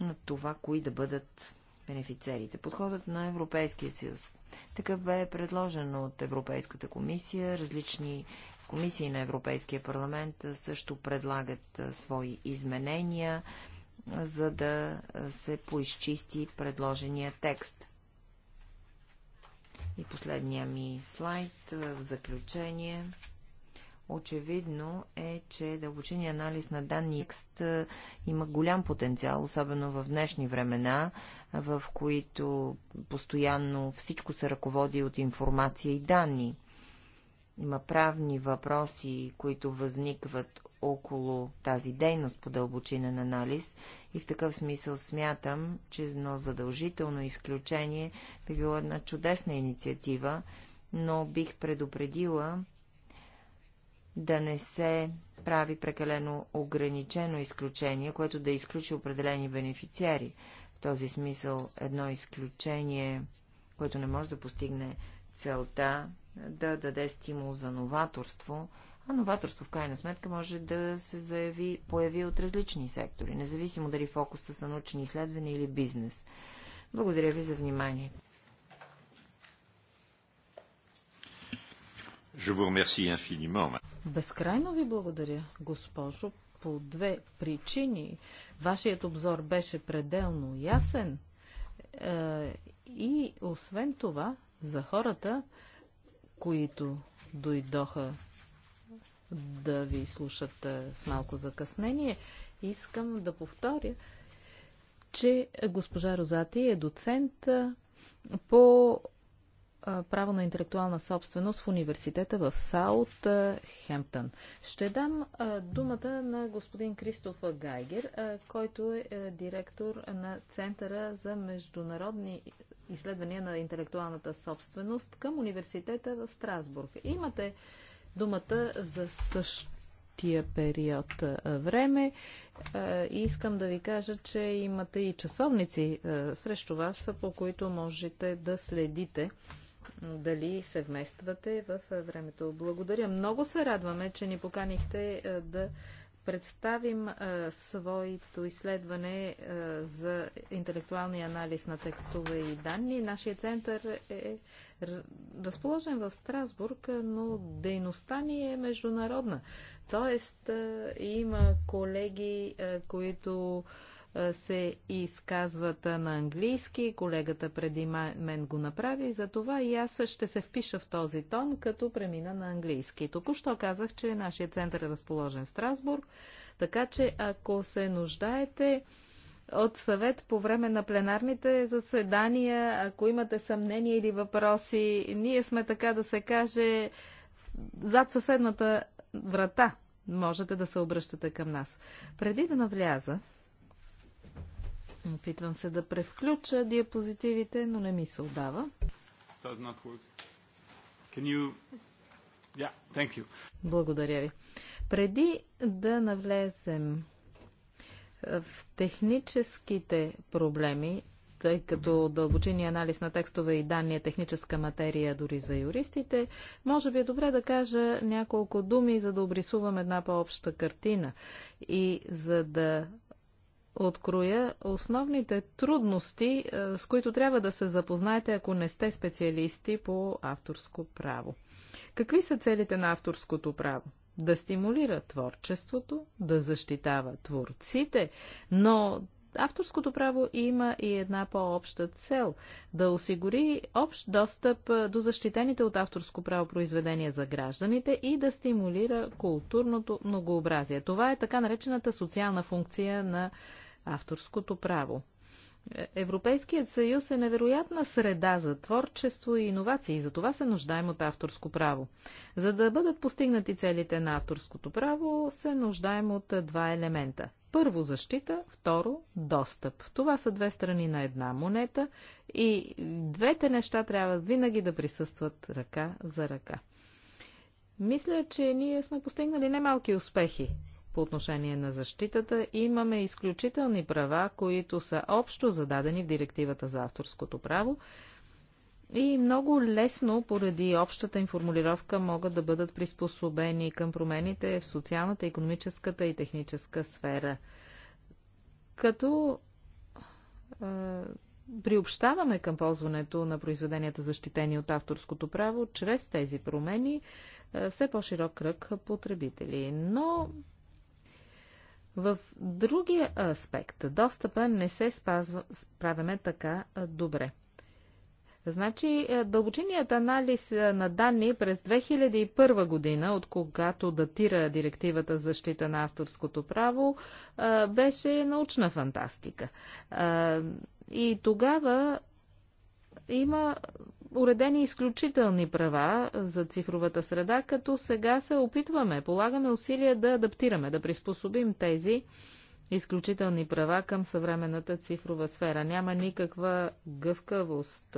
на това, кои да бъдат бенефицерите. Подходът на Европейския съюз. Такъв бе предложен от Европейската комисия. Различни комисии на Европейския парламент също предлагат свои изменения, за да се поизчисти предложения текст. И последния ми слайд в заключение. Очевидно е, че дълбочиния анализ на данни X има голям потенциал, особено в днешни времена, в които постоянно всичко се ръководи от информация и данни. Има правни въпроси, които възникват около тази дейност по дълбочинен анализ и в такъв смисъл смятам, че едно задължително изключение би било една чудесна инициатива, но бих предупредила, да не се прави прекалено ограничено изключение, което да изключи определени бенефициари. В този смисъл едно изключение, което не може да постигне целта да даде стимул за новаторство, а новаторство в крайна сметка може да се заяви, появи от различни сектори, независимо дали фокуса са научни изследвания или бизнес. Благодаря ви за вниманието.
Безкрайно ви благодаря, госпожо, по две причини. Вашият обзор беше пределно ясен е, и освен това за хората, които дойдоха да ви слушат е, с малко закъснение, искам да повторя, че госпожа Розати е доцент е, по право на интелектуална собственост в университета в Саут Хемптън. Ще дам думата на господин Кристоф Гайгер, който е, е директор на Центъра за международни изследвания на интелектуалната собственост към университета в Страсбург. Имате думата за същия период време. И искам да ви кажа, че имате и часовници срещу вас, по които можете да следите дали се вмествате в е, времето. Благодаря. Много се радваме, че ни поканихте е, да представим е, своето изследване за интелектуалния анализ на текстове и данни. Нашия център е разположен в Страсбург, но дейността ни е международна. Тоест има колеги, които е, се изказват на английски. Колегата преди мен го направи, затова и аз ще се впиша в този тон, като премина на английски. Току-що казах, че нашия център е разположен в Страсбург, така че ако се нуждаете от съвет по време на пленарните заседания, ако имате съмнения или въпроси, ние сме така да се каже зад съседната врата можете да се обръщате към нас. Преди да навляза Опитвам се да превключа диапозитивите, но не ми се отдава. Благодаря ви. Преди да навлезем е, в техническите проблеми, тъй като дълбочиния анализ на текстове и данни е техническа материя дори за юристите, може би е добре да кажа няколко думи, за да обрисувам една по-обща картина и за да откроя основните трудности, е, с които трябва да се запознаете, ако не сте специалисти по авторско право. Какви са целите на авторското право? Да стимулира творчеството, да защитава творците, но авторското право има и една по-обща цел да осигури общ достъп е, до защитените от авторско право произведения за гражданите и да стимулира културното многообразие. Това е така наречената социална функция на авторското право. Европейският съюз е невероятна среда за творчество и иновации, и за това се нуждаем от авторско право. За да бъдат постигнати целите на авторското право, се нуждаем от два елемента. Първо защита, второ достъп. Това са две страни на една монета и двете неща трябва винаги да присъстват ръка за ръка. Мисля, че ние сме постигнали немалки успехи по отношение на защитата, имаме изключителни права, които са общо зададени в директивата за авторското право и много лесно, поради общата им формулировка, могат да бъдат приспособени към промените в социалната, економическата и техническа сфера. Като е, приобщаваме към ползването на произведенията защитени от авторското право, чрез тези промени е, все по-широк кръг потребители. Но в другия аспект, достъпа не се спазва, справяме така добре. Значи, дълбочиният анализ на данни през 2001 година, от когато датира директивата за защита на авторското право, беше научна фантастика. И тогава има уредени изключителни права за цифровата среда, като сега се опитваме, полагаме усилия да адаптираме, да приспособим тези изключителни права към съвременната цифрова сфера. Няма никаква гъвкавост.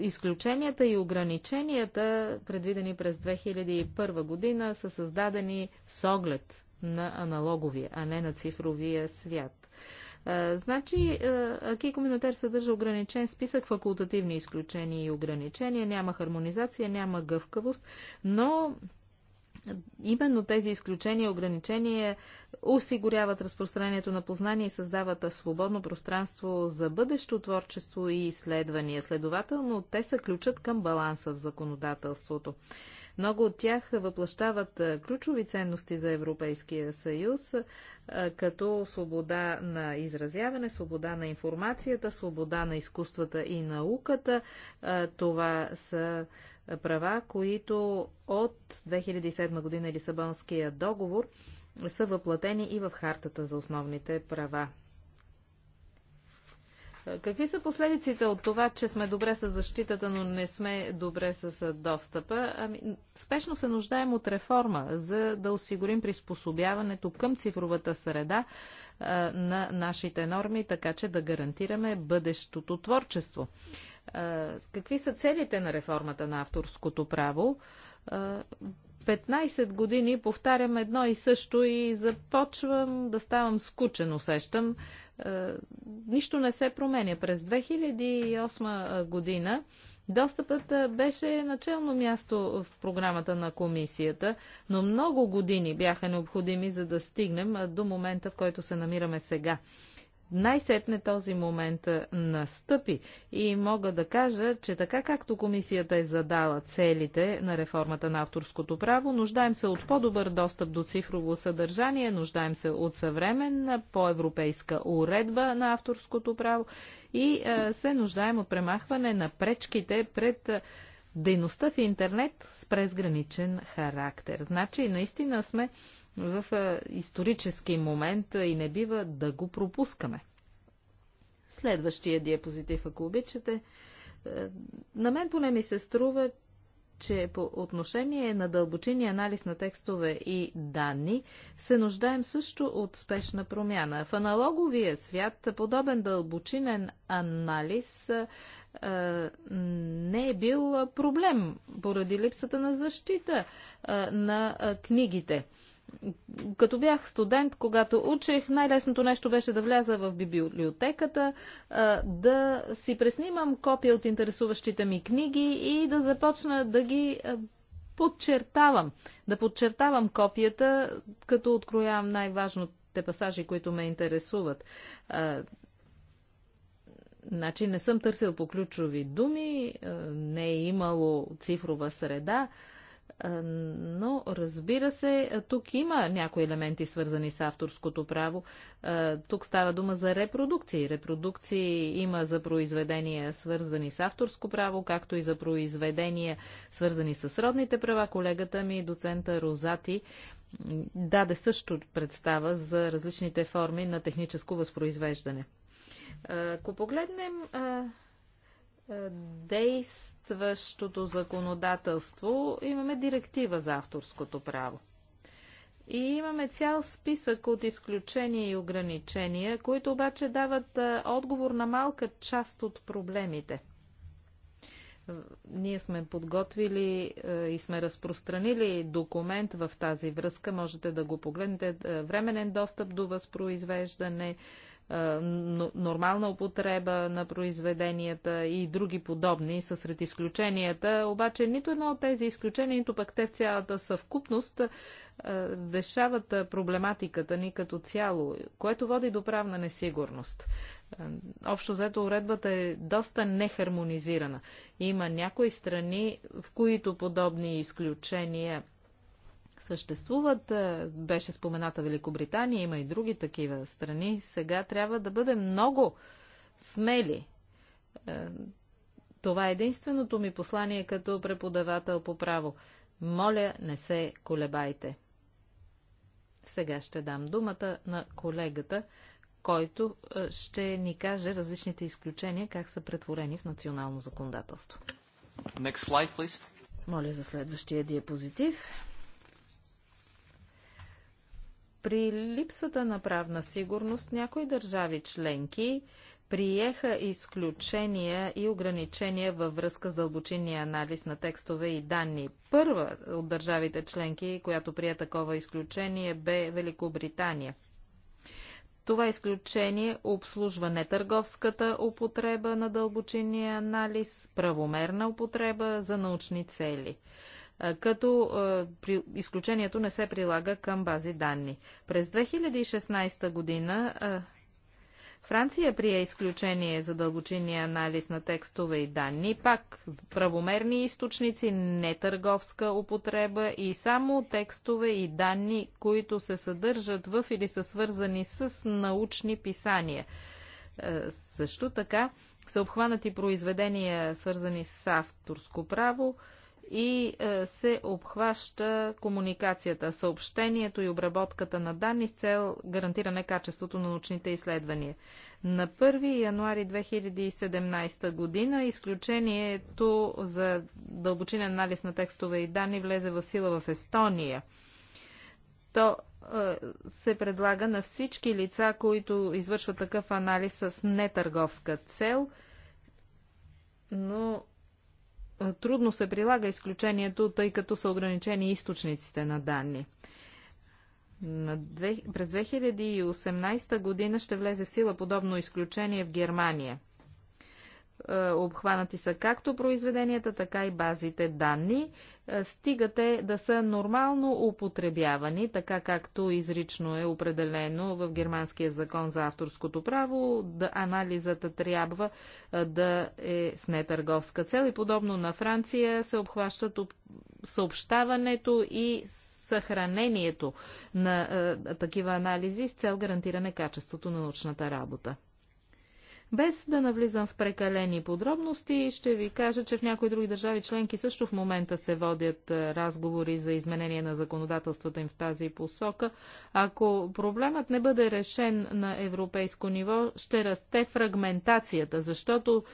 Изключенията и ограниченията, предвидени през 2001 година, са създадени с оглед на аналоговия, а не на цифровия свят. Значи, кико Коминотер съдържа ограничен списък факултативни изключения и ограничения, няма хармонизация, няма гъвкавост, но Именно тези изключения и ограничения осигуряват разпространението на познание и създават свободно пространство за бъдещо творчество и изследвания. Следователно, те са ключът към баланса в законодателството. Много от тях въплащават ключови ценности за Европейския съюз, като свобода на изразяване, свобода на информацията, свобода на изкуствата и науката. Това са права, които от 2007 година Лисабонския договор са въплатени и в Хартата за основните права. Какви са последиците от това, че сме добре с защитата, но не сме добре с достъпа? Ами, спешно се нуждаем от реформа, за да осигурим приспособяването към цифровата среда а, на нашите норми, така че да гарантираме бъдещото творчество. А, какви са целите на реформата на авторското право? А, 15 години повтарям едно и също и започвам да ставам скучен, усещам. Е, нищо не се променя. През 2008 е, година Достъпът е, беше начално място в програмата на комисията, но много години бяха необходими, за да стигнем до момента, в който се намираме сега най-сетне този момент настъпи и мога да кажа, че така както комисията е задала целите на реформата на авторското право, нуждаем се от по-добър достъп до цифрово съдържание, нуждаем се от съвременна по-европейска уредба на авторското право и се нуждаем от премахване на пречките пред дейността в интернет с презграничен характер. Значи, наистина сме в исторически момент и не бива да го пропускаме. Следващия диапозитив, ако обичате. Е, на мен поне ми се струва, че по отношение на дълбочини анализ на текстове и данни се нуждаем също от спешна промяна. В аналоговия свят подобен дълбочинен анализ а, е, не е бил проблем поради липсата на защита а, е, на книгите. Като бях студент, когато учех, най-лесното нещо беше да вляза в библиотеката, да си преснимам копия от интересуващите ми книги и да започна да ги подчертавам. Да подчертавам копията, като откроявам най-важните пасажи, които ме интересуват. Значи не съм търсил по ключови думи, не е имало цифрова среда, е, но, разбира се, тук има някои елементи, свързани с авторското право. Е, тук става дума за репродукции. Репродукции има за произведения, свързани с авторско право, както и за произведения, свързани с родните права. Колегата ми, доцента Розати, даде също представа за различните форми на техническо възпроизвеждане. Е, ако погледнем е, действащото законодателство имаме директива за авторското право. И имаме цял списък от изключения и ограничения, които обаче дават е, отговор на малка част от проблемите. Ние сме подготвили е, и сме разпространили документ в тази връзка. Можете да го погледнете. Временен достъп до възпроизвеждане, нормална употреба на произведенията и други подобни са сред изключенията. Обаче нито едно от тези изключения, нито пък те в цялата съвкупност решават проблематиката ни като цяло, което води до правна несигурност. Общо взето уредбата е доста нехармонизирана. Има някои страни, в които подобни изключения съществуват. Е, беше спомената Великобритания, има и други такива страни. Сега трябва да бъдем много смели. Е, това е единственото ми послание като преподавател по право. Моля, не се колебайте. Сега ще дам думата на колегата, който е, ще ни каже различните изключения, как са претворени в национално законодателство.
Next slide, please.
Моля за следващия диапозитив. При липсата на правна сигурност някои държави членки приеха изключения и ограничения във връзка с дълбочинния анализ на текстове и данни. Първа от държавите членки, която прие такова изключение, бе Великобритания. Това изключение обслужва нетърговската употреба на дълбочинния анализ, правомерна употреба за научни цели като при изключението не се прилага към бази данни. През 2016 година Франция прие изключение за дълбочинния анализ на текстове и данни, пак правомерни източници, не търговска употреба и само текстове и данни, които се съдържат в или са свързани с научни писания. Също така са обхванати произведения, свързани с авторско право, и е, се обхваща комуникацията, съобщението и обработката на данни с цел гарантиране качеството на научните изследвания. На 1 януари 2017 година изключението за дълбочинен анализ на текстове и данни влезе в сила в Естония. То е, се предлага на всички лица, които извършват такъв анализ с нетърговска цел, но трудно се прилага изключението, тъй като са ограничени източниците на данни. На две, през 2018 година ще влезе в сила подобно изключение в Германия – е, обхванати са както произведенията, така и базите данни. Е, стигате да са нормално употребявани, така както изрично е определено в Германския закон за авторското право. Да, анализата трябва е, да е с нетърговска цел и подобно на Франция се обхващат съобщаването и съхранението на а, такива анализи с цел гарантиране качеството на научната работа. Без да навлизам в прекалени подробности, ще ви кажа, че в някои други държави членки също в момента се водят е, разговори за изменение на законодателствата им в тази посока. Ако проблемът не бъде решен на европейско ниво, ще расте фрагментацията, защото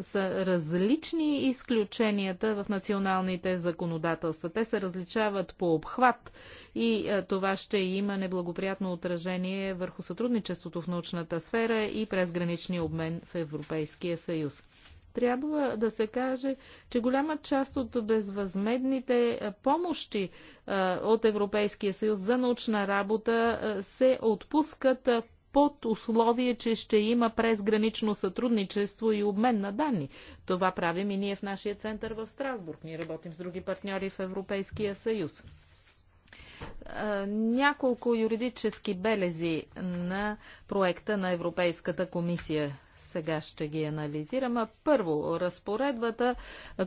са различни изключенията в националните законодателства. Те се различават по обхват и това ще има неблагоприятно отражение върху сътрудничеството в научната сфера и през граничния обмен в Европейския съюз трябва да се каже, че голяма част от безвъзмедните помощи от Европейския съюз за научна работа се отпускат под условие, че ще има презгранично сътрудничество и обмен на данни. Това правим и ние в нашия център в Страсбург. Ние работим с други партньори в Европейския съюз. Няколко юридически белези на проекта на Европейската комисия сега ще ги анализираме. Първо, разпоредбата,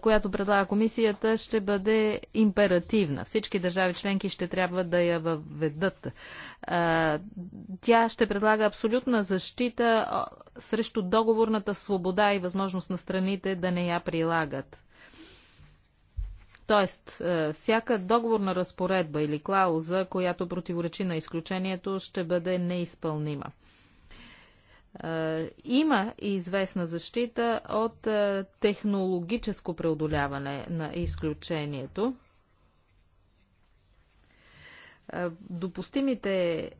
която предлага комисията, ще бъде императивна. Всички държави членки ще трябва да я въведат. Тя ще предлага абсолютна защита срещу договорната свобода и възможност на страните да не я прилагат. Тоест, всяка договорна разпоредба или клауза, която противоречи на изключението, ще бъде неизпълнима. Е, има и известна защита от е, технологическо преодоляване на изключението. Е, допустимите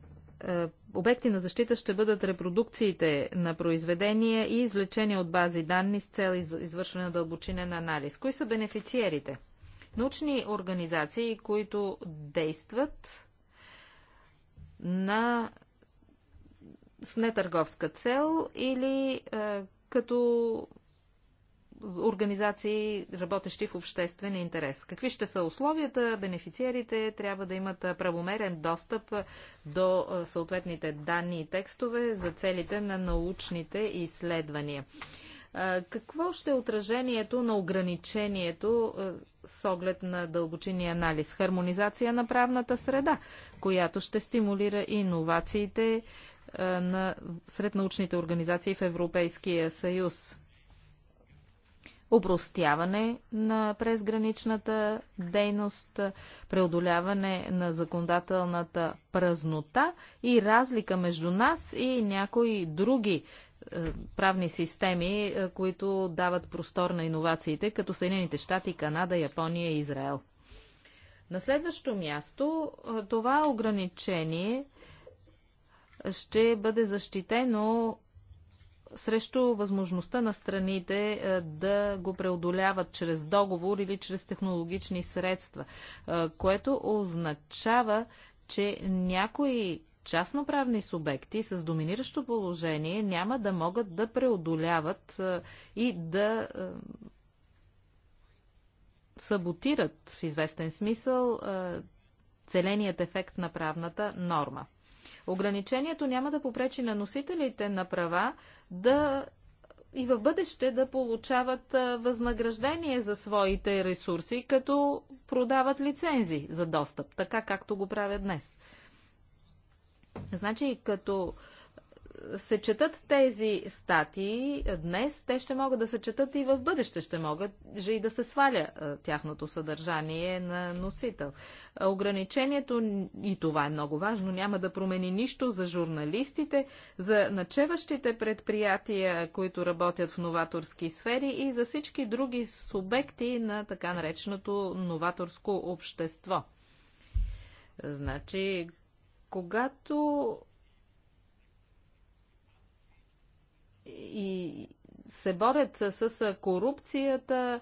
обекти на защита ще бъдат репродукциите на произведения и извлечения от бази данни с цел извършване на дълбочинен анализ. Кои са бенефициерите? Научни организации, които действат на с нетърговска цел или е, като организации, работещи в обществен интерес. Какви ще са условията? Бенефициерите трябва да имат е, правомерен достъп е, до е, съответните данни и текстове за целите на научните изследвания. Какво ще е отражението на ограничението с оглед на дълбочиния анализ? Хармонизация на правната среда, която ще стимулира иновациите, на, сред научните организации в Европейския съюз. Упростяване на презграничната дейност, преодоляване на законодателната празнота и разлика между нас и някои други е, правни системи, е, които дават простор на иновациите, като Съединените щати, Канада, Япония и Израел. На следващо място, е, това ограничение ще бъде защитено срещу възможността на страните е, да го преодоляват чрез договор или чрез технологични средства, е, което означава, че някои частноправни субекти с доминиращо положение няма да могат да преодоляват е, и да саботират в известен смисъл целеният ефект на правната норма. Ограничението няма да попречи на носителите на права да и в бъдеще да получават възнаграждение за своите ресурси, като продават лицензи за достъп, така както го правят днес. Значи, като се четат тези статии днес, те ще могат да се четат и в бъдеще, ще могат же и да се сваля тяхното съдържание на носител. ограничението, и това е много важно, няма да промени нищо за журналистите, за начеващите предприятия, които работят в новаторски сфери и за всички други субекти на така нареченото новаторско общество. Значи, когато и се борят с корупцията,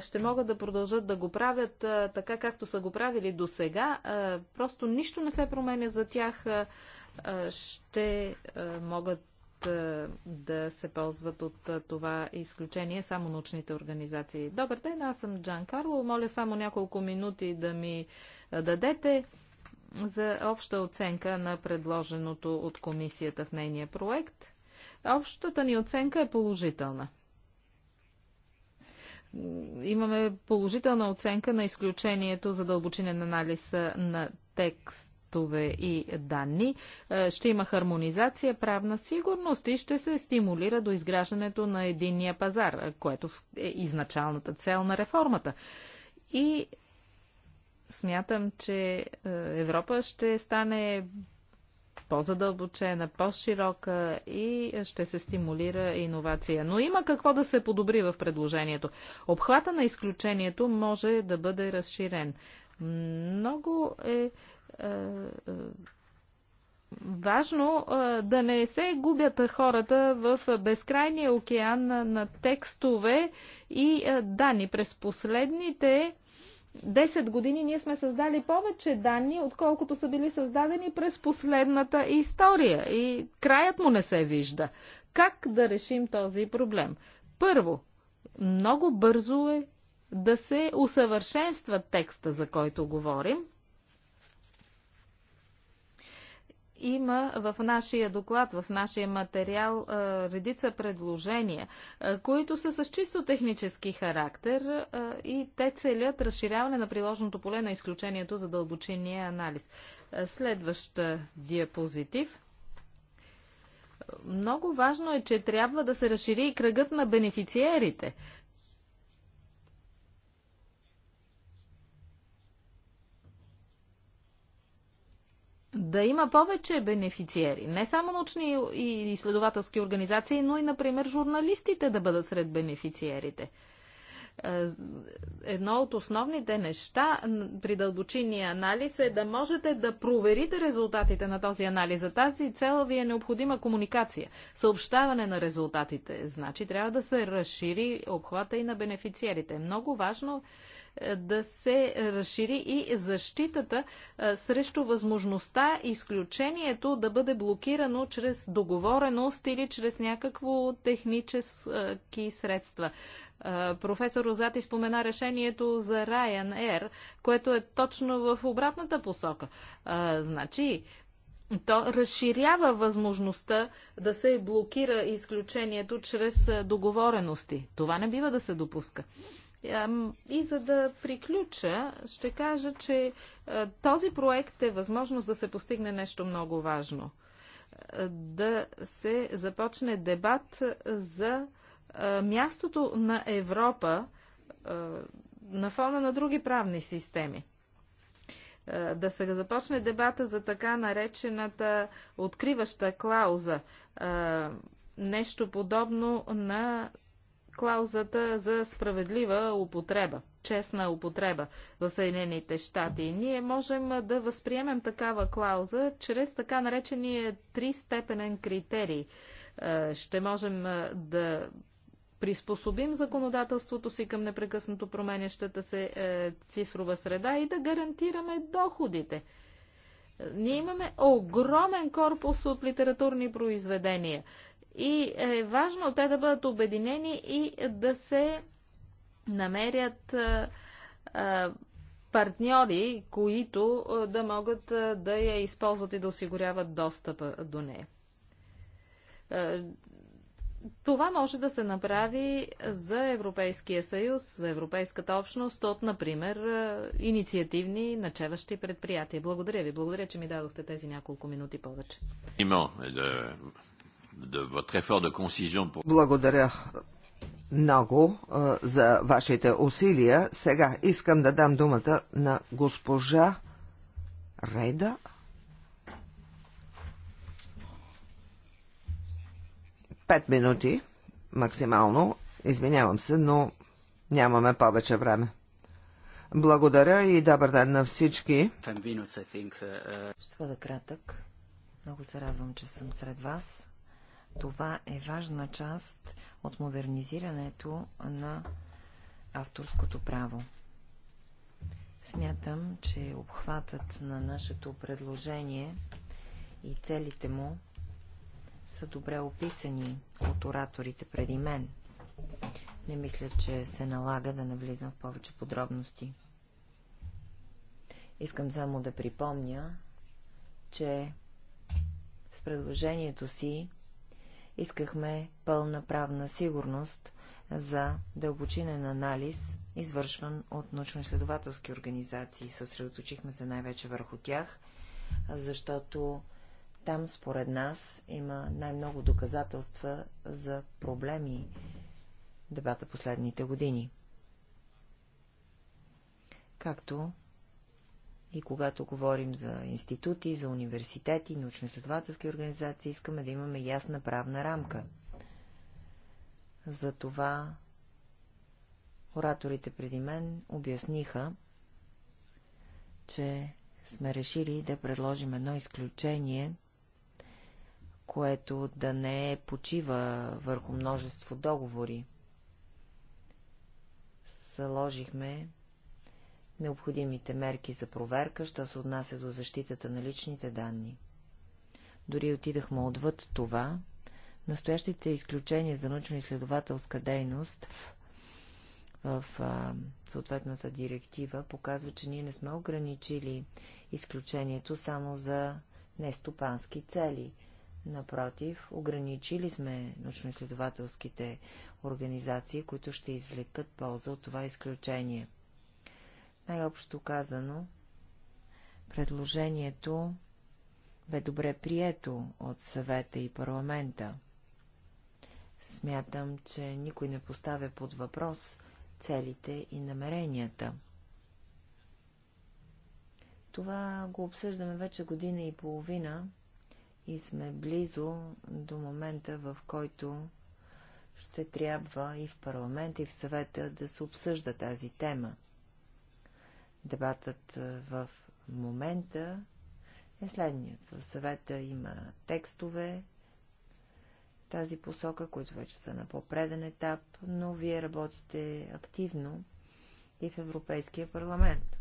ще могат да продължат да го правят така, както са го правили до сега. Просто нищо не се променя за тях. Ще могат да се ползват от това изключение само научните организации. Добър ден, аз съм Джан Карло. Моля само няколко минути да ми дадете за обща оценка на предложеното от комисията в нейния проект. Общата ни оценка е положителна. Имаме положителна оценка на изключението за дълбочинен анализ на текст текстове и данни, е, ще има хармонизация, правна сигурност и ще се стимулира до изграждането на единния пазар, което е изначалната цел на реформата. И смятам, че е, Европа ще стане по-задълбочена, по-широка и ще се стимулира иновация. Но има какво да се подобри в предложението. Обхвата на изключението може да бъде разширен. Много е, е, е важно е, да не се губят хората в безкрайния океан на, на текстове и е, дани. През последните 10 години ние сме създали повече данни, отколкото са били създадени през последната история. И краят му не се вижда. Как да решим този проблем? Първо, много бързо е да се усъвършенства текста, за който говорим – има в нашия доклад, в нашия материал редица предложения, които са с чисто технически характер и те целят разширяване на приложното поле на изключението за дълбочинния анализ. Следващ диапозитив. Много важно е, че трябва да се разшири и кръгът на бенефициерите. да има повече бенефициери. Не само научни и изследователски организации, но и, например, журналистите да бъдат сред бенефициерите. Е, едно от основните неща при дълбочиния анализ е да можете да проверите резултатите на този анализ. За тази цел ви е необходима комуникация, съобщаване на резултатите. Значи трябва да се разшири обхвата и на бенефициерите. Много важно е е, да се разшири и защитата е, срещу възможността изключението да бъде блокирано чрез договореност или чрез някакво технически средства. Е, професор Розати спомена решението за Ryanair, което е точно в обратната посока. Значи, то разширява възможността да се блокира изключението чрез договорености. Това не бива да се допуска. И за да приключа, ще кажа, че е, този проект е възможност да се постигне нещо много важно. Е, да се започне дебат за е, мястото на Европа на фона на други правни системи. Да се започне дебата за така наречената откриваща клауза. Нещо подобно на клаузата за справедлива употреба, честна употреба в Съединените щати. Ние можем да възприемем такава клауза чрез така наречения тристепенен критерий. Е, ще можем е, да приспособим законодателството си към непрекъснато променящата се е, цифрова среда и да гарантираме доходите. Ние имаме огромен корпус от литературни произведения – и е важно те да бъдат обединени и да се намерят е, е, партньори, които е, да могат да я използват и да осигуряват достъп до нея. Това може да се направи за Европейския съюз, за Европейската общност от, например, инициативни начеващи предприятия. Благодаря ви. Благодаря, че ми дадохте тези няколко минути повече.
Благодаря много а, за вашите усилия. Сега искам да дам думата на госпожа Рейда. Пет минути максимално. Извинявам се, но нямаме повече време. Благодаря и добър ден на всички.
Ще бъда кратък. Много се радвам, че съм сред вас. Това е важна част от модернизирането на авторското право. Смятам, че обхватът на нашето предложение и целите му са добре описани от ораторите преди мен. Не мисля, че се налага да навлизам в повече подробности. Искам само да припомня, че с предложението си Искахме пълна правна сигурност за дълбочинен анализ, извършван от научно-изследователски организации. Съсредоточихме се най-вече върху тях, защото там, според нас, има най-много доказателства за проблеми дебата последните години. Както и когато говорим за институти, за университети, научно-изследователски организации, искаме да имаме ясна правна рамка. Затова ораторите преди мен обясниха, че сме решили да предложим едно изключение, което да не е почива върху множество договори. Заложихме необходимите мерки за проверка, що се отнася до защитата на личните данни. Дори отидахме отвъд това. Настоящите изключения за научно-изследователска дейност в а, съответната директива показва, че ние не сме ограничили изключението само за нестопански цели. Напротив, ограничили сме научно-изследователските организации, които ще извлекат полза от това изключение. Най-общо казано, предложението бе добре прието от съвета и парламента. Смятам, че никой не поставя под въпрос целите и намеренията. Това го обсъждаме вече година и половина и сме близо до момента, в който ще трябва и в парламент, и в съвета да се обсъжда тази тема. Дебатът в момента е следният. В съвета има текстове тази посока, които вече са на по-преден етап, но вие работите активно и в Европейския парламент.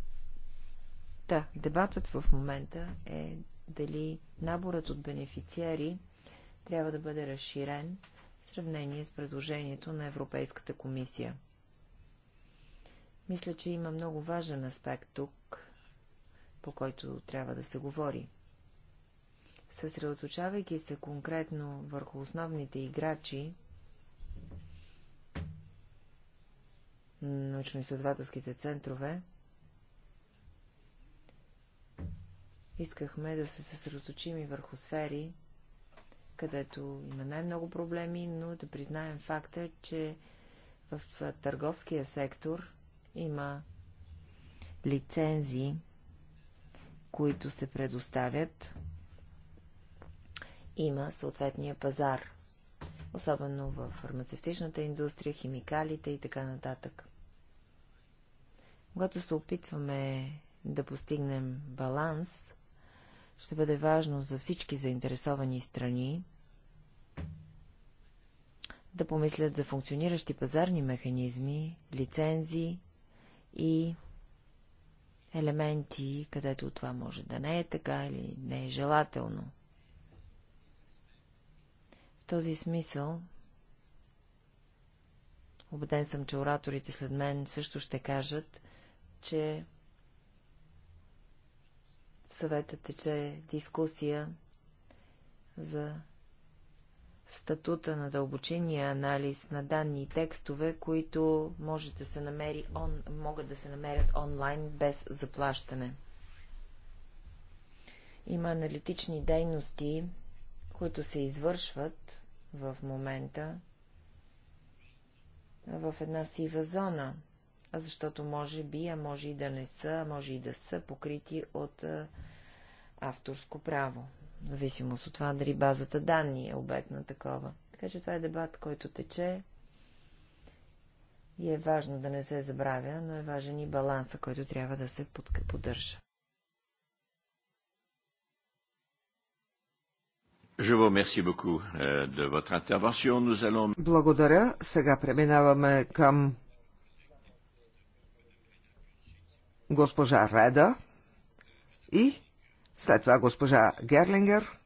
Да, дебатът в момента е дали наборът от бенефициари трябва да бъде разширен в сравнение с предложението на Европейската комисия. Мисля, че има много важен аспект тук, по който трябва да се говори. Съсредоточавайки се конкретно върху основните играчи, научно-изследователските центрове, искахме да се съсредоточим и върху сфери, където има най-много проблеми, но да признаем факта, че в търговския сектор има лицензии, които се предоставят. Има съответния пазар, особено в фармацевтичната индустрия, химикалите и така нататък. Когато се опитваме да постигнем баланс, ще бъде важно за всички заинтересовани страни да помислят за функциониращи пазарни механизми, лицензии и елементи, където това може да не е така или не е желателно. В този смисъл, убеден съм, че ораторите след мен също ще кажат, че в съвета тече дискусия за статута на дълбочиния анализ на данни и текстове, които може да се намери он, могат да се намерят онлайн без заплащане. Има аналитични дейности, които се извършват в момента в една сива зона, защото може би, а може и да не са, а може и да са покрити от авторско право в зависимост от това дали базата данни е обект на такова. Така че това е дебат, който тече и е важно да не се забравя, но е важен и баланса, който трябва да се поддържа.
Euh,
Благодаря. Сега преминаваме към госпожа Реда и след това госпожа Герлингер.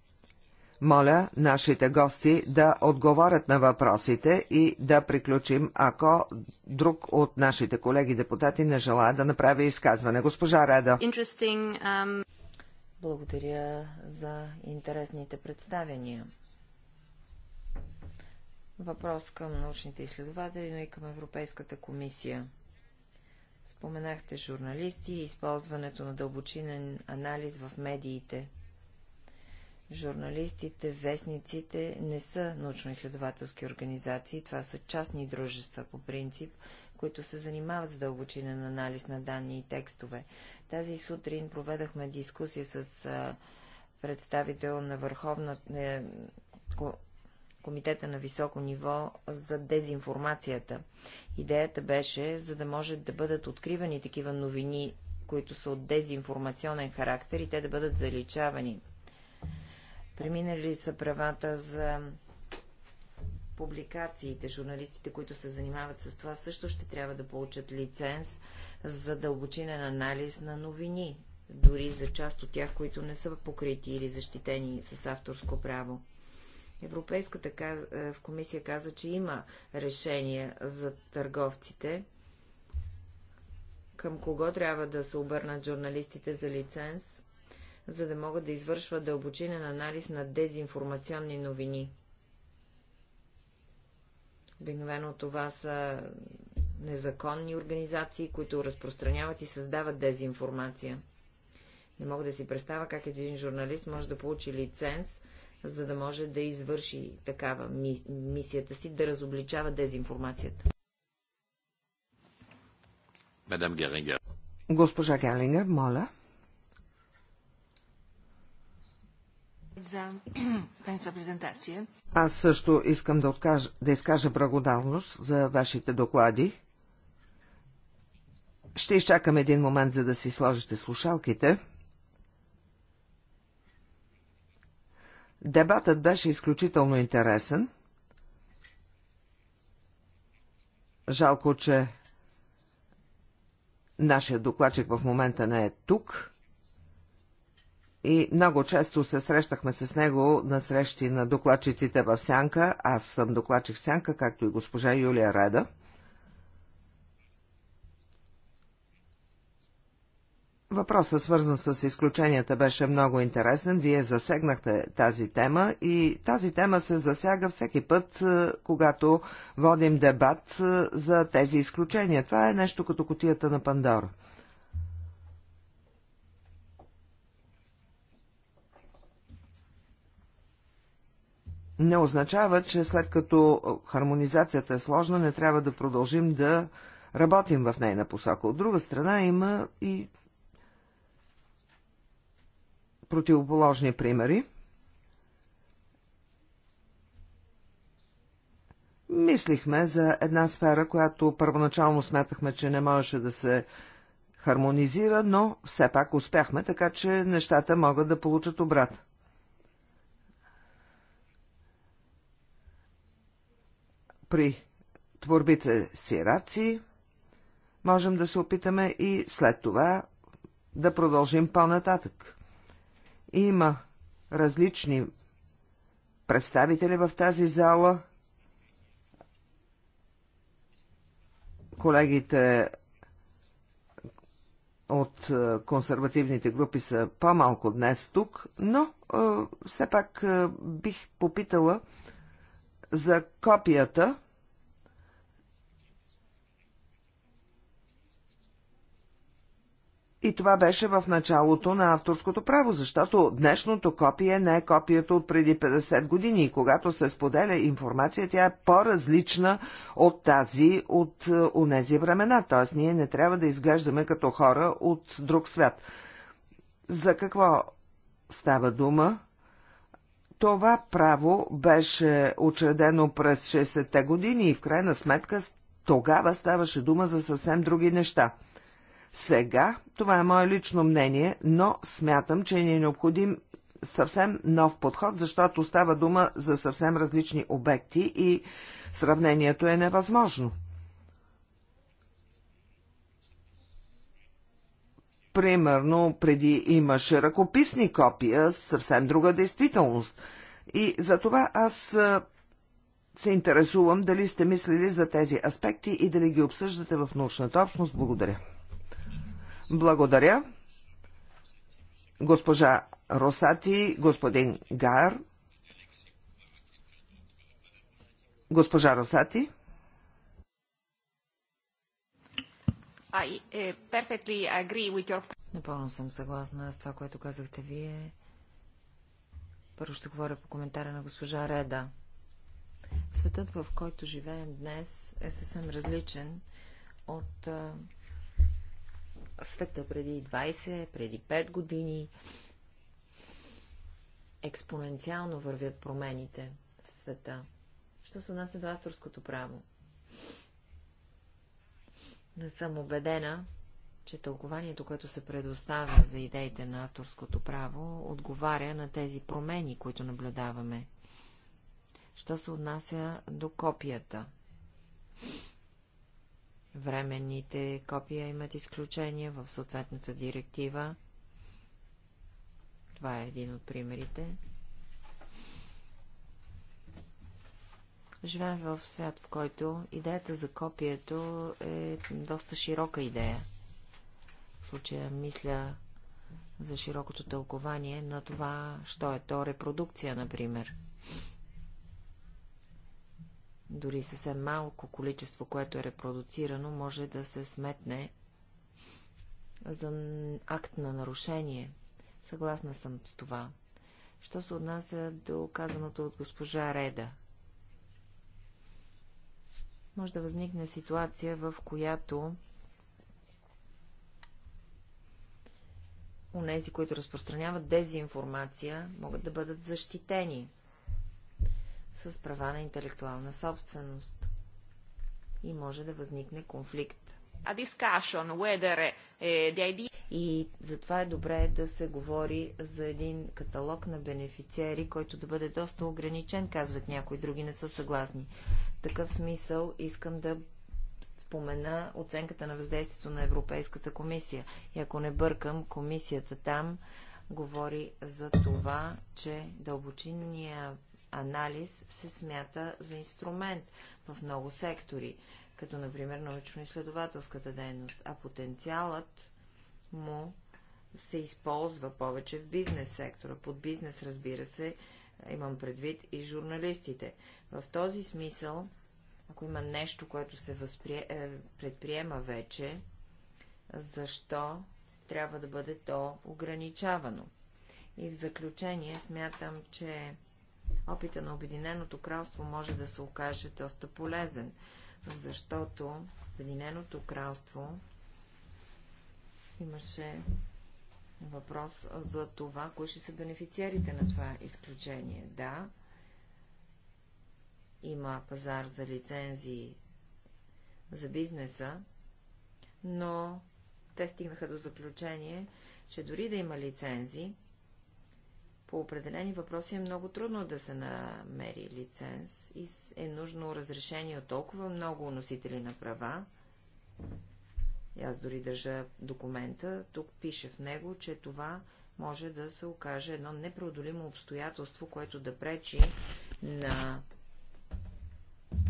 Моля нашите гости да отговорят на въпросите и да приключим, ако друг от нашите колеги депутати не желая да направи изказване. Госпожа Реда.
Um... Благодаря за интересните представения. Въпрос към научните изследователи, но и към Европейската комисия. Споменахте журналисти и използването на дълбочинен анализ в медиите. Журналистите, вестниците не са научно-изследователски организации, това са частни дружества по принцип, които се занимават с дълбочинен анализ на данни и текстове. Тази сутрин проведахме дискусия с представител на Върховната е, комитета на високо ниво за дезинформацията. Идеята беше, за да може да бъдат откривани такива новини, които са от дезинформационен характер и те да бъдат заличавани. Преминали са правата за публикациите, журналистите, които се занимават с това, също ще трябва да получат лиценз за дълбочинен анализ на новини, дори за част от тях, които не са покрити или защитени с авторско право. Европейската е, комисия каза, че има решение за търговците, към кого трябва да се обърнат журналистите за лиценз, за да могат да извършват дълбочинен анализ на дезинформационни новини. Обикновено това са незаконни организации, които разпространяват и създават дезинформация. Не мога да си представя как един журналист може да получи лиценз за да може да извърши такава ми, мисията си, да разобличава дезинформацията.
Мадам Герингер.
Госпожа Герингер, моля.
за <clears throat> тази презентация.
Аз също искам да, откажа, да изкажа благодарност за вашите доклади. Ще изчакам един момент, за да си сложите слушалките. Дебатът беше изключително интересен. Жалко, че нашия докладчик в момента не е тук и много често се срещахме с него на срещи на докладчиците в Сянка. Аз съм докладчик в Сянка, както и госпожа Юлия Реда – Въпросът, свързан с изключенията, беше много интересен. Вие засегнахте тази тема и тази тема се засяга всеки път, е, когато водим дебат е, за тези изключения. Това е нещо като котията на Пандора. Не означава, че след като хармонизацията е сложна, не трябва да продължим да работим в нейна посока. От друга страна има и противоположни примери. Мислихме за една сфера, която първоначално смятахме, че не можеше да се хармонизира, но все пак успяхме, така че нещата могат да получат обрат. При творбите сираци можем да се опитаме и след това да продължим по-нататък. Има различни представители в тази зала. Колегите от е, консервативните групи са по-малко днес тук, но е, все пак е, бих попитала за копията И това беше в началото на авторското право, защото днешното копие не е копието от преди 50 години и когато се споделя информация, тя е по-различна от тази от е, онези времена, т.е. ние не трябва да изглеждаме като хора от друг свят. За какво става дума? Това право беше учредено през 60-те години и в крайна сметка тогава ставаше дума за съвсем други неща – сега. Това е мое лично мнение, но смятам, че ни е необходим съвсем нов подход, защото става дума за съвсем различни обекти и сравнението е невъзможно. Примерно, преди имаше ръкописни копия, съвсем друга действителност. И за това аз се интересувам дали сте мислили за тези аспекти и дали ги обсъждате в научната общност. Благодаря. Благодаря. Госпожа Росати, господин Гар. Госпожа Росати.
Eh,
Напълно съм съгласна с това, което казахте вие. Първо ще говоря по коментаря на госпожа Реда. Светът, в който живеем днес, е съвсем различен от света преди 20, преди 5 години. Експоненциално вървят промените в света. Що се отнася до авторското право? Не съм убедена, че тълкованието, което се предоставя за идеите на авторското право, отговаря на тези промени, които наблюдаваме. Що се отнася до копията? Временните копия имат изключение в съответната директива. Това е един от примерите. Живеем в свят, в който идеята за копието е доста широка идея. В случая мисля за широкото тълкование на това, що е то репродукция, например. Дори съвсем малко количество, което е репродуцирано, може да се сметне за акт на нарушение. Съгласна съм с това. Що се отнася до казаното от госпожа Реда? Може да възникне ситуация, в която нези, които разпространяват дезинформация, могат да бъдат защитени с права на интелектуална собственост. И може да възникне конфликт.
Whether, е, idea...
И затова е добре да се говори за един каталог на бенефициери, който да бъде доста ограничен, казват някои други, не са съгласни. В такъв смисъл искам да спомена оценката на въздействието на Европейската комисия. И ако не бъркам, комисията там говори за това, че дълбочинния анализ се смята за инструмент в много сектори, като например научно-изследователската дейност, а потенциалът му се използва повече в бизнес сектора. Под бизнес, разбира се, имам предвид и журналистите. В този смисъл, ако има нещо, което се възприе... Е, предприема вече, защо трябва да бъде то ограничавано? И в заключение смятам, че опита на Обединеното кралство може да се окаже доста полезен, защото Обединеното кралство имаше въпрос за това, кои ще са бенефициарите на това изключение. Да, има пазар за лицензии за бизнеса, но те стигнаха до заключение, че дори да има лицензии, по определени въпроси е много трудно да се намери лиценз и е нужно разрешение от толкова много носители на права. И аз дори държа документа, тук пише в него, че това може да се окаже едно непреодолимо обстоятелство, което да пречи на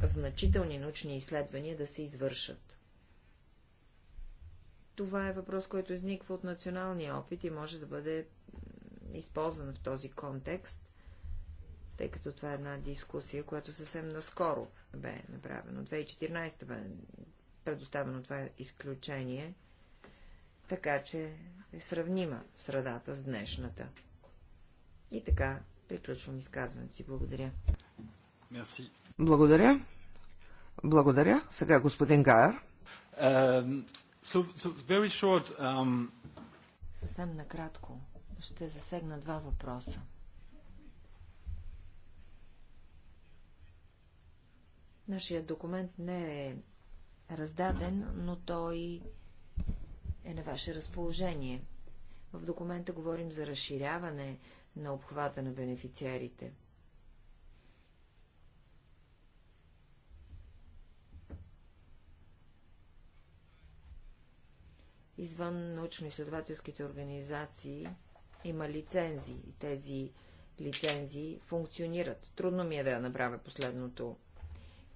значителни научни изследвания да се извършат. Това е въпрос, който изниква от националния опит и може да бъде използван в този контекст, тъй като това е една дискусия, която съвсем наскоро бе направено. 2014 бе предоставено това изключение, така че е сравнима средата с днешната. И така, приключвам изказването си. Благодаря.
Merci.
Благодаря. Благодаря. Сега господин Гайер. Um,
so, so um...
Съвсем накратко ще засегна два въпроса. Нашия документ не е раздаден, но той е на ваше разположение. В документа говорим за разширяване на обхвата на бенефициарите. Извън научно-изследователските организации има лицензии. Тези лицензии функционират. Трудно ми е да направя последното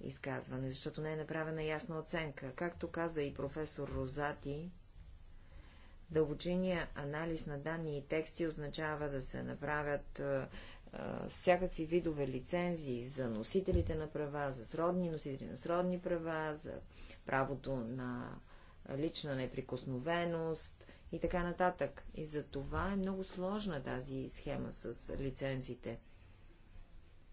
изказване, защото не е направена ясна оценка. Както каза и професор Розати, дълбочиния анализ на данни и тексти означава да се направят а, всякакви видове лицензии за носителите на права, за сродни носители на сродни права, за правото на лична неприкосновеност, и така нататък. И за това е много сложна тази схема с лицензите.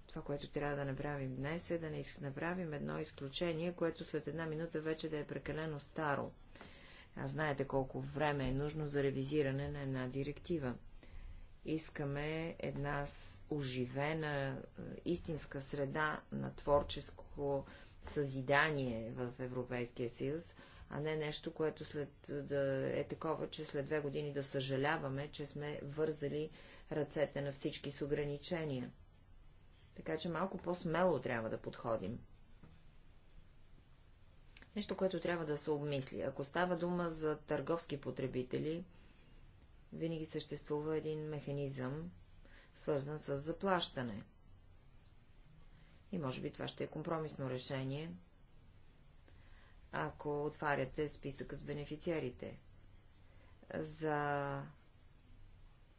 Това, което трябва да направим днес е да не направим едно изключение, което след една минута вече да е прекалено старо. А знаете колко време е нужно за ревизиране на една директива. Искаме една оживена, е, истинска среда на творческо съзидание в Европейския съюз, а не нещо, което след, да е такова, че след две години да съжаляваме, че сме вързали ръцете на всички с ограничения. Така че малко по-смело трябва да подходим. Нещо, което трябва да се обмисли. Ако става дума за търговски потребители, винаги съществува един механизъм, свързан с заплащане. И може би това ще е компромисно решение, ако отваряте списъка с бенефициарите. За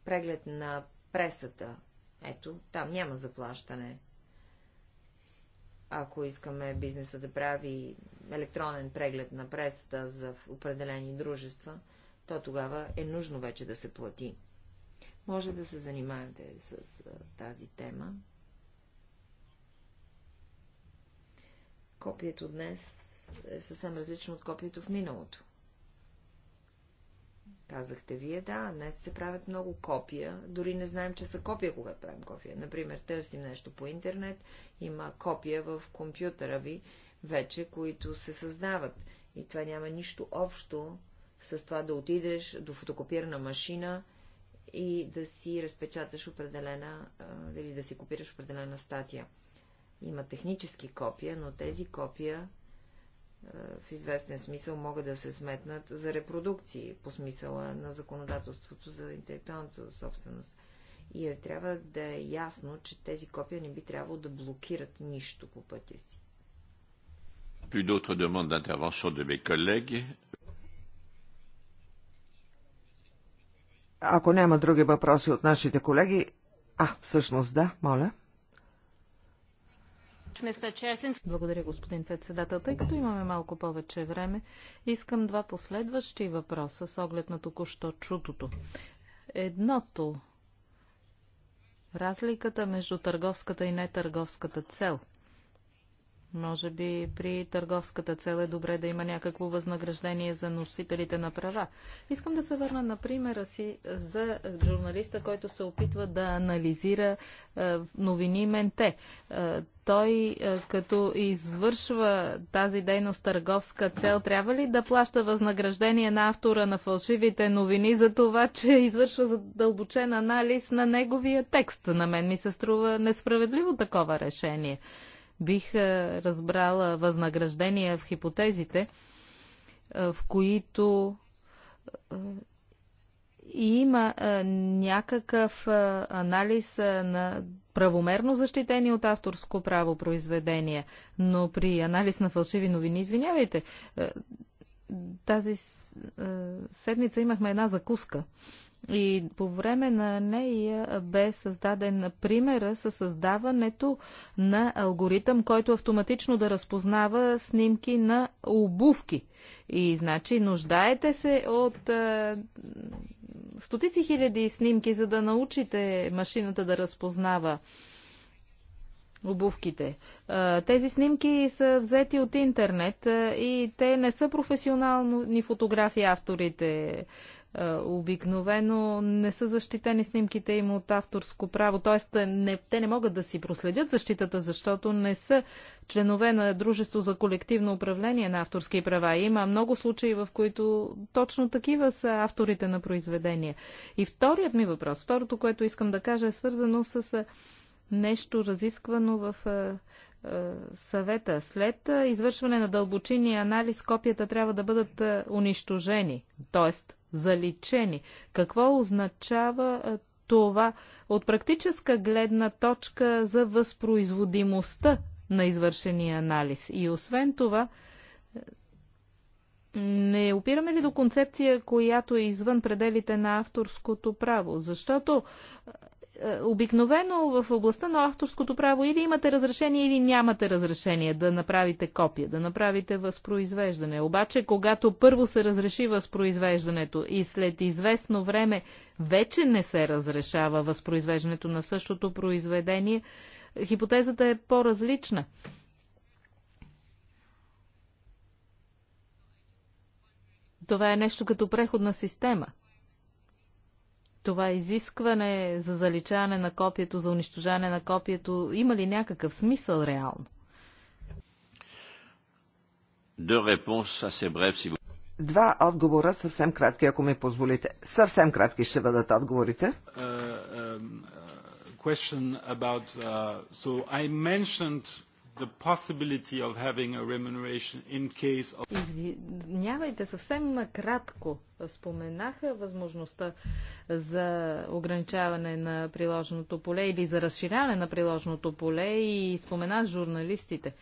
преглед на пресата, ето, там няма заплащане. Ако искаме бизнеса да прави електронен преглед на пресата за определени дружества, то тогава е нужно вече да се плати. Може да се занимаете с тази тема. Копието днес е съвсем различно от копието в миналото. Казахте вие, да, днес се правят много копия, дори не знаем, че са копия, когато правим копия. Например, търсим нещо по интернет, има копия в компютъра ви вече, които се създават. И това няма нищо общо с това да отидеш до фотокопирана машина и да си разпечаташ определена, или да си копираш определена статия. Има технически копия, но тези копия в известен смисъл могат да се сметнат за репродукции по смисъла на законодателството за интелектуалната собственост. И е, трябва да е ясно, че тези копия не би трябвало да блокират нищо по
пътя си. Plus d'autres demandes d'intervention de mes collègues.
Ако няма други въпроси от нашите колеги... А, всъщност да, моля.
Благодаря, господин председател. Тъй като имаме малко повече време, искам два последващи въпроса с оглед на току-що чутото. Едното разликата между търговската и нетърговската цел – може би при търговската цел е добре да има някакво възнаграждение за носителите на права. Искам да се върна на примера си за журналиста, който се опитва да анализира е, новини Менте. Е, той е, като извършва тази дейност търговска цел, трябва ли да плаща възнаграждение на автора на фалшивите новини за това, че извършва задълбочен анализ на неговия текст? На мен ми се струва несправедливо такова решение бих е, разбрала възнаграждения в хипотезите, е, в които е, има някакъв анализ на правомерно защитени от авторско право произведения, но при анализ на фалшиви новини, извинявайте, тази седмица имахме една закуска и по време на нея бе създаден примера със създаването на алгоритъм, който автоматично да разпознава снимки на обувки. И значи нуждаете се от а, стотици хиляди снимки, за да научите машината да разпознава обувките. Тези снимки са взети от интернет и те не са професионални фотографии авторите е, обикновено не са защитени снимките им от авторско право, т.е. Не, те не могат да си проследят защитата, защото не са членове на Дружество за колективно управление на авторски права. Има много случаи, в които точно такива са авторите на произведения. И вторият ми въпрос, второто, което искам да кажа, е свързано с е, нещо разисквано в е, съвета. След извършване на дълбочинния анализ, копията трябва да бъдат унищожени. Тоест, заличени. Какво означава това от практическа гледна точка за възпроизводимостта на извършения анализ? И освен това, не опираме ли до концепция, която е извън пределите на авторското право? Защото е, обикновено в областта на авторското право или имате разрешение, или нямате разрешение да направите копия, да направите възпроизвеждане. Обаче, когато първо се разреши възпроизвеждането и след известно време вече не се разрешава възпроизвеждането на същото произведение, хипотезата е по-различна. Това е нещо като преходна система – това изискване за заличаване на копието, за унищожаване на копието, има ли някакъв смисъл реално?
Два отговора съвсем кратки, ако ми позволите. Съвсем кратки ще бъдат отговорите.
Uh,
um, uh, about, uh, so I mentioned the possibility of having a remuneration in case of...
Извинявайте, съвсем накратко споменаха възможността за ограничаване на приложеното поле или за разширяване на приложеното поле и спомена журналистите.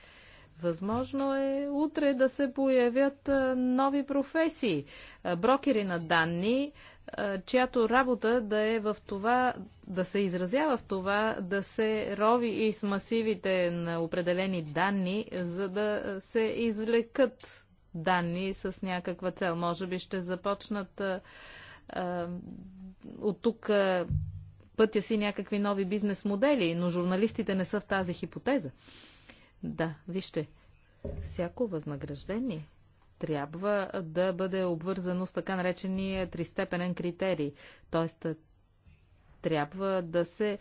Възможно е утре да се появят нови професии. Брокери на данни, чиято работа да е в това, да се изразява в това, да се рови и с масивите на определени данни, за да се извлекат данни с някаква цел. Може би ще започнат а, от тук а, пътя си някакви нови бизнес модели, но журналистите не са в тази хипотеза. Да, вижте, всяко възнаграждение трябва да бъде обвързано с така наречения тристепенен критерий. Тоест, трябва да се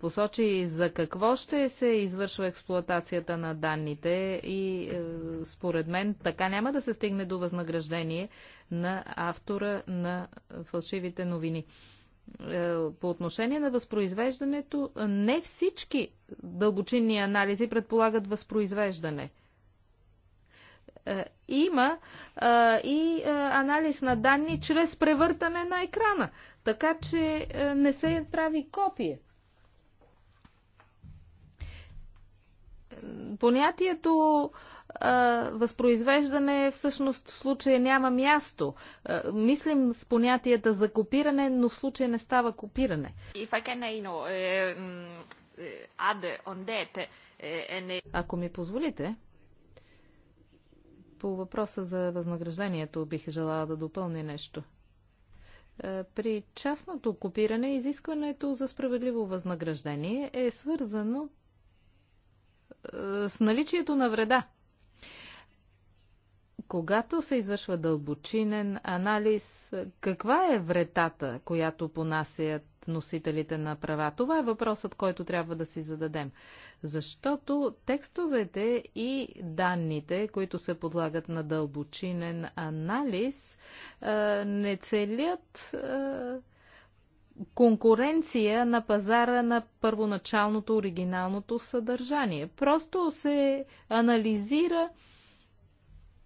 посочи за какво ще се извършва експлуатацията на данните и според мен така няма да се стигне до възнаграждение на автора на фалшивите новини. По отношение на възпроизвеждането, не всички дълбочинни анализи предполагат възпроизвеждане – е, има е, и е, анализ на данни чрез превъртане на екрана, така че не се прави копие. Понятието възпроизвеждане всъщност в случая няма място. Мислим с понятията за копиране, но в случая не става копиране. Ако ми позволите, по въпроса за възнаграждението бих желала да допълня нещо. Е, при частното копиране изискването за справедливо възнаграждение е свързано е, с наличието на вреда. Когато се извършва дълбочинен анализ, каква е вредата, която понасят носителите на права? Това е въпросът, който трябва да си зададем. Защото текстовете и данните, които се подлагат на дълбочинен анализ, не целят конкуренция на пазара на първоначалното оригиналното съдържание. Просто се анализира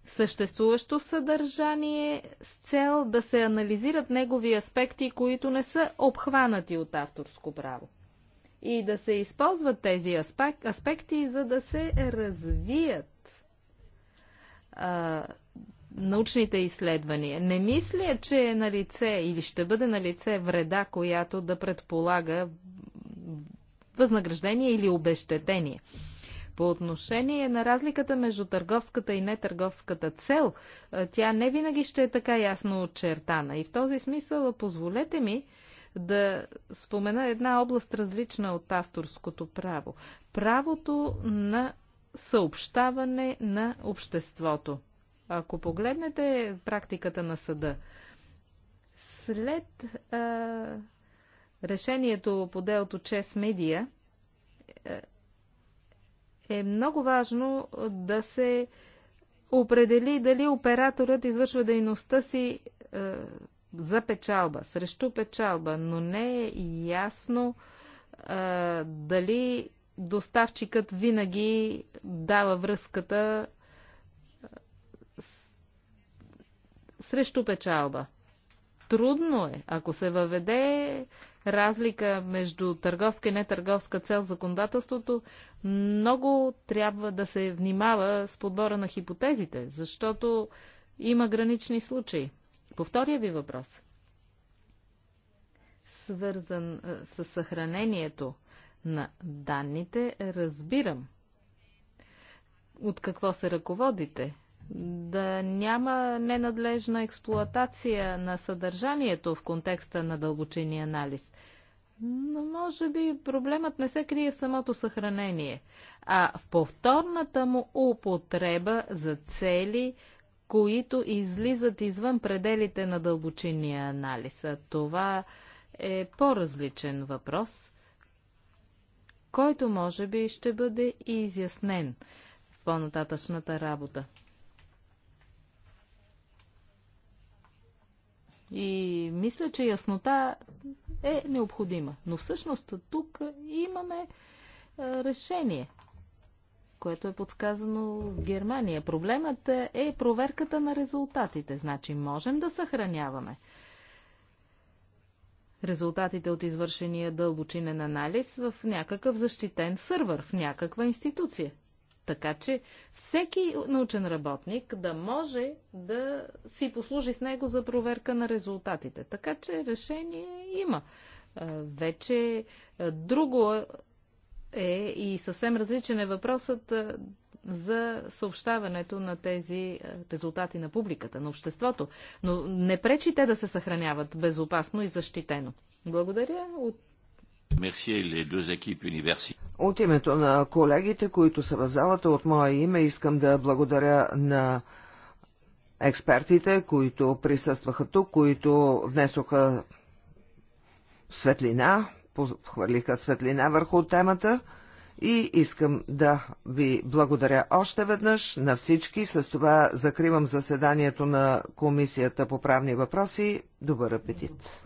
съществуващо съдържание с цел да се анализират негови аспекти, които не са обхванати от авторско право. И да се използват тези аспекти, за да се развият а, научните изследвания. Не мисля, че е на лице или ще бъде на лице вреда, която да предполага възнаграждение или обещетение. По отношение на разликата между търговската и нетърговската цел, е, тя не винаги ще е така ясно очертана. И в този смисъл позволете ми да спомена една област различна от авторското право. Правото на съобщаване на обществото. Ако погледнете практиката на съда, след а, решението по делото Чес Медия, е много важно да се определи дали операторът извършва дейността си е, за печалба, срещу печалба, но не е ясно е, дали доставчикът винаги дава връзката е, срещу печалба. Трудно е, ако се въведе разлика между търговска и нетърговска цел в законодателството, много трябва да се внимава с подбора на хипотезите, защото има гранични случаи. По втория ви въпрос, свързан с съхранението на данните, разбирам от какво се ръководите – да няма ненадлежна експлоатация на съдържанието в контекста на дълбочини анализ. Но може би проблемът не се крие в самото съхранение, а в повторната му употреба за цели, които излизат извън пределите на дълбочинния анализ. А това е по-различен въпрос, който може би ще бъде изяснен в по-нататъчната работа. И мисля, че яснота е необходима. Но всъщност тук имаме е, решение, което е подсказано в Германия. Проблемът е проверката на резултатите. Значи можем да съхраняваме резултатите от извършения дълбочинен анализ в някакъв защитен сървър, в някаква институция така че всеки научен работник да може да си послужи с него за проверка на резултатите. Така че решение има. Вече друго е и съвсем различен е въпросът за съобщаването на тези резултати на публиката, на обществото. Но не пречи те да се съхраняват безопасно и защитено. Благодаря.
От
от името на колегите, които са в залата, от мое име искам да благодаря на експертите, които присъстваха тук, които внесоха светлина, хвърлиха светлина върху темата и искам да ви благодаря още веднъж на всички. С това закривам заседанието на Комисията по правни въпроси. Добър апетит!